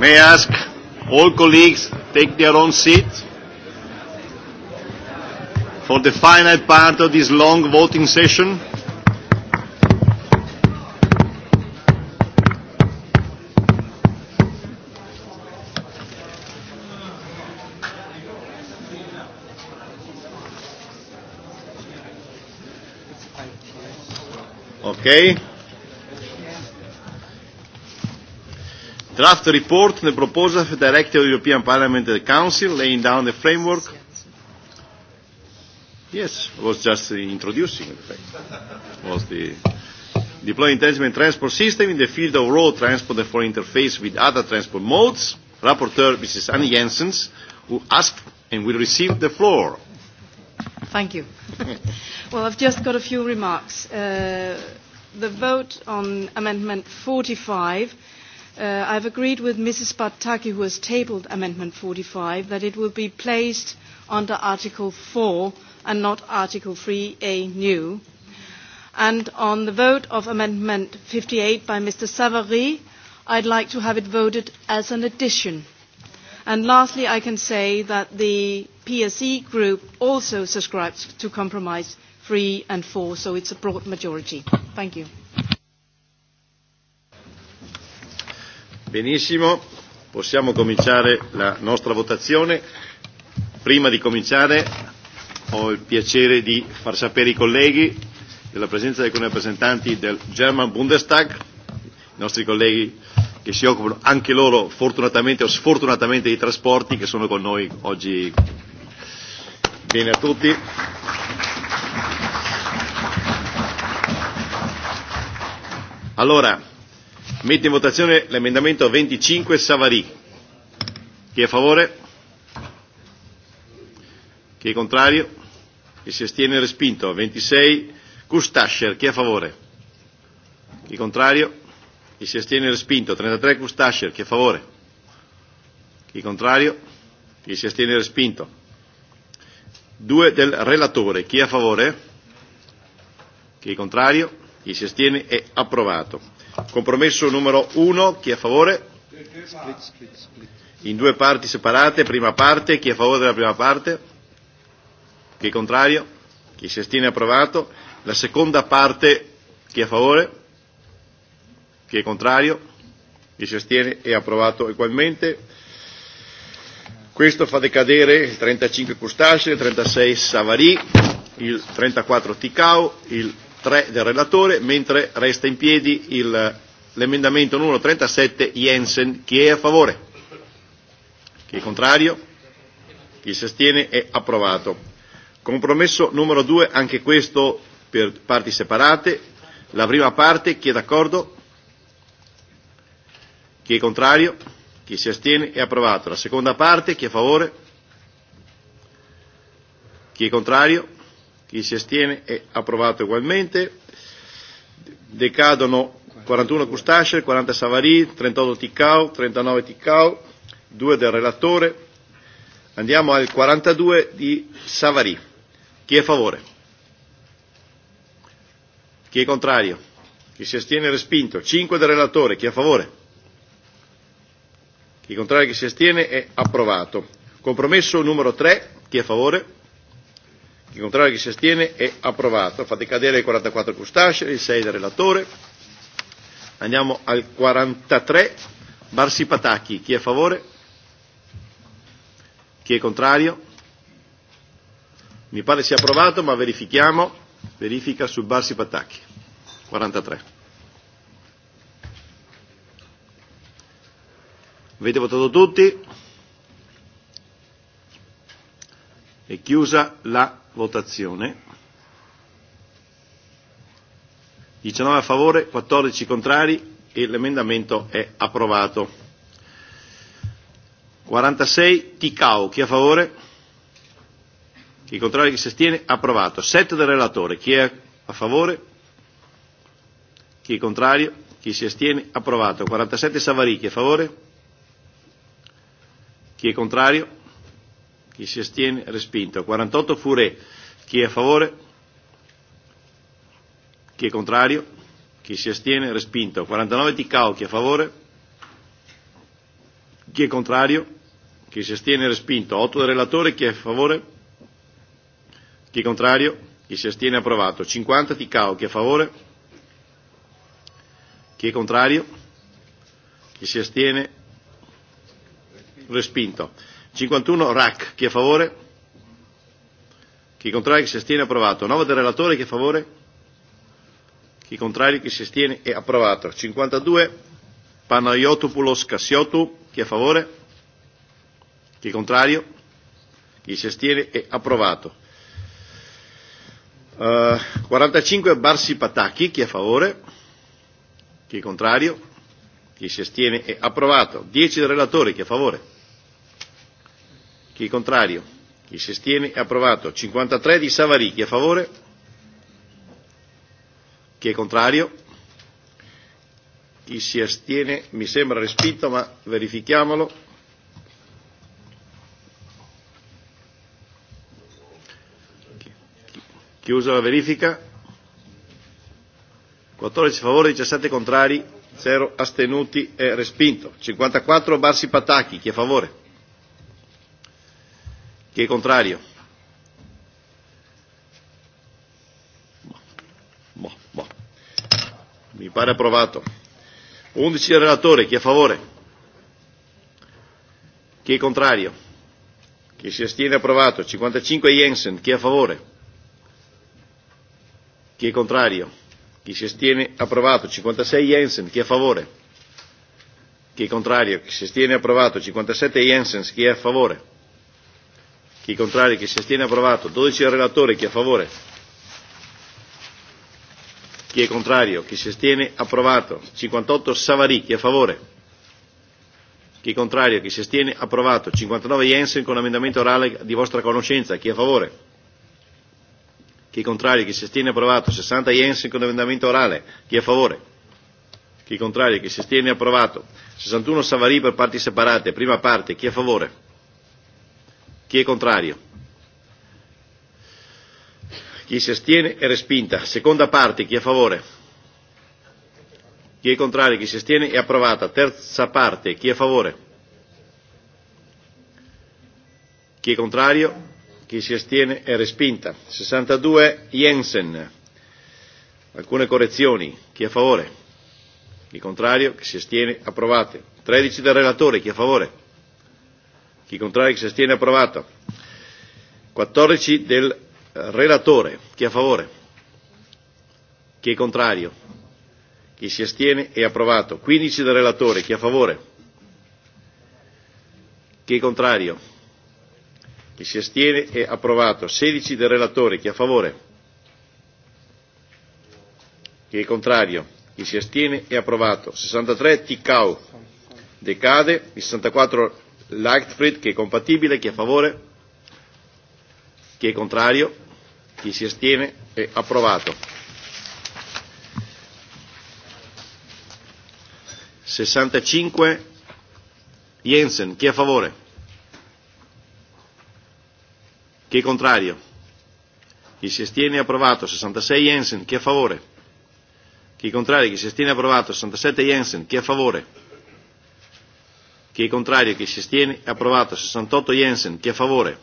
May I ask all colleagues take their own seat for the final part of this long voting session? Okay. draft report and the proposal of the directive of the European Parliament and the Council laying down the framework. Yes, I was just introducing the fact. Was the deploy intelligent transport system in the field of road transport for interface with other transport modes. Rapporteur Mrs. Anne Jensens, who asked and will receive the floor. Thank you. well, I've just got a few remarks. Uh, the vote on Amendment 45 Uh, I've agreed with Mrs. Bartaki, who has tabled Amendment 45, that it will be placed under Article 4 and not Article 3A new. And on the vote of Amendment 58 by Mr. Savary, I'd like to have it voted as an addition. And lastly, I can say that the PSE group also subscribes to compromise 3 and 4, so it's a broad majority. Thank you. Benissimo, possiamo cominciare la nostra votazione. Prima di cominciare ho il piacere di far sapere ai colleghi della presenza di alcuni rappresentanti del German Bundestag, i nostri colleghi che si occupano anche loro fortunatamente o sfortunatamente dei trasporti che sono con noi oggi. Bene a tutti. Allora, Mette in votazione l'emendamento 25 Savary. Chi è a favore? Chi è contrario? Chi e si astiene respinto. 26 Custascher. Chi è a favore? Chi è contrario? Chi e si astiene respinto. 33 Custascher. Chi è a favore? Chi è contrario? Chi e si astiene respinto. 2 del relatore. Chi è a favore? Chi è contrario? Chi si astiene è approvato. Compromesso numero 1, chi è a favore? In due parti separate, prima parte, chi è a favore della prima parte? Chi è contrario? Chi si astiene approvato. La seconda parte, chi è a favore? Chi è contrario? Chi si astiene è approvato ugualmente. Questo fa decadere il 35 Custasce, il 36 Savary, il 34 Ticao, il 3 del relatore, mentre resta in piedi il, l'emendamento numero 37 Jensen. Chi è a favore? Chi è contrario? Chi si astiene è approvato. Compromesso numero 2, anche questo per parti separate. La prima parte, chi è d'accordo? Chi è contrario? Chi si astiene è approvato. La seconda parte, chi è a favore? Chi è contrario? Chi si astiene è approvato ugualmente. Decadono 41 Custasce, 40 Savary, 38 Ticao, 39 Ticao, 2 del relatore. Andiamo al 42 di Savary. Chi è a favore? Chi è contrario? Chi si astiene è respinto. 5 del relatore. Chi è a favore? Chi è contrario? Chi si astiene è approvato. Compromesso numero 3. Chi è a favore? Chi contrario chi si astiene è approvato. Fate cadere il 44 Custasce, il 6 del relatore. Andiamo al 43 Barsi Patacchi. Chi è a favore? Chi è contrario? Mi pare sia approvato, ma verifichiamo. Verifica sul Barsi Patacchi. 43. Avete votato tutti? È chiusa la votazione. 19 a favore, 14 contrari e l'emendamento è approvato. 46 Ticao, chi è a favore? Chi contrario chi si astiene? Approvato. 7 del relatore, chi è a favore? Chi è contrario? Chi si astiene? Approvato. 47 Savarì, chi è a favore? Chi è contrario? Chi si astiene? Respinto. 48 Fure. Chi è a favore? Chi è contrario? Chi si astiene? Respinto. 49 Ticao. Chi è a favore? Chi è contrario? Chi si astiene? Respinto. 8 del relatore. Chi è a favore? Chi è contrario? Chi si astiene? Approvato. 50 Ticao. Chi è a favore? Chi è contrario? Chi si astiene? Respinto. 51 RAC, chi è a favore? Chi contrario, chi si astiene, approvato. 9 del relatore, chi è a favore? Chi contrario, chi si astiene, è approvato. 52 Panayotopoulos Cassiotu, chi è a favore? Chi contrario? Chi si astiene, è approvato. Uh, 45 Barsi Patacchi, chi è a favore? Chi è contrario? Chi si astiene è approvato. 10 eh, del relatore, chi è a favore? Chi è contrario? Chi si astiene? Approvato. 53 di Savarì. Chi è a favore? Chi è contrario? Chi si astiene? Mi sembra respinto, ma verifichiamolo. Chiusa la verifica. 14 favori, 17 contrari, 0 astenuti e respinto. 54 Barsi Patacchi. Chi è a favore? Chi è contrario? Boh, boh. Mi pare approvato. 11 del relatore, chi è a favore? Chi è contrario? Chi si astiene approvato? 55 e Jensen, chi è a favore? Chi è contrario? Chi si astiene approvato? 56 e Jensen, chi è a favore? Chi è contrario? Chi si astiene approvato? 57 e Jensen, chi è a favore? Chi è contrario? Chi si astiene? Approvato. 12 del relatore. Chi è a favore? Chi è contrario? Chi si astiene? Approvato. 58 Savarì. Chi è a favore? Chi è contrario? Chi si astiene? Approvato. 59 Jensen con amendamento orale di vostra conoscenza. Chi è a favore? Chi è contrario? Chi si astiene? Approvato. 60 Jensen con amendamento orale. Chi è a favore? Chi è contrario? Chi si astiene? Approvato. 61 Savarì per parti separate. Prima parte. Chi è a favore? Chi è contrario? Chi si astiene è respinta. Seconda parte, chi è a favore? Chi è contrario, chi si astiene è approvata. Terza parte, chi è a favore? Chi è contrario? Chi si astiene è respinta. 62 Jensen. Alcune correzioni. Chi è a favore? Chi è contrario? Chi si astiene? Approvate. 13 del relatore. Chi è a favore? Chi contrario, chi si astiene, approvato. 14 del relatore. Chi è a favore? Chi è contrario? Chi si astiene è approvato. 15 del relatore. Chi è a favore? Chi è contrario? Chi si astiene è approvato. 16 del relatore. Chi è a favore? Chi è contrario? Chi si astiene è approvato. 63 Ticau. Decade. Il 64 Lightfried che è compatibile, chi è a favore, chi è contrario, chi si astiene è approvato. 65 Jensen, chi è a favore? Chi è contrario? Chi si astiene è approvato. 66 Jensen, chi è a favore? Chi è contrario? Chi si astiene è approvato. 67 Jensen, chi è a favore? Chi è contrario? Chi si astiene? Approvato. 68 Jensen. Chi è a favore?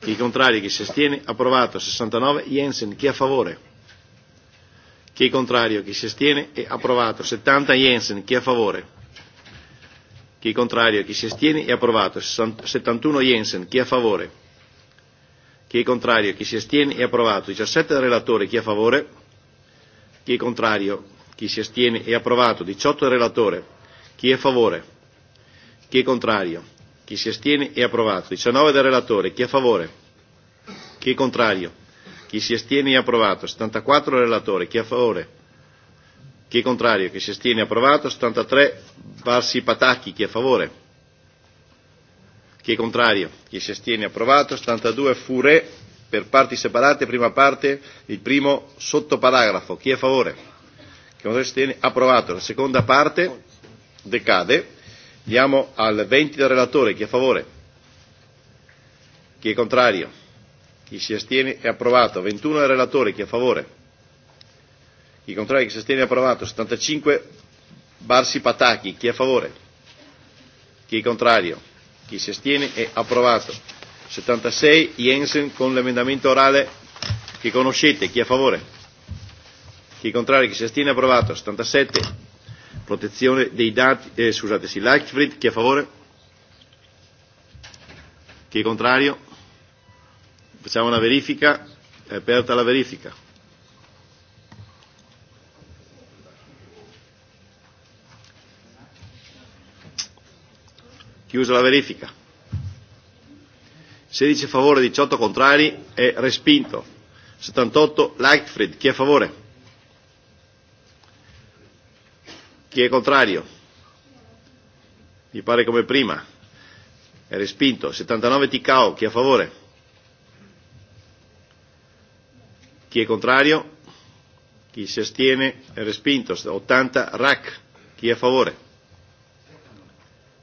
Chi è contrario? Chi si astiene? Approvato. 69 Jensen. Chi è a favore? Chi è contrario? Chi si astiene? È approvato. 70 Jensen. Chi è a favore? Chi è contrario? Chi si astiene? È approvato. 71 Jensen. Chi è a favore? Chi è contrario? Chi si astiene? È approvato. 17 del relatore. Chi è a favore? Chi è contrario? Chi si astiene? È approvato. 18 del relatore. Chi è a favore? Chi è contrario? Chi si astiene è approvato. 19 del relatore. Chi è a favore? Chi è contrario? Chi si astiene è approvato. 74 del relatore. Chi è a favore? Chi è contrario? Chi si astiene è approvato. 73 Barsi Patacchi. Chi è a favore? Chi è contrario? Chi si astiene? Approvato. 72 Fure per parti separate. Prima parte, il primo sottoparagrafo. Chi è a favore? Chi non si astiene? Approvato. La seconda parte decade. Andiamo al 20 del relatore. Chi è a favore? Chi è contrario? Chi si astiene è approvato. 21 del relatore. Chi è a favore? Chi è contrario? Chi si astiene è approvato. 75 Barsi Patacchi. Chi è a favore? Chi è contrario? Chi si astiene è approvato. 76 Jensen con l'emendamento orale che conoscete. Chi è a favore? Chi è contrario? Chi si astiene è approvato. 77 protezione dei dati, eh, scusate, sì, Leichtfried, chi è a favore? Chi è contrario? Facciamo una verifica, è aperta la verifica. Chiusa la verifica. 16 a favore, 18 contrari, è respinto. 78 Leichtfried, chi è a favore? Chi è contrario? Mi pare come prima. È respinto. 79 Ticao. Chi è a favore? Chi è contrario? Chi si astiene? È respinto. 80 RAC. Chi è a favore?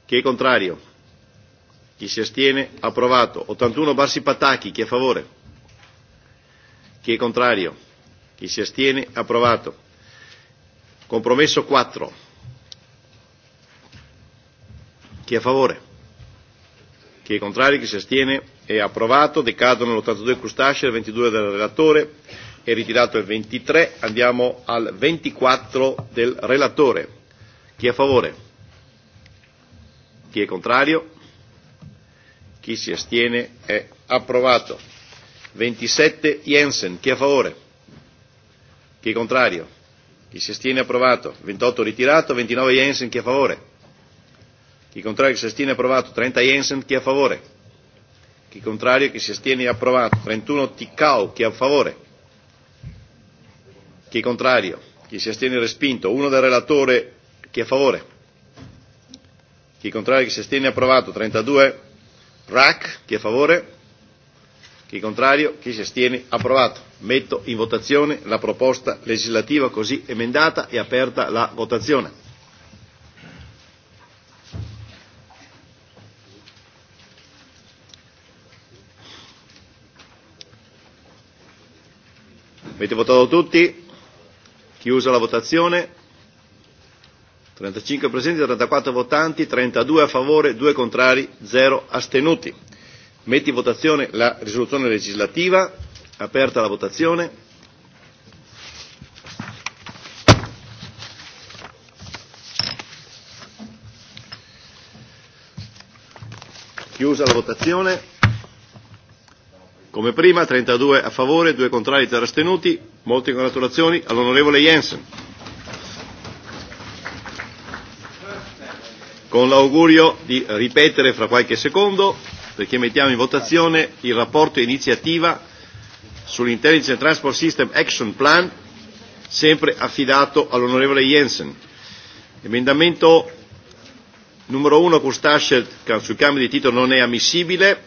Chi è contrario? Chi si astiene? Approvato. 81 Barsi Patacchi. Chi è a favore? Chi è contrario? Chi si astiene? Approvato. Compromesso 4. Chi è a favore? Chi è contrario? Chi si astiene? È approvato. Decadono l'82 Crustacea, il 22 del relatore. È ritirato il 23. Andiamo al 24 del relatore. Chi è a favore? Chi è contrario? Chi si astiene? È approvato. 27 Jensen. Chi è a favore? Chi è contrario? Chi si astiene approvato. 28 ritirato. 29 Jensen. Chi è a favore? Chi contrario che si astiene approvato. 30 Jensen. Chi è a favore? Chi contrario che si astiene approvato. 31 Ticao. Chi è a favore? Chi contrario? Chi si astiene respinto. 1 del relatore. Chi è a favore? Chi contrario che si astiene approvato. 32 RAC. Chi è a favore? Chi è contrario? Chi si astiene? Approvato. Metto in votazione la proposta legislativa così emendata e aperta la votazione. Avete votato tutti? Chiusa la votazione. 35 presenti, 34 votanti, 32 a favore, 2 contrari, 0 astenuti. Metti in votazione la risoluzione legislativa. Aperta la votazione. Chiusa la votazione. Come prima, 32 a favore, 2 contrari, 3 astenuti. Molte congratulazioni all'onorevole Jensen. Con l'augurio di ripetere fra qualche secondo perché mettiamo in votazione il rapporto iniziativa sull'Intelligent Transport System Action Plan, sempre affidato all'onorevole Jensen. Emendamento numero 1 Kustascher sul cambio di titolo non è ammissibile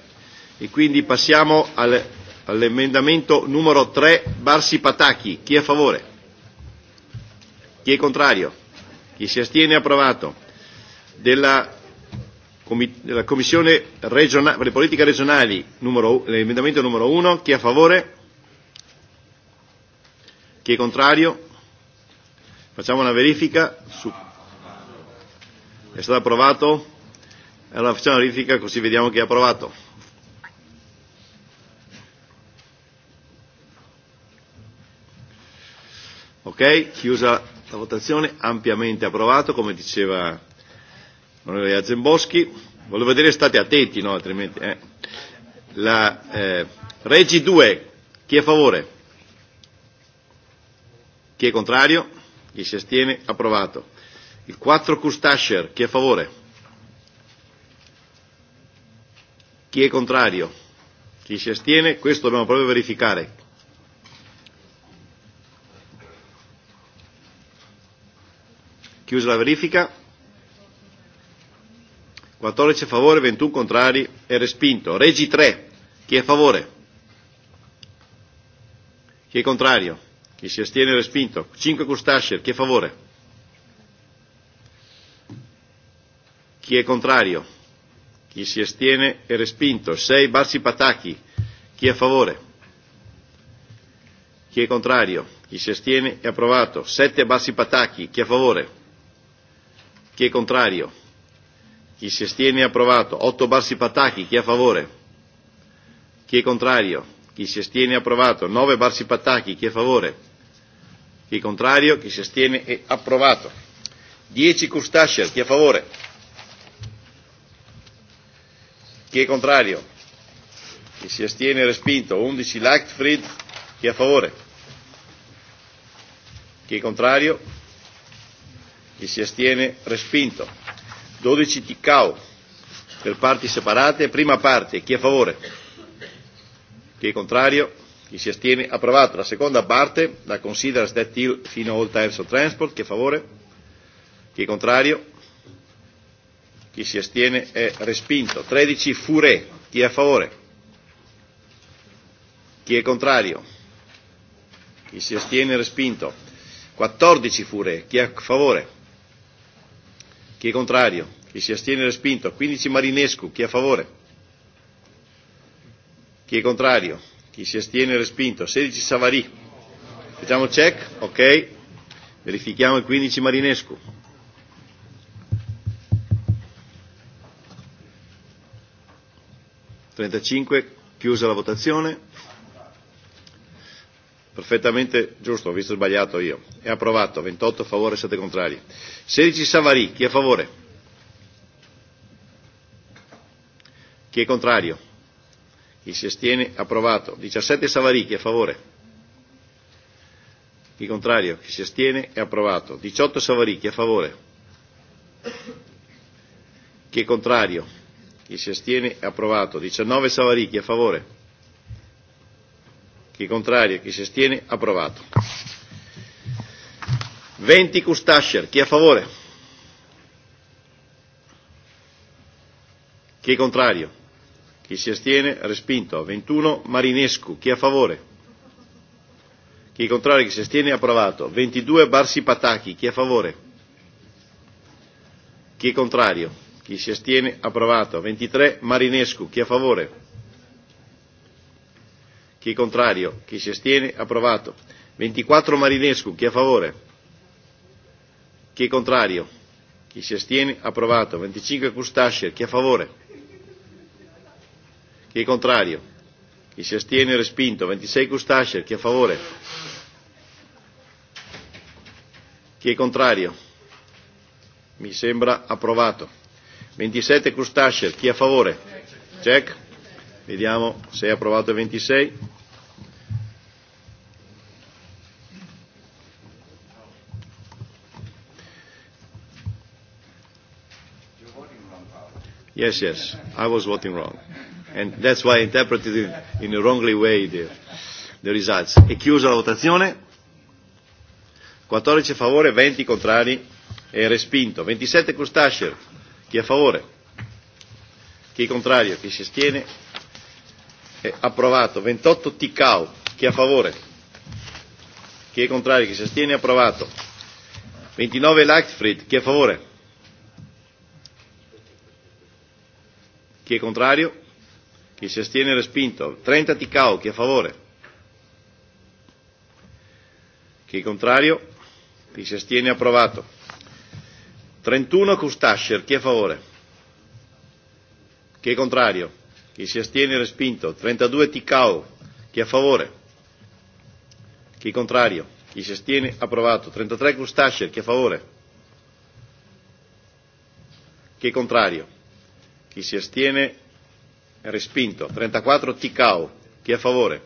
e quindi passiamo al, all'emendamento numero 3 Barsi Patacchi. Chi è a favore? Chi è contrario? Chi si astiene è approvato. Della la Commissione regiona- per le politiche regionali, numero, l'emendamento numero 1, chi è a favore? Chi è contrario? Facciamo una verifica. Su. È stato approvato? Allora facciamo una verifica così vediamo chi è approvato. Ok, chiusa la votazione, ampiamente approvato, come diceva onorevole Azenboschi, volevo vedere state attenti, no, altrimenti. Eh. La eh, Regi 2, chi è a favore? Chi è contrario? Chi si astiene? Approvato. Il 4 Custasher, chi è a favore? Chi è contrario? Chi si astiene? Questo dobbiamo proprio verificare. Chiusa la verifica. 14 a favore, 21 contrari, è respinto. Regi 3, chi è a favore? Chi è contrario? Chi si astiene è respinto. 5 Custascer, chi è a favore? Chi è contrario? Chi si astiene è respinto. 6 Barsi Patacchi, chi è a favore? Chi è contrario? Chi si astiene è approvato. 7 Bassi Patacchi. Chi è a favore? Chi è contrario? Chi si astiene approvato. 8 Bassi Patacchi, chi è a favore? Chi è contrario? Chi si astiene approvato. 9 Bassi Patacchi, chi è a favore? Chi è contrario? Chi si astiene è approvato. 10 Custascia, chi è a favore? Chi è contrario? Chi si astiene respinto. 11 Lactfried, chi è a favore? Chi è contrario? Chi si astiene respinto. 12 Ticcao per parti separate, prima parte, chi è a favore? Chi è contrario? Chi si astiene? Approvata. La seconda parte, la considera that deal fino a all times of transport, chi è a favore? Chi è contrario? Chi si astiene è respinto. 13 Fure, chi è a favore? Chi è contrario? Chi si astiene è respinto. 14 Fure, chi è a favore? Chi è contrario? Chi si astiene respinto? 15 Marinescu. Chi è a favore? Chi è contrario? Chi si astiene respinto? 16 Savarì. Facciamo check? Ok. Verifichiamo il 15 Marinescu. Trentacinque. Chiusa la votazione perfettamente giusto, ho visto sbagliato io, è approvato, 28 a favore, 7 contrari. 16 Savarì, chi è a favore? Chi è contrario? Chi si astiene? Approvato. 17 Savarì, chi è a favore? Chi contrario? Chi si astiene? È approvato. 18 Savarì, chi è a favore? Chi è contrario? Chi si astiene? È approvato. 19 Savarì, chi è a favore? Chi contraria, chi si astiene, approvato. 20 Custascher, chi è a favore? Chi è contrario? Chi si astiene, respinto. 21 Marinescu, chi è a favore? Chi è contrario, chi si astiene, approvato. 22 Barsi Patacchi, chi è a favore? Chi è contrario? Chi si astiene, approvato. 23 Marinescu, chi è a favore? Chi è contrario? Chi si astiene? Approvato. 24 Marinescu. Chi è a favore? Chi è contrario? Chi si astiene? Approvato. 25 Custascer. Chi è a favore? Chi è contrario? Chi si astiene? Respinto. 26 Custascer. Chi è a favore? Chi è contrario? Mi sembra approvato. 27 Custascer. Chi è a favore? Check. Vediamo se è approvato il 26. Yes, yes, I was voting wrong. And that's why I interpreted it in a wrongly way the, the results. E chiusa la votazione. 14 a favore, 20 contrari e respinto. 27 Crustasher. Chi è a favore? Chi è contrario? Chi si astiene? È approvato. 28 Ticao. Chi è a favore? Chi è contrario? Chi si astiene? È approvato. 29 Lightfried. Chi è a favore? Chi è contrario? Chi si astiene respinto. 30 Ticao, chi è a favore? Chi è contrario? Chi si astiene approvato. 31 Custascer, chi è a favore? Chi è contrario? Chi si astiene respinto. 32 Ticao, chi è a favore? Chi è contrario? Chi si astiene approvato. 33 Custascer, chi è a favore? Chi è contrario? Chi si astiene è respinto. 34 Ticao. Chi è a favore?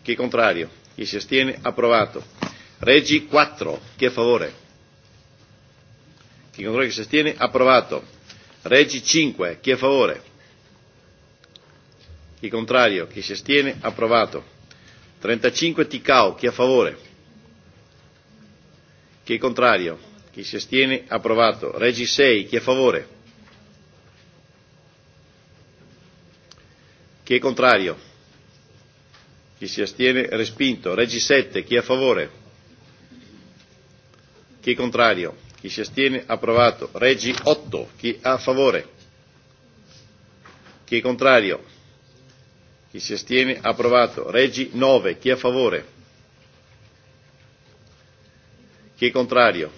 Chi è contrario? Chi si astiene? Approvato. Regi 4. Chi è a favore? Chi è contrario? Chi si astiene? Approvato. Regi 5. Chi è a favore? Chi è contrario? Chi si astiene? Approvato. 35 Ticao. Chi è a favore? Chi è contrario? Chi si astiene? Approvato. Regi 6. Chi è a favore? Chi è contrario? Chi si astiene? Respinto. Regi 7. Chi è a favore? Chi è contrario? Chi si astiene? Approvato. Regi 8. Chi è a favore? Chi è contrario? Chi si astiene? Approvato. Regi 9. Chi è a favore? Chi è contrario?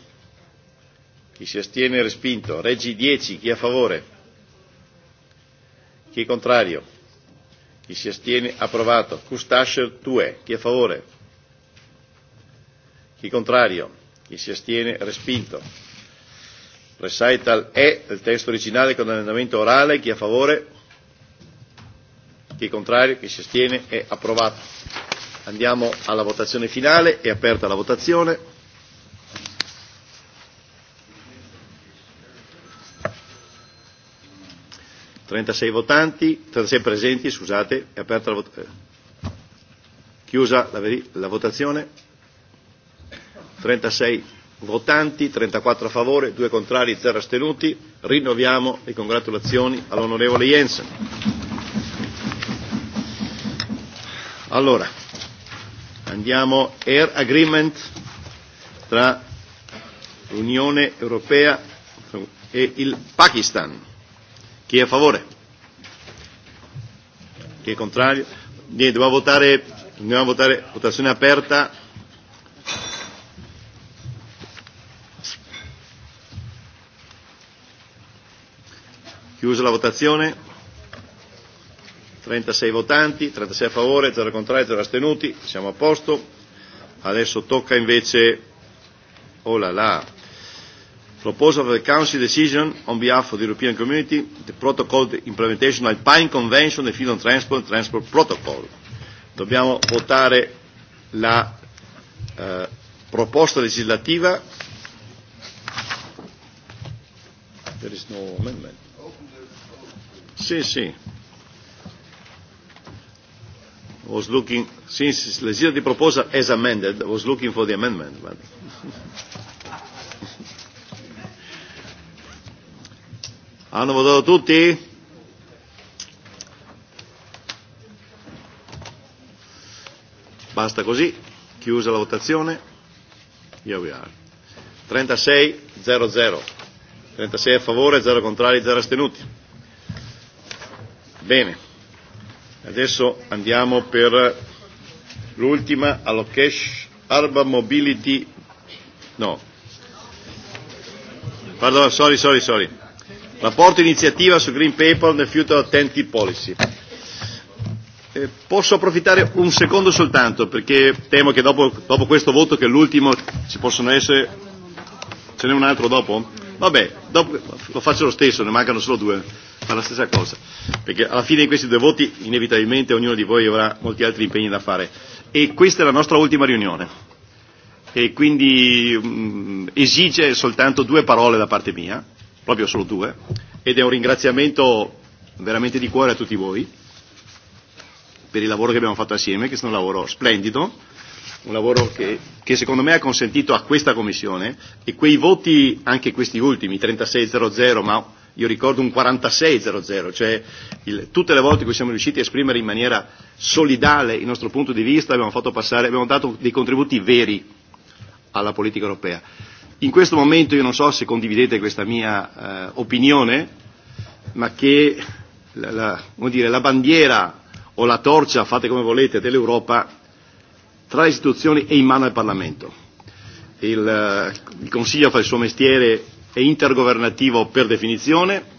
Chi si astiene? Respinto. Regi 10. Chi è a favore? Chi è contrario? Chi si astiene? Approvato. Custasher 2. Chi è a favore? Chi è contrario? Chi si astiene? Respinto. Recital E del testo originale con emendamento orale. Chi è a favore? Chi è contrario? Chi si astiene? È approvato. Andiamo alla votazione finale. È aperta la votazione. 36 votanti, 36 presenti, scusate, è aperta la votazione. Eh, chiusa la, la votazione. 36 votanti, 34 a favore, 2 contrari, 0 astenuti. Rinnoviamo le congratulazioni all'onorevole Jensen. Allora, andiamo Air Agreement tra l'Unione Europea e il Pakistan. Chi è a favore? Chi è contrario? Niente, dobbiamo votare, dobbiamo votare votazione aperta. Chiusa la votazione. 36 votanti, 36 a favore, 0 contrari, 0 astenuti. Siamo a posto. Adesso tocca invece... Oh là là, proposal of the Council decision on behalf of the European Community, the protocol the implementation of Alpine Convention on Field on Transport and Transport Protocol. Dobbiamo votare la eh, proposta legislativa. There is no amendment. Sì, sì. Was looking since legislative proposal as amended, I was looking for the amendment, but Hanno votato tutti? Basta così, chiusa la votazione. Here we are. 36 0 0. 36 a favore, 0 contrari, 0 astenuti. Bene. Adesso andiamo per l'ultima Allokesh Arba Mobility. No. Pardon, sorry, sorry, sorry Rapporto iniziativa su Green Paper and the Future of TNT Policy. Eh, posso approfittare un secondo soltanto perché temo che dopo, dopo questo voto, che è l'ultimo, ci possono essere... Ce n'è un altro dopo? Vabbè, dopo, lo faccio lo stesso, ne mancano solo due, fa la stessa cosa. Perché alla fine di questi due voti inevitabilmente ognuno di voi avrà molti altri impegni da fare. E questa è la nostra ultima riunione e quindi mh, mm, esige soltanto due parole da parte mia proprio solo due, ed è un ringraziamento veramente di cuore a tutti voi per il lavoro che abbiamo fatto assieme, che è stato un lavoro splendido, un lavoro che, che secondo me ha consentito a questa Commissione e quei voti, anche questi ultimi, 3600, ma io ricordo un 4600, cioè il, tutte le volte in cui siamo riusciti a esprimere in maniera solidale il nostro punto di vista abbiamo, fatto passare, abbiamo dato dei contributi veri alla politica europea In questo momento io non so se condividete questa mia eh, opinione, ma che la, la, come dire, la bandiera o la torcia, fate come volete, dell'Europa tra le istituzioni è in mano al Parlamento. Il, eh, il Consiglio fa il suo mestiere, è intergovernativo per definizione.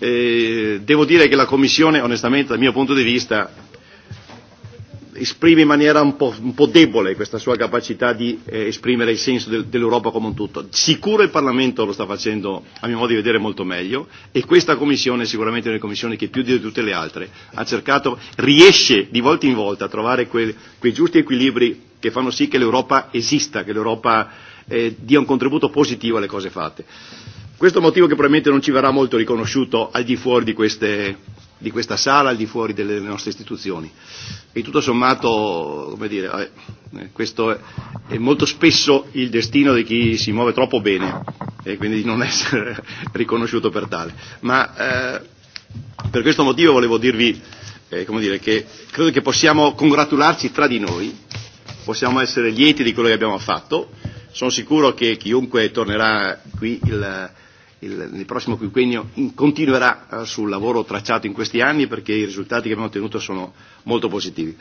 E devo dire che la Commissione, onestamente, dal mio punto di vista, esprime in maniera un po', un po' debole questa sua capacità di eh, esprimere il senso del, dell'Europa come un tutto. Sicuro il Parlamento lo sta facendo, a mio modo di vedere, molto meglio e questa Commissione è sicuramente una Commissione che più di tutte le altre ha cercato, riesce di volta in volta a trovare quei, quei giusti equilibri che fanno sì che l'Europa esista, che l'Europa eh, dia un contributo positivo alle cose fatte. Questo motivo che probabilmente non ci verrà molto riconosciuto al di fuori di queste di questa sala al di fuori delle nostre istituzioni. E tutto sommato, come dire, eh, eh questo è molto spesso il destino di chi si muove troppo bene e quindi di non essere riconosciuto per tale. Ma eh, per questo motivo volevo dirvi eh, come dire, che credo che possiamo congratularci tra di noi, possiamo essere lieti di quello che abbiamo fatto. Sono sicuro che chiunque tornerà qui il il, nel prossimo quinquennio in, continuerà eh, sul lavoro tracciato in questi anni perché i risultati che abbiamo ottenuto sono molto positivi.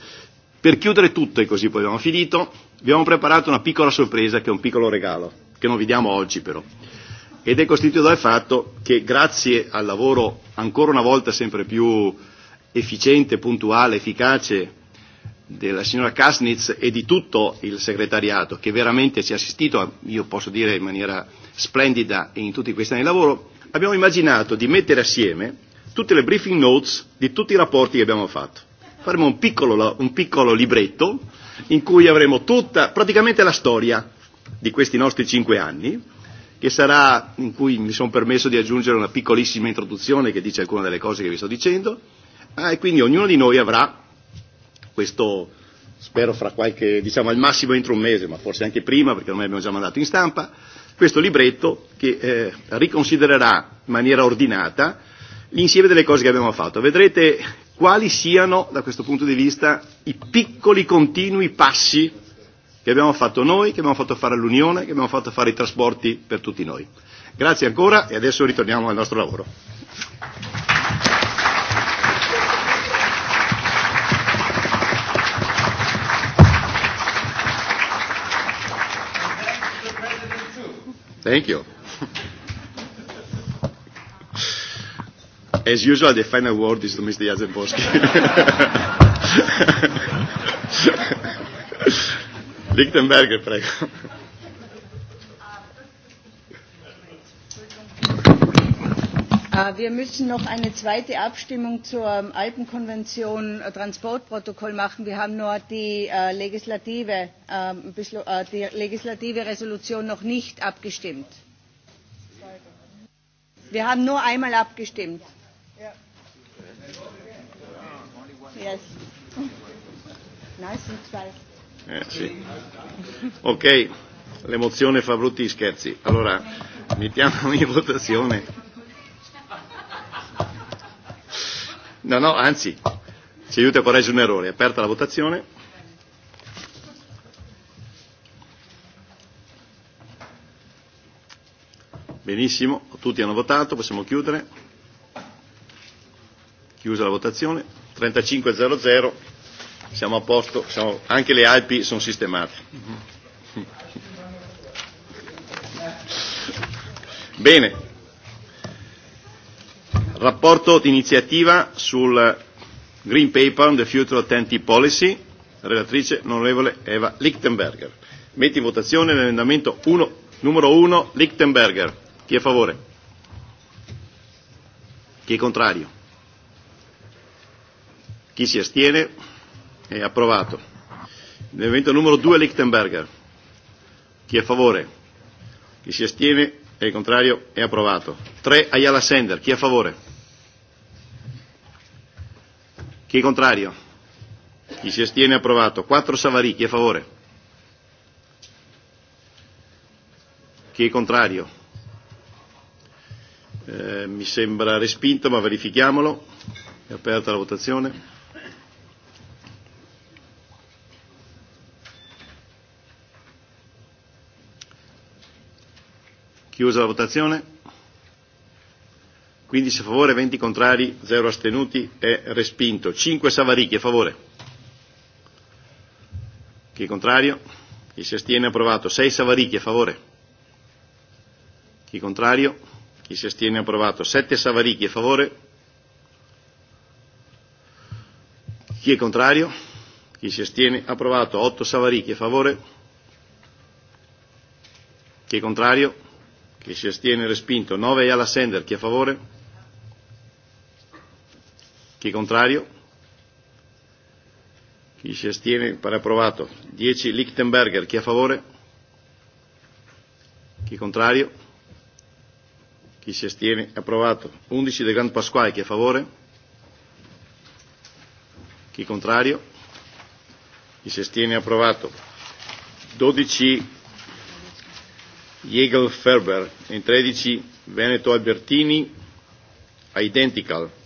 Per chiudere tutto, e così poi abbiamo finito, vi abbiamo preparato una piccola sorpresa che è un piccolo regalo, che non vi diamo oggi però. Ed è costituito dal fatto che grazie al lavoro ancora una volta sempre più efficiente, puntuale, efficace della signora Kasnitz e di tutto il segretariato che veramente ci ha assistito, io posso dire in maniera splendida in tutti questi anni di lavoro, abbiamo immaginato di mettere assieme tutte le briefing notes di tutti i rapporti che abbiamo fatto. Faremo un piccolo, un piccolo libretto in cui avremo tutta, praticamente la storia di questi nostri cinque anni, che sarà, in cui mi sono permesso di aggiungere una piccolissima introduzione che dice alcune delle cose che vi sto dicendo, ah, e quindi ognuno di noi avrà questo, spero fra qualche, diciamo al massimo entro un mese, ma forse anche prima, perché ormai abbiamo già mandato in stampa, questo libretto che eh, riconsidererà in maniera ordinata l'insieme delle cose che abbiamo fatto. Vedrete quali siano, da questo punto di vista, i piccoli continui passi che abbiamo fatto noi, che abbiamo fatto fare all'Unione, che abbiamo fatto fare i trasporti per tutti noi. Grazie ancora e adesso ritorniamo al nostro lavoro. Thank you. As usual, the final word is to Mr. Jasenbowski. Lichtenberger, prego. Äh, wir müssen noch eine zweite Abstimmung zur ähm, Alpenkonvention äh, Transportprotokoll machen. Wir haben nur die äh, legislative, ähm, die legislative Resolution noch nicht abgestimmt. Wir haben nur einmal abgestimmt. Yes. Nein, es sind zwei. Eh, sì. Ok, l'emozione fa brutti scherzi. Allora, mettiamo in votazione No, no, anzi, ci aiuta a correggere un errore. È aperta la votazione. Benissimo, tutti hanno votato, possiamo chiudere. Chiusa la votazione. 35.00, siamo a posto, siamo, anche le Alpi sono sistemate. Mhm. Bene, rapporto d'iniziativa sul Green Paper on the Future of TNT Policy, relatrice onorevole Eva Lichtenberger. Metti in votazione l'emendamento 1, numero 1 Lichtenberger. Chi è a favore? Chi è contrario? Chi si astiene? È approvato. L'emendamento numero 2 Lichtenberger. Chi è a favore? Chi si astiene? È contrario? È approvato. 3 Ayala Sender. Chi è a favore? Chi è contrario? Chi si astiene approvato. 4 Savarì, chi è a favore? Chi è contrario? Eh, mi sembra respinto, ma verifichiamolo. È aperta la votazione. Chiusa la votazione. 15 a favore, 20 contrari, 0 astenuti, è respinto. 5 Savaricchi a favore. Chi è contrario? Chi si astiene approvato. 6 Savaricchi a favore. Chi è contrario? Chi si astiene approvato. 7 Savaricchi a favore. Chi è contrario? Chi si astiene approvato. 8 Savaricchi a favore. Chi è contrario? Chi si astiene respinto. 9 Ayala Sender. Chi è a favore? Chi è contrario? Chi si astiene? Pare approvato. 10 Lichtenberger. Chi è a favore? Chi è contrario? Chi si astiene? Approvato. 11 De Grand Pasquale. Chi è a favore? Chi è contrario? Chi si astiene? Approvato. 12 Jägel Ferber. In 13 Veneto Albertini. Identical.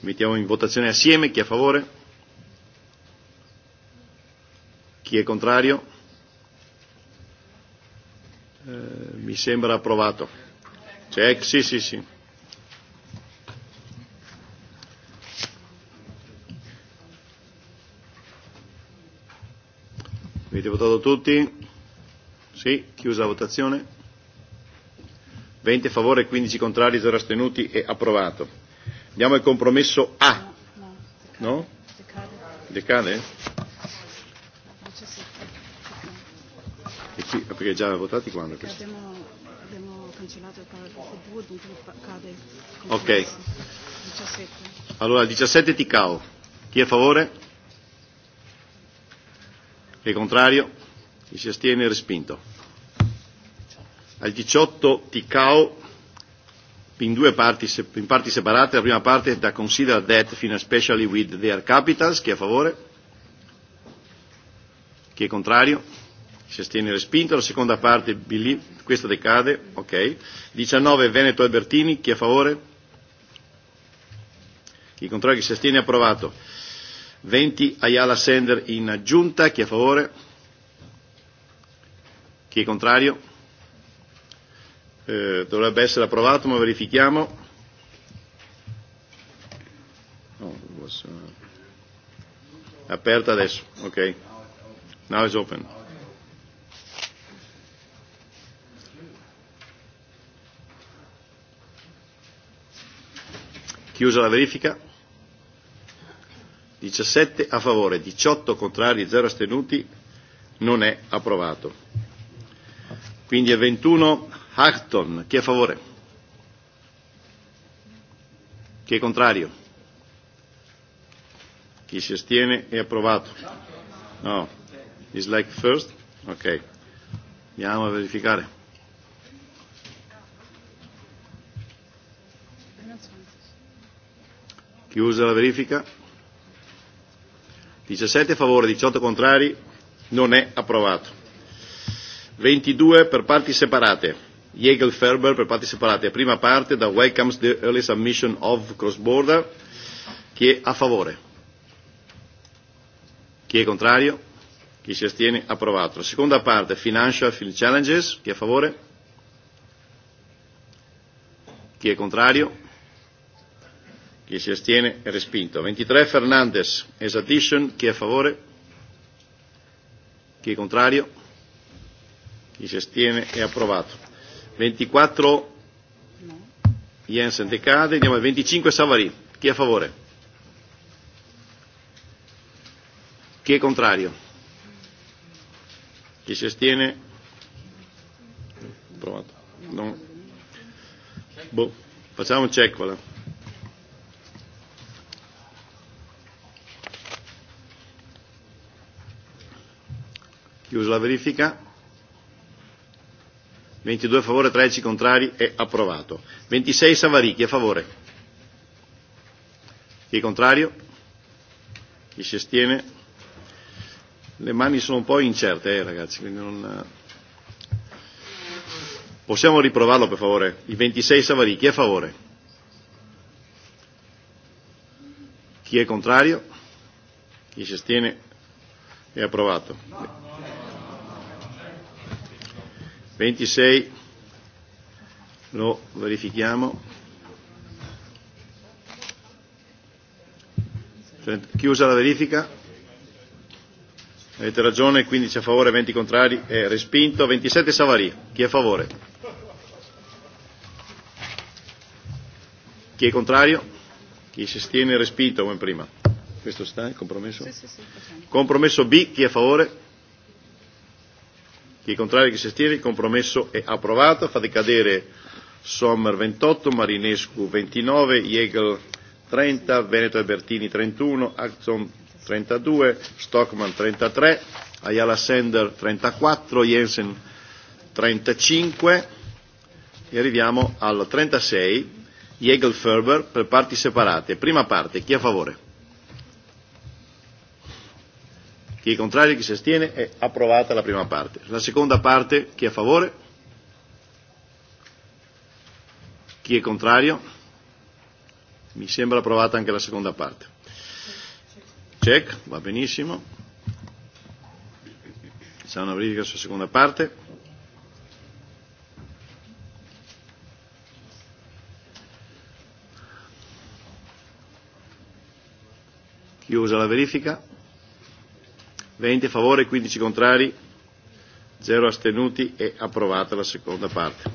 Mettiamo in votazione assieme chi è a favore? Chi è contrario? Eh, mi sembra approvato. Check, sì, sì, sì. Avete votato tutti? Sì, chiusa la votazione. 20 a favore, 15 contrari, 0 astenuti e approvato. Andiamo al compromesso A. No? Decade? E chi, perché già votati quando questo? Abbiamo, abbiamo cancellato il paragrafo 2, dunque cade. Ok. 17. Allora, 17 Ticao. Chi è a favore? Chi è contrario? Chi si astiene? Respinto. Al 18 Ticao in due parti, in parti separate. La prima parte è da consider debt fino a specially with their capitals. Chi è a favore? Chi è contrario? Si astiene respinto. La seconda parte, believe, questa decade. Ok. 19, Veneto e Bertini. Chi è a favore? Chi è contrario? Chi si astiene? Approvato. 20, Ayala Sender in aggiunta. Chi è a favore? Chi è contrario? eh, dovrebbe essere approvato, ma verifichiamo. No, was, uh, aperta adesso, ok. Now it's open. Chiusa la verifica. 17 a favore, 18 contrari, 0 astenuti. Non è approvato. Quindi è 21 Acton, chi è a favore? Chi è contrario? Chi si astiene è approvato. No. Dislike first? Ok. Andiamo a verificare. Chiusa la verifica. 17 a favore, 18 contrari, non è approvato. 22 per parti separate. Jägel Ferber per parti separate. Prima parte da Welcomes the Early Submission of Cross Border. Chi è a favore? Chi è contrario? Chi si astiene? Approvato. La seconda parte, Financial Field Challenges. Chi è a favore? Chi è contrario? Chi si astiene? È respinto. 23, Fernandez. Exadition. Chi è a favore? Chi è contrario? Chi si astiene? È approvato. 24 no. Jensen decade, andiamo al 25 Savary, chi è a favore? Chi è contrario? Chi si astiene? Provato. No. Boh. Facciamo un check, voilà. Chiusa la verifica. 22 a favore, 13 contrari, è approvato. 26 Savarì, chi è a favore? Chi è contrario? Chi si astiene? Le mani sono un po' incerte, eh, ragazzi, quindi non... Eh. Possiamo riprovarlo, per favore? Il 26 Savarì, chi è a favore? Chi è contrario? Chi si astiene? È approvato. No, no. 26 lo verifichiamo. Chiusa la verifica. Avete ragione, 15 a favore, 20 contrari, è eh, respinto. 27 Savary, chi è a favore? Chi è contrario? Chi si astiene è respinto come prima. Questo sta, il compromesso? Sì, sì, sì, facciamo. compromesso B, chi è a favore? Chi è contrario e chi si astiene, il compromesso è approvato. Fa decadere Sommer 28, Marinescu 29, Jägel 30, Veneto e Bertini 31, Axon 32, Stockman 33, Ayala Sender 34, Jensen 35 e arriviamo al 36, Jägel Ferber per parti separate. Prima parte, chi è a favore? Chi è contrario e chi si astiene è approvata la prima parte. La seconda parte, chi è a favore? Chi è contrario? Mi sembra approvata anche la seconda parte. Check, va benissimo. Sarà una verifica sulla seconda parte. Chiusa la verifica. 20 a favore, 15 contrari, 0 astenuti e approvata la seconda parte.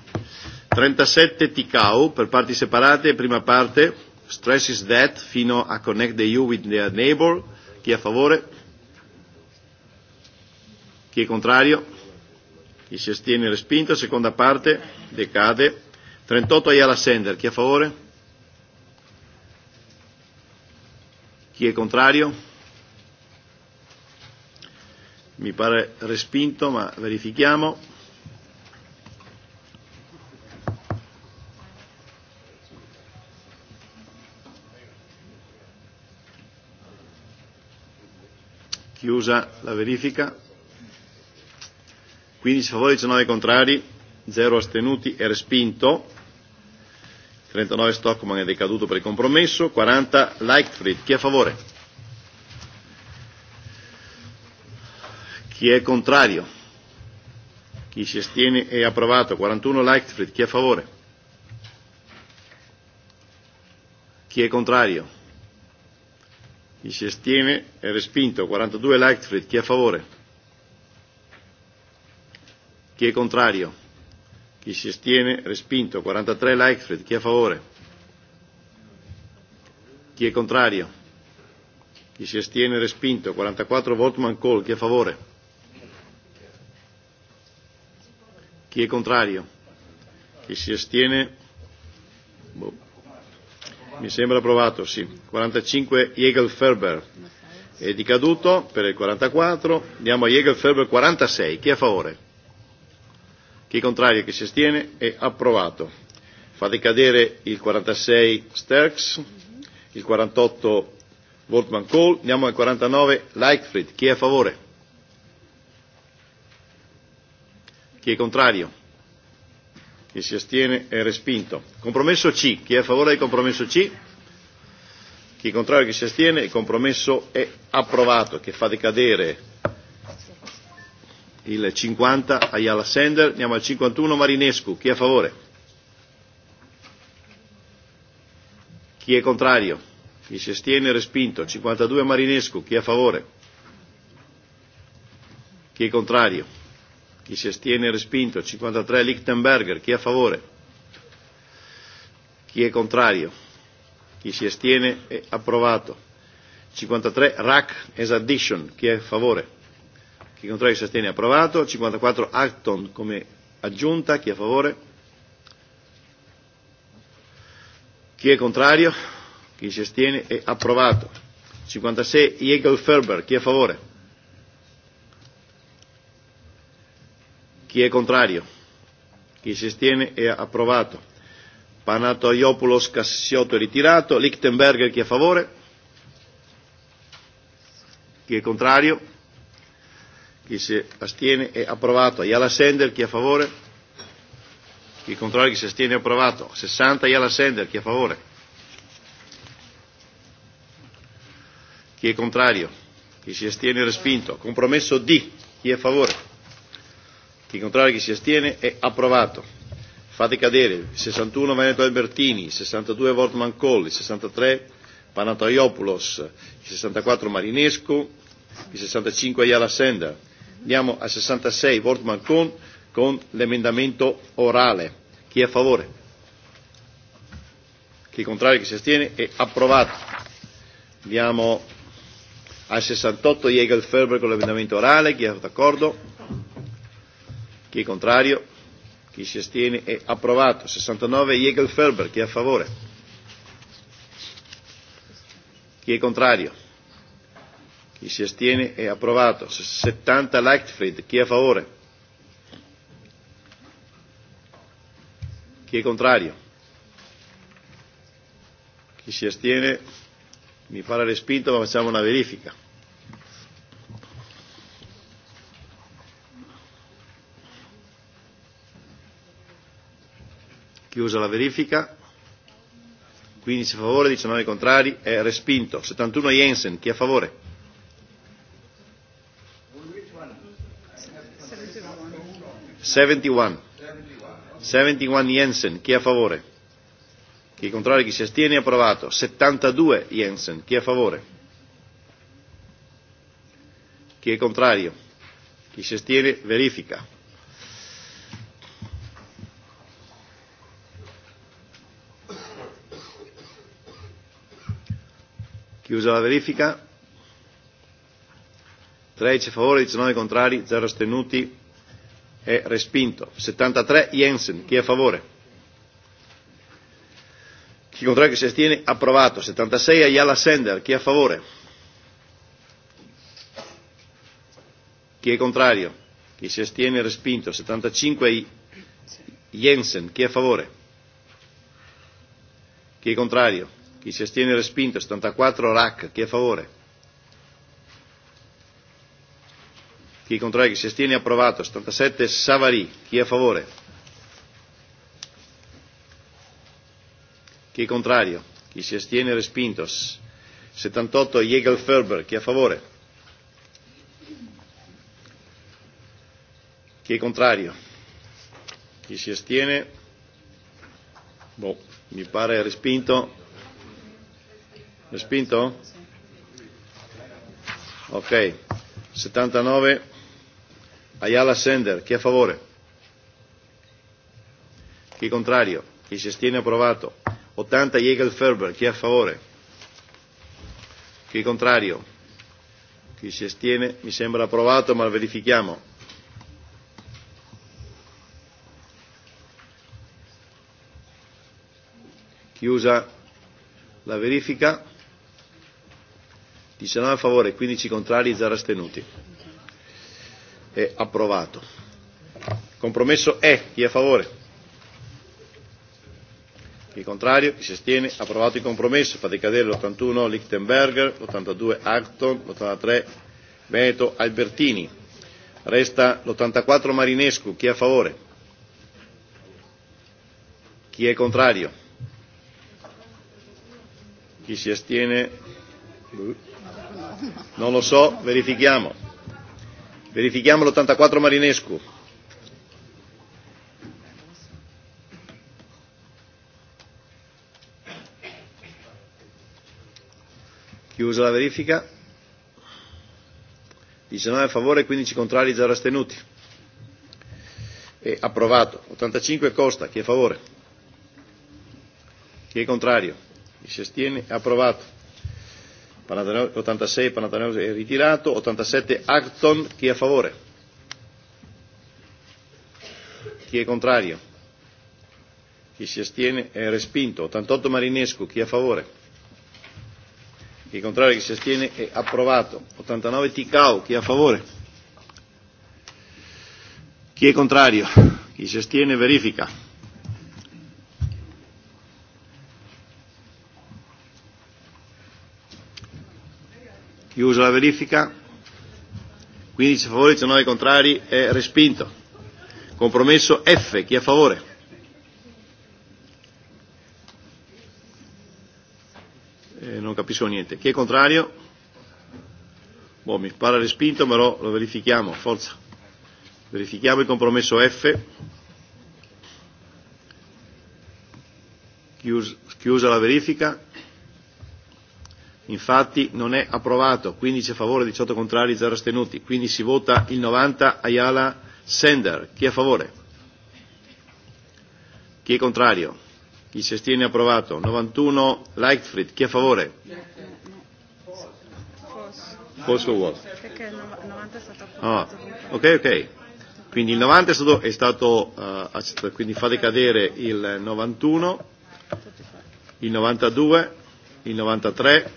37 TICAU per parti separate, prima parte stresses that fino a connect the EU with their neighbor, chi è a favore, chi è contrario, chi si astiene respinto, seconda parte decade. 38 Ayala Sender, chi è a favore? Chi è contrario? mi pare respinto, ma verifichiamo. Chiusa la verifica. 15 favori, 19 contrari, 0 astenuti e respinto. 39 Stockman è decaduto per il compromesso, 40 Leichtfried. Chi è a favore? Chi è contrario? Chi si astiene è approvato. 41 Lightfried. Chi è a favore? Chi è contrario? Chi si astiene è respinto. 42 Lightfried. Chi è a favore? Chi è contrario? Chi si astiene? Respinto. 43 Lightfried. Chi è a favore? Chi è contrario? Chi si astiene? Respinto. 44 Voltman Call. Chi è a favore? Chi è contrario? Chi si astiene? Boh. Mi sembra approvato, sì. 45 Jägel Ferber. È decaduto per il 44. Andiamo a Jägel Ferber 46. Chi è a favore? Chi è contrario? Chi si astiene? È approvato. Fa decadere il 46 Sterks, il 48 Voltman Kohl. Andiamo al 49 Leichfried. Chi è a favore? Chi è contrario? Chi si astiene è respinto. Compromesso C. Chi è a favore del compromesso C? Chi è contrario, chi si astiene, il compromesso è approvato, che fa decadere il 50 Ayala Sender. Andiamo al 51 Marinescu. Chi è a favore? Chi è contrario? Chi si astiene è respinto. 52 Marinescu. Chi è a favore? Chi è contrario? Chi si astiene è respinto. 53 Lichtenberger. Chi è a favore? Chi è contrario? Chi si astiene è approvato. 53 RAC as addition. Chi è a favore? Chi è contrario si astiene è approvato. 54 Acton come aggiunta. Chi è a favore? Chi è contrario? Chi si astiene è approvato. 56 Jägel Ferber. Chi è a favore? Chi è contrario? Chi si astiene è approvato. Panatoiopoulos Cassiotto è ritirato. Lichtenberger chi è a favore? Chi è contrario? Chi si astiene è approvato. Ayala Sender chi è a favore? Chi è contrario? Chi si astiene è approvato. 60 Ayala Sender chi è a favore? Chi è contrario? Chi si astiene è respinto. Compromesso D. Chi è a favore? Chi contrario, chi si astiene è approvato. Fate cadere 61 Veneto Albertini, 62 Wortman Colli, 63 Panataiopoulos, 64 Marinescu, 65 Ayala Sender. Andiamo a 66 Wortman Con con l'emendamento orale. Chi è a favore? Chi è contrario, chi si astiene è approvato. Andiamo al 68 Jägel Ferber con l'emendamento orale. Chi è d'accordo? Chi è contrario? Chi si astiene è approvato. 69 Jägel Ferber, chi è a favore? Chi è contrario? Chi si astiene è approvato. 70 Leichtfried, chi è a favore? Chi è contrario? Chi si astiene mi pare respinto ma facciamo una verifica. Chiusa la verifica. 15 a favore, 19 contrari, è respinto. 71 Jensen, chi è a favore? Seventy-one. Seventy-one Jensen, chi è a favore? Chi è contrario, chi si astiene, approvato. 72 Jensen, chi è a favore? Chi è contrario? Chi si astiene, verifica. Chiusa la verifica. 13 favore, 19 contrari, 0 astenuti. È respinto. 73 Jensen. Chi è a favore? Chi contrario che si astiene? Approvato. 76 Ayala Sender. Chi è a favore? Chi è contrario? Chi si astiene? Respinto. 75 Jensen. Chi è a favore? Chi è contrario? Chi si astiene respinto. 74 RAC. Chi è a favore? Chi contrario? Chi si astiene approvato. 77 Savary. Chi è a favore? Chi è contrario? Chi si astiene respinto. 78 Jägel Ferber. Chi è a favore? Chi è contrario? Chi si astiene? Boh, mi pare respinto. Respinto? Ok. 79. Ayala Sender. Chi è a favore? Chi è contrario? Chi si astiene approvato. 80. Jägel Ferber. Chi è a favore? Chi è contrario? Chi si astiene? Mi sembra approvato, ma lo verifichiamo. Chiusa la verifica. 19 a favore, 15 contrari, 0 astenuti. È approvato. Compromesso E. Chi è a favore? Chi è contrario? Chi si astiene? Approvato il compromesso. Fate cadere l'81 Lichtenberger, l'82 Acton, l'83 Veneto Albertini. Resta l'84 Marinescu. Chi è a favore? Chi è contrario? Chi si astiene? Non lo so, verifichiamo. Verifichiamo l'84 Marinescu. Chiusa la verifica. 19 a favore, 15 contrari, 0 astenuti. E approvato. 85 Costa, chi è a favore? Chi è contrario? Chi si astiene? Approvato. 86 Panatanaus è ritirato, 87 Acton, chi è a favore? Chi è contrario? Chi si astiene è respinto. 88 Marinescu, chi è a favore? Chi è contrario, chi si astiene è approvato. 89 Ticao, chi è a favore? Chi è contrario? Chi si astiene verifica. Chiuso la verifica. 15 favori, 19 contrari, è respinto. Compromesso F, chi è a favore? Eh, non capisco niente. Chi è contrario? Boh, mi pare respinto, ma lo, lo verifichiamo, forza. Verifichiamo il compromesso F. Chius, chiusa la verifica infatti non è approvato, 15 a favore, 18 contrari, 0 astenuti, quindi si vota il 90 Ayala Sender, chi è a favore? Chi è contrario? Chi si astiene approvato? 91 Leichtfried, chi è a favore? Fosco vuoto. Perché il 90 è stato approvato. Ah, ok, ok. Quindi il 90 è stato, è stato uh, quindi fa decadere il 91, il 92, il 93,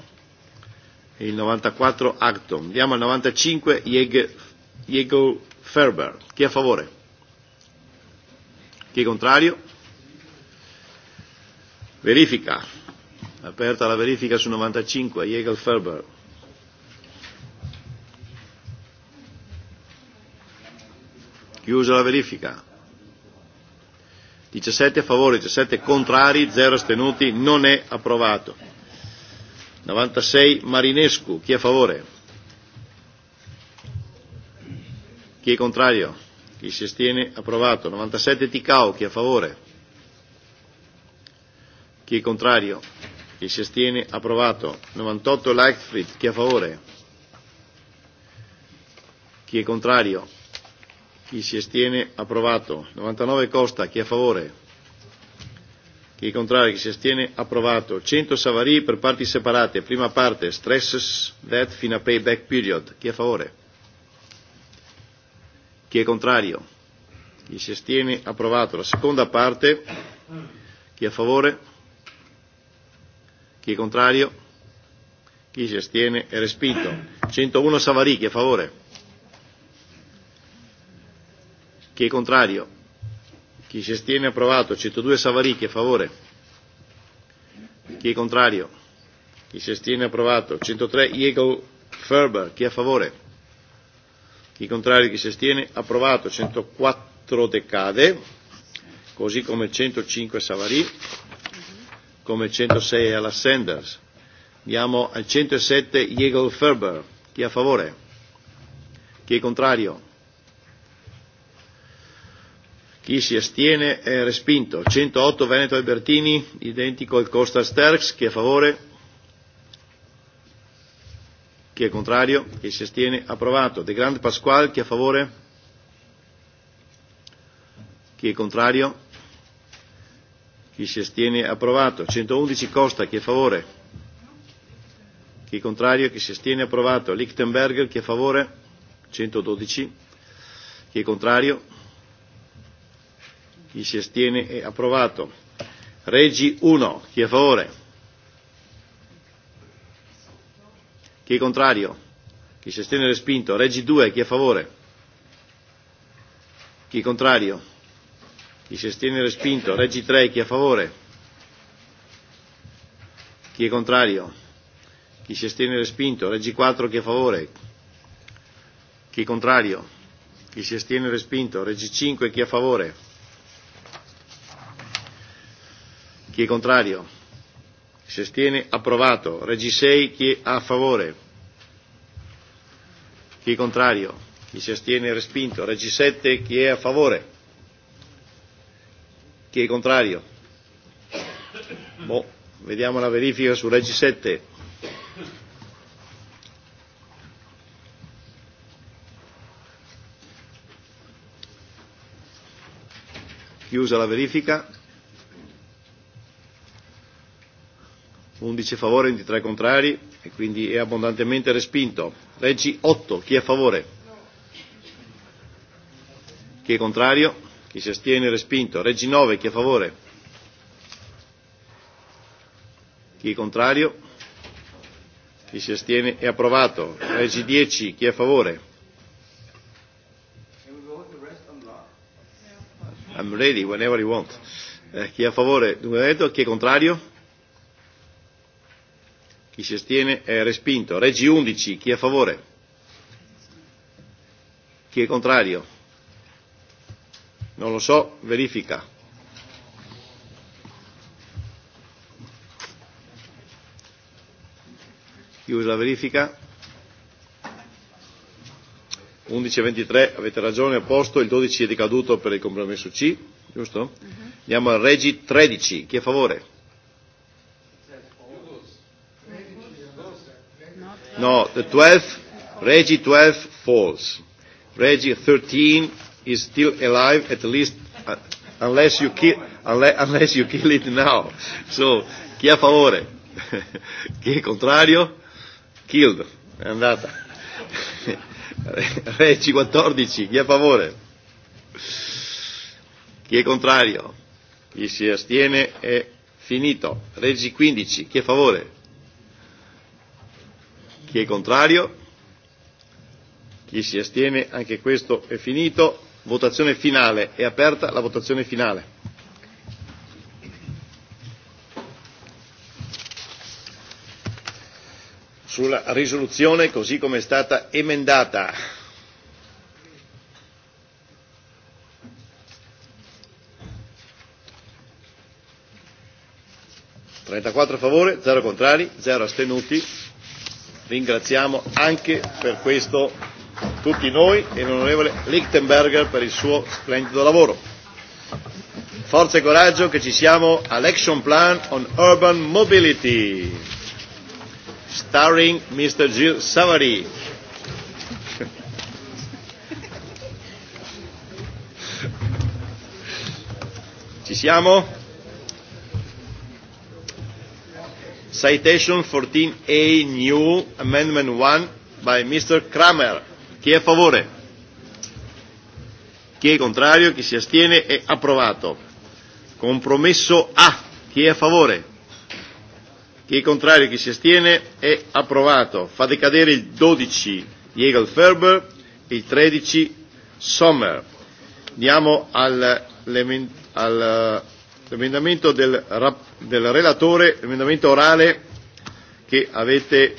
il 94 Acton. Andiamo al 95 Diego Ferber. Chi è a favore? Chi è contrario? Verifica. Aperta la verifica su 95 Diego Ferber. Chiusa la verifica. 17 a favore, 17 contrari, 0 astenuti, non è approvato. 96 Marinescu. Chi è a favore? Chi è contrario? Chi si astiene? Approvato. 97 Ticao. Chi è a favore? Chi è contrario? Chi si astiene? Approvato. 98 Lightfried. Chi è a favore? Chi è contrario? Chi si astiene? Approvato. 99 Costa. Chi è a favore? Chi è contrario, chi si astiene, approvato. 100 Savarì per parti separate. Prima parte, stresses that fino a payback period. Chi è a favore? Chi è contrario? Chi si astiene, approvato. La seconda parte, chi è a favore? Chi è contrario? Chi si astiene, è respinto. 101 Savarì, chi è a favore? Chi è contrario? Chi si astiene approvato. 102 Savarì, chi è a favore? Chi è contrario? Chi si astiene approvato. 103 Iego Ferber, chi è a favore? Chi è contrario? Chi si astiene approvato. 104 decade, così come 105 Savarì, come 106 alla Sanders. Andiamo al 107 Iego Ferber, chi è a favore? Chi è contrario? Chi si astiene è respinto. 108 Veneto Albertini, e identico al Costa Sterks. Chi è a favore? Chi è contrario? Chi si astiene? Approvato. De Grande Pasquale, chi è a favore? Chi è contrario? Chi si astiene? Approvato. 111 Costa, chi è a favore? Chi è contrario? Chi si astiene? Approvato. Lichtenberger, chi è a favore? 112. Chi è contrario? Chi si astiene è eh, approvato. Regi 1. Chi è a favore? Chi è contrario? Chi si astiene è respinto. Regi 2. Chi è a favore? Chi è contrario? Chi si astiene è respinto. Regi 3. Chi è a favore? Chi è contrario? Chi si astiene è respinto. Regi 4. Chi è a favore? Chi è contrario? Chi si astiene è respinto. Regi 5. Chi è a favore? Chi è contrario? Chi si astiene? Approvato. Regi 6. Chi è a favore? Chi è contrario? Chi si astiene? Respinto. Regi 7. Chi è a favore? Chi è contrario? Boh, vediamo la verifica su Regi 7. Chiusa la verifica. 11 favori, 23 contrari e quindi è abbondantemente respinto. Regi 8, chi è a favore? Chi è contrario? Chi si astiene? Respinto. Regi 9, chi è a favore? Chi è contrario? Chi si astiene è approvato. Regi 10, chi è a favore? I'm ready whenever you want. Eh, chi è a favore? Dunque detto, chi è contrario? Chi si astiene è eh, respinto. Regi 11. Chi è a favore? Chi è contrario? Non lo so. Verifica. Chiusa la verifica. 11.23 e avete ragione, a posto, il 12 è decaduto per il compromesso C, giusto? Uh-huh. Andiamo al Regi 13, chi è a favore? No, the 12, Regi 12 falls. Regi 13 is still alive, at least uh, unless, you kill, unless, unless you kill it now. So, chi è a favore? chi è contrario? Killed. È andata. Regi 14, chi è a favore? Chi è contrario? Chi si astiene è finito. Regi 15, chi è a favore? Chi è contrario? Chi si astiene? Anche questo è finito. Votazione finale. È aperta la votazione finale. Sulla risoluzione così come è stata emendata. Trentaquattro a favore, zero contrari, zero astenuti ringraziamo anche per questo tutti noi e l'onorevole Lichtenberger per il suo splendido lavoro. Forza e coraggio che ci siamo all'Action Plan on Urban Mobility, starring Mr. Gilles Savary. Ci siamo? Citation 14A new amendment 1 by Mr. Kramer. Chi è a favore? Chi è contrario? Chi si astiene? È approvato. Compromesso A. Chi è a favore? Chi è contrario? Chi si astiene? È approvato. Fa decadere il 12 Jägel Ferber, il 13 Sommer. Andiamo all'emendamento al l'emendamento del, del relatore, l'emendamento orale che avete,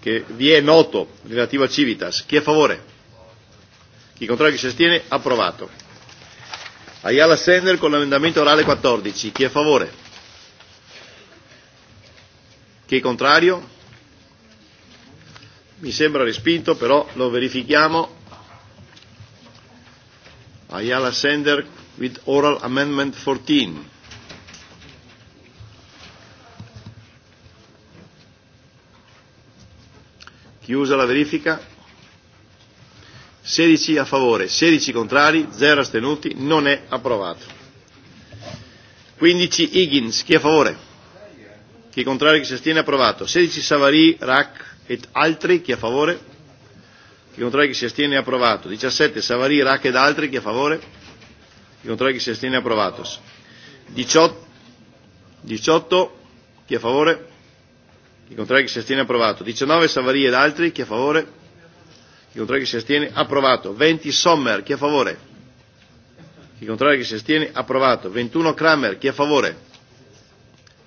che vi è noto, relativo a Civitas. Chi è a favore? Chi contrario, chi si astiene? Approvato. Ayala Sender con l'emendamento orale 14. Chi è a favore? Chi è contrario? Mi sembra respinto, però lo verifichiamo. Ayala Sender with oral amendment 14. Chiusa la verifica. 16 a favore, 16 contrari, 0 astenuti, non è approvato. 15 Higgins, chi è a favore? Chi è contrario, chi si astiene, approvato. 16 Savary, Rack ed altri, chi è a favore? Chi è contrario, chi si astiene, approvato. 17 Savary, Rack ed altri, chi è a favore? Contrari chi si astiene approvato. 18, 18 chi è a favore? Chi contrari chi si astiene approvato. 19 Savaria ed altri chi è a favore? Chi contrari chi si astiene approvato. 20 Sommer chi è a favore? Chi contrari chi si astiene approvato. 21 Kramer chi è a favore?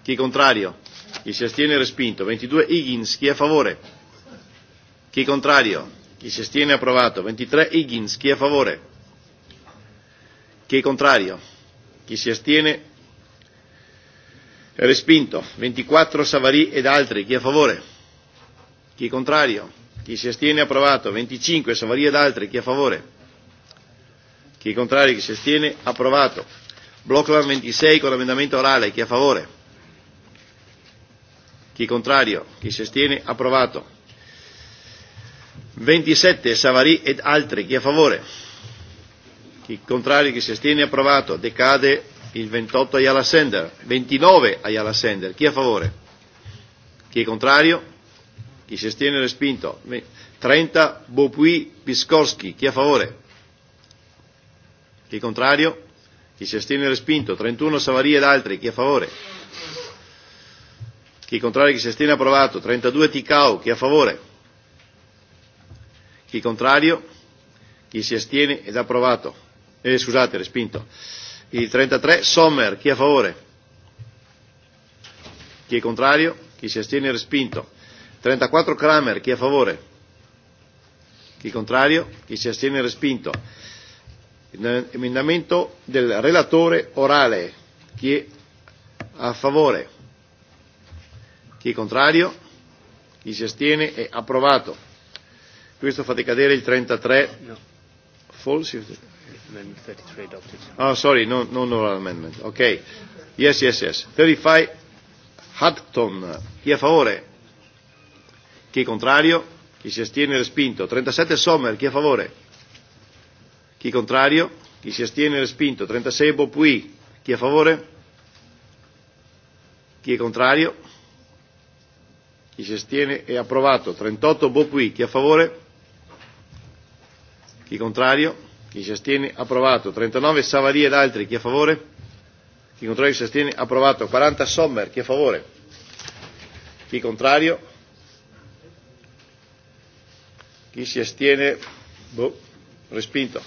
Chi è contrario? Chi si astiene respinto. 22 Higgins chi è a favore? Chi è contrario? Chi si astiene approvato. 23 Higgins chi è a favore? Chi è contrario? Chi si astiene? È respinto. 24 Savarì ed altri. Chi è a favore? Chi è contrario? Chi si astiene? Approvato. 25 Savarì ed altri. Chi è a favore? Chi è contrario? Chi si astiene? Approvato. Blockland 26 con l'amendamento orale. Chi è a favore? Chi è contrario? Chi si astiene? Approvato. 27 Savarì ed altri. Chi è a favore? Chi contrari, chi si astiene, approvato. Decade il 28 Ayala Sender. 29 Ayala Sender. Chi è a favore? Chi è contrario? Chi si astiene, respinto. 30 Bopui Piskorski. Chi è a favore? Chi è contrario? Chi si astiene, respinto. 31 Savaria ed altri. Chi è a favore? Chi è contrario, chi si astiene, approvato. 32 Ticao. Chi è a favore? Chi è contrario? Chi si astiene ed approvato eh, scusate, respinto. Il 33, Sommer, chi è a favore? Chi è contrario? Chi si astiene, respinto. 34, Kramer, chi è a favore? Chi è contrario? Chi si astiene, respinto. Emendamento del relatore orale, chi è a favore? Chi è contrario? Chi si astiene, è approvato. Questo fate cadere il 33. No. False Amendment 33 adopted. Oh, sorry, no, no oral amendment. Okay. Yes, yes, yes. 35, Hudson. Chi è a favore? Chi è contrario? Chi si astiene respinto. 37, Sommer. Chi è a favore? Chi è contrario? Chi si astiene respinto. 36, Bopui. Chi è a favore? Chi è contrario? Chi si astiene è approvato. 38, Bopui. Chi è a favore? Chi è contrario? Chi si astiene? Approvato. 39 Savaria ed altri. Chi è a favore? Chi contrario si astiene? Approvato. 40 Sommer. Chi è a favore? Chi contrario? Chi si astiene? Boh. Respinto.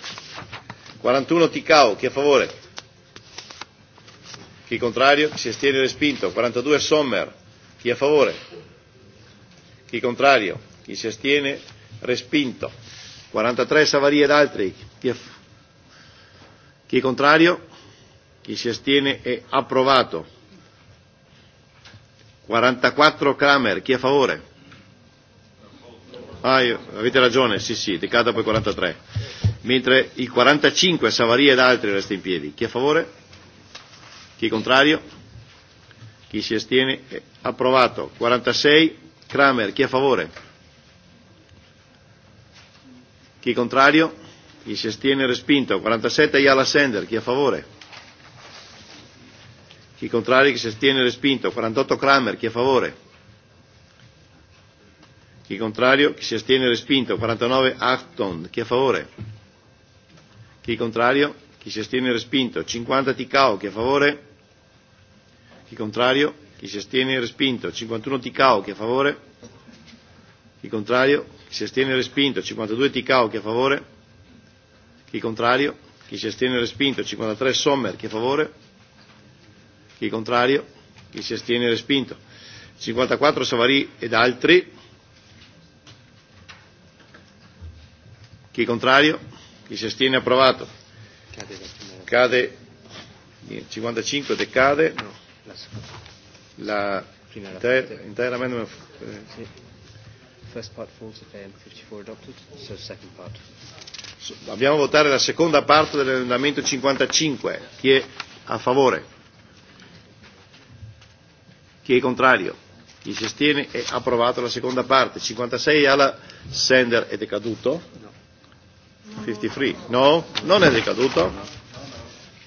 41 Ticao. Chi è a favore? Chi contrario? Chi si astiene? Respinto. 42 Sommer. Chi è a favore? Chi contrario? Chi si astiene? Respinto. 43 Savaria ed altri. Chi, è, chi è contrario? Chi si astiene è eh, approvato. 44 Kramer, chi è a favore? Ah, io, avete ragione, sì sì, decada poi 43. Mentre il 45 Savaria ed altri resta in piedi. Chi è a favore? Chi è contrario? Chi si astiene è approvato. 46 Kramer, chi è a favore? Chi è contrario? Chi si astiene respinto. 47 Ayala Sender. Chi è a favore? Chi contrario? Chi si astiene respinto. 48 Kramer. Chi è a favore? Chi contrario? Chi si astiene respinto. 49 Achton. Chi è a favore? Chi contrario? Chi si astiene respinto. 50 Ticao. Chi è a favore? Chi contrario? Chi si astiene respinto. 51 Ticao. Chi è a favore? Chi contrario? Chi si astiene respinto. 52 Ticao. Chi è a favore? Chi contrario? Chi si astiene respinto? 53 Sommer, chi è a favore? Chi contrario? Chi si astiene respinto? 54 Savary ed altri. Chi è contrario? Chi si astiene approvato? Cade 55 decade. No, la inter, entire amendment. Eh. First part falls if AM 54 adopted, so second part. Dobbiamo votare la seconda parte dell'emendamento 55. Chi è a favore? Chi è contrario? Chi si astiene? È approvato la seconda parte. 56 alla Sender è decaduto? 53. No? Non è decaduto?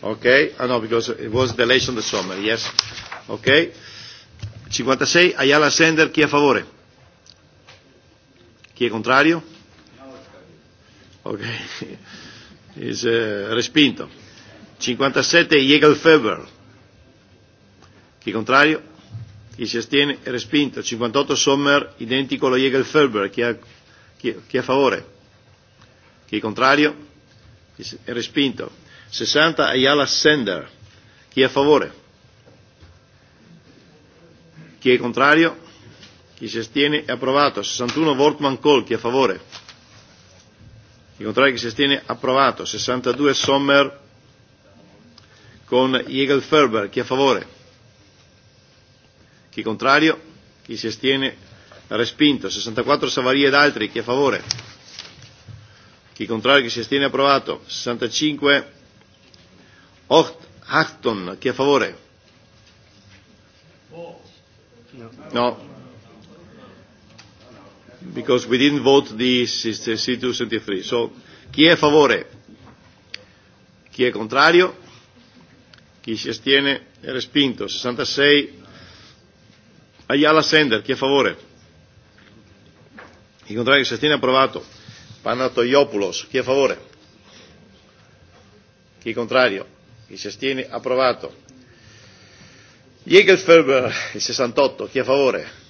Ok. Ah no, because it was delation the summer. Yes. Ok. 56 Ayala Sender, chi è a favore? Chi è contrario? Ok. Is, eh, respinto. 57 Jäger Feber. Chi è contrario? Chi si astiene? È respinto. 58 Sommer, identico allo Jäger Feber. Chi, ha, chi, chi è a favore? Chi è contrario? Chi si, è respinto. 60 Ayala Sender. Chi è a favore? Chi è contrario? Chi si astiene? È approvato. 61 Wortmann Kohl. Chi è a favore? Chi contrario chi si astiene approvato. 62 Sommer con Jägel Ferber. Chi è a favore? Chi contrario? Chi si astiene respinto. 64 Savaria ed altri. Chi è a favore? Chi contrario chi si astiene approvato. 65 Ocht, Achton. Chi è a favore? No because we didn't vote the C273. So, chi è a favore? Chi è contrario? Chi si astiene è respinto. 66. Ayala Sender, chi è a favore? Chi contrario si astiene è approvato. Panatoiopoulos, chi è a favore? Chi è contrario? Chi si astiene approvato. Jägelferber, il 68, chi è a favore?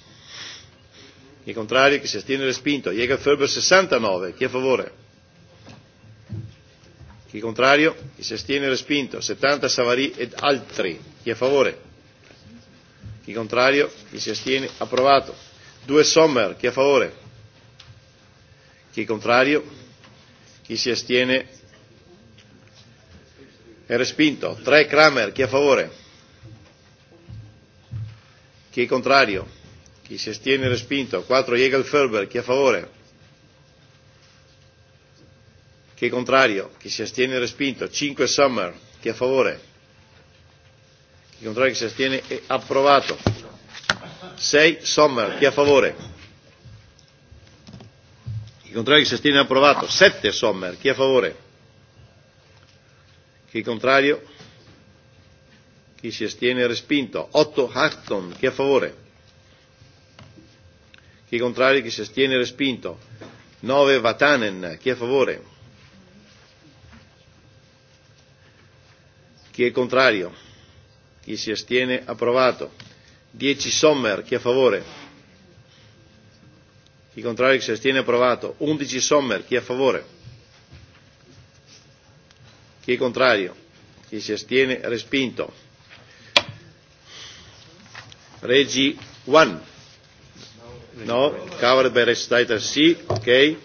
Chi è contrario? Chi si astiene? Respinto. Jäger Ferber 69. Chi è a favore? Chi è contrario? Chi si astiene? Respinto. 70 Savary ed altri. Chi è a favore? Chi è contrario? Chi si astiene? Approvato. 2 Sommer. Chi è a favore? Chi è contrario? Chi si astiene? È respinto. 3 Kramer. Chi è a favore? Chi è contrario? Chi si astiene respinto. 4 Jägel Ferber. Chi è a favore? Chi è contrario? Chi si astiene respinto. 5 Summer. Chi è a favore? Chi è contrario? Chi si astiene è eh, approvato. 6 Sommer. Chi è a favore? Chi è contrario? Chi si astiene è approvato. 7 Sommer. Chi è a favore? Chi è contrario? Chi si astiene è respinto. 8 Harton. Chi è a favore? Chi è contrario, chi si astiene, respinto. 9 Vatanen, chi è a favore? Chi è contrario? Chi si astiene? Approvato. 10 Sommer, chi è a favore? Chi è contrario, chi si astiene? Approvato. 11 Sommer, chi è a favore? Chi è contrario? Chi si astiene? Respinto. Regi 1. No, covered by recital C, ok.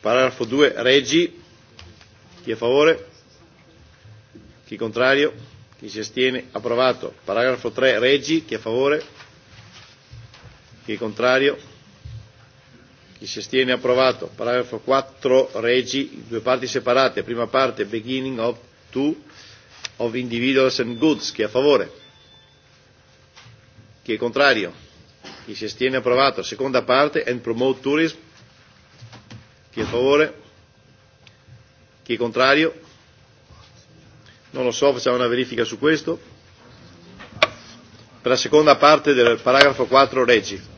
Paragrafo 2, Regi. Chi è a favore? Chi è contrario? Chi si astiene? Approvato. Paragrafo 3, Regi. Chi è a favore? Chi è contrario? Chi si astiene? Approvato. Paragrafo 4, Regi. Due parti separate. Prima parte, beginning of two of individuals and goods. Chi è a favore? Chi è contrario? Chi si astiene approvato. Seconda parte, and promote tourism. Chi è a favore? Chi è contrario? Non lo so, facciamo una verifica su questo. Per la seconda parte del paragrafo 4 Regi.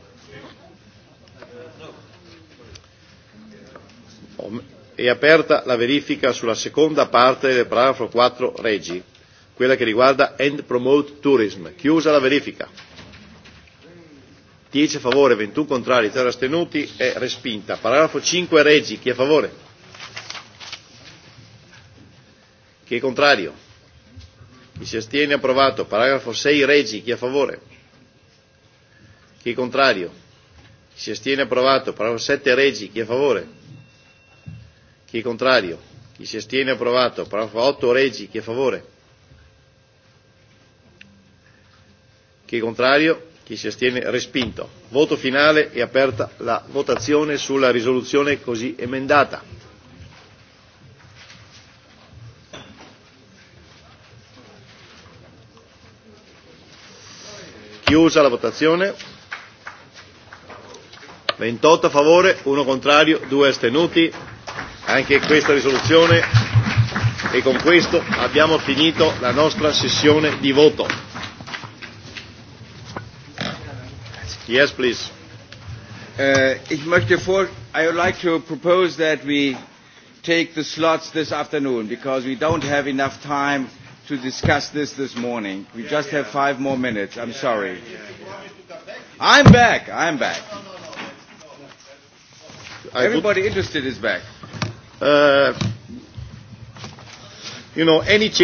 È aperta la verifica sulla seconda parte del paragrafo 4 Regi, quella che riguarda End Promote Tourism. Chiusa la verifica. 10 a favore, 21 contrari, 0 astenuti, è respinta. Paragrafo 5 Regi, chi è a favore? Chi è contrario? Chi si astiene approvato. Paragrafo 6 Regi, chi è a favore? Chi è contrario? Chi si astiene approvato. Paragrafo 7 Regi, chi è a favore? Chi è contrario? Chi si astiene approvato. Paragrafo 8 Regi, chi è a favore? Chi è contrario? Chi si astiene? Respinto. Voto finale è e aperta la votazione sulla risoluzione così emendata. Chiusa la votazione. 28 a favore, 1 contrario, 2 astenuti. Anche questa risoluzione e con questo abbiamo finito la nostra sessione di voto. Yes, please. Uh, ich möchte vor, I would like to propose that we take the slots this afternoon because we don't have enough time to discuss this this morning. We yeah, just yeah. have five more minutes. I'm yeah, sorry. Yeah, yeah. I'm back. I'm back. No, no, no. Everybody would... interested is back. Uh, you know, any change.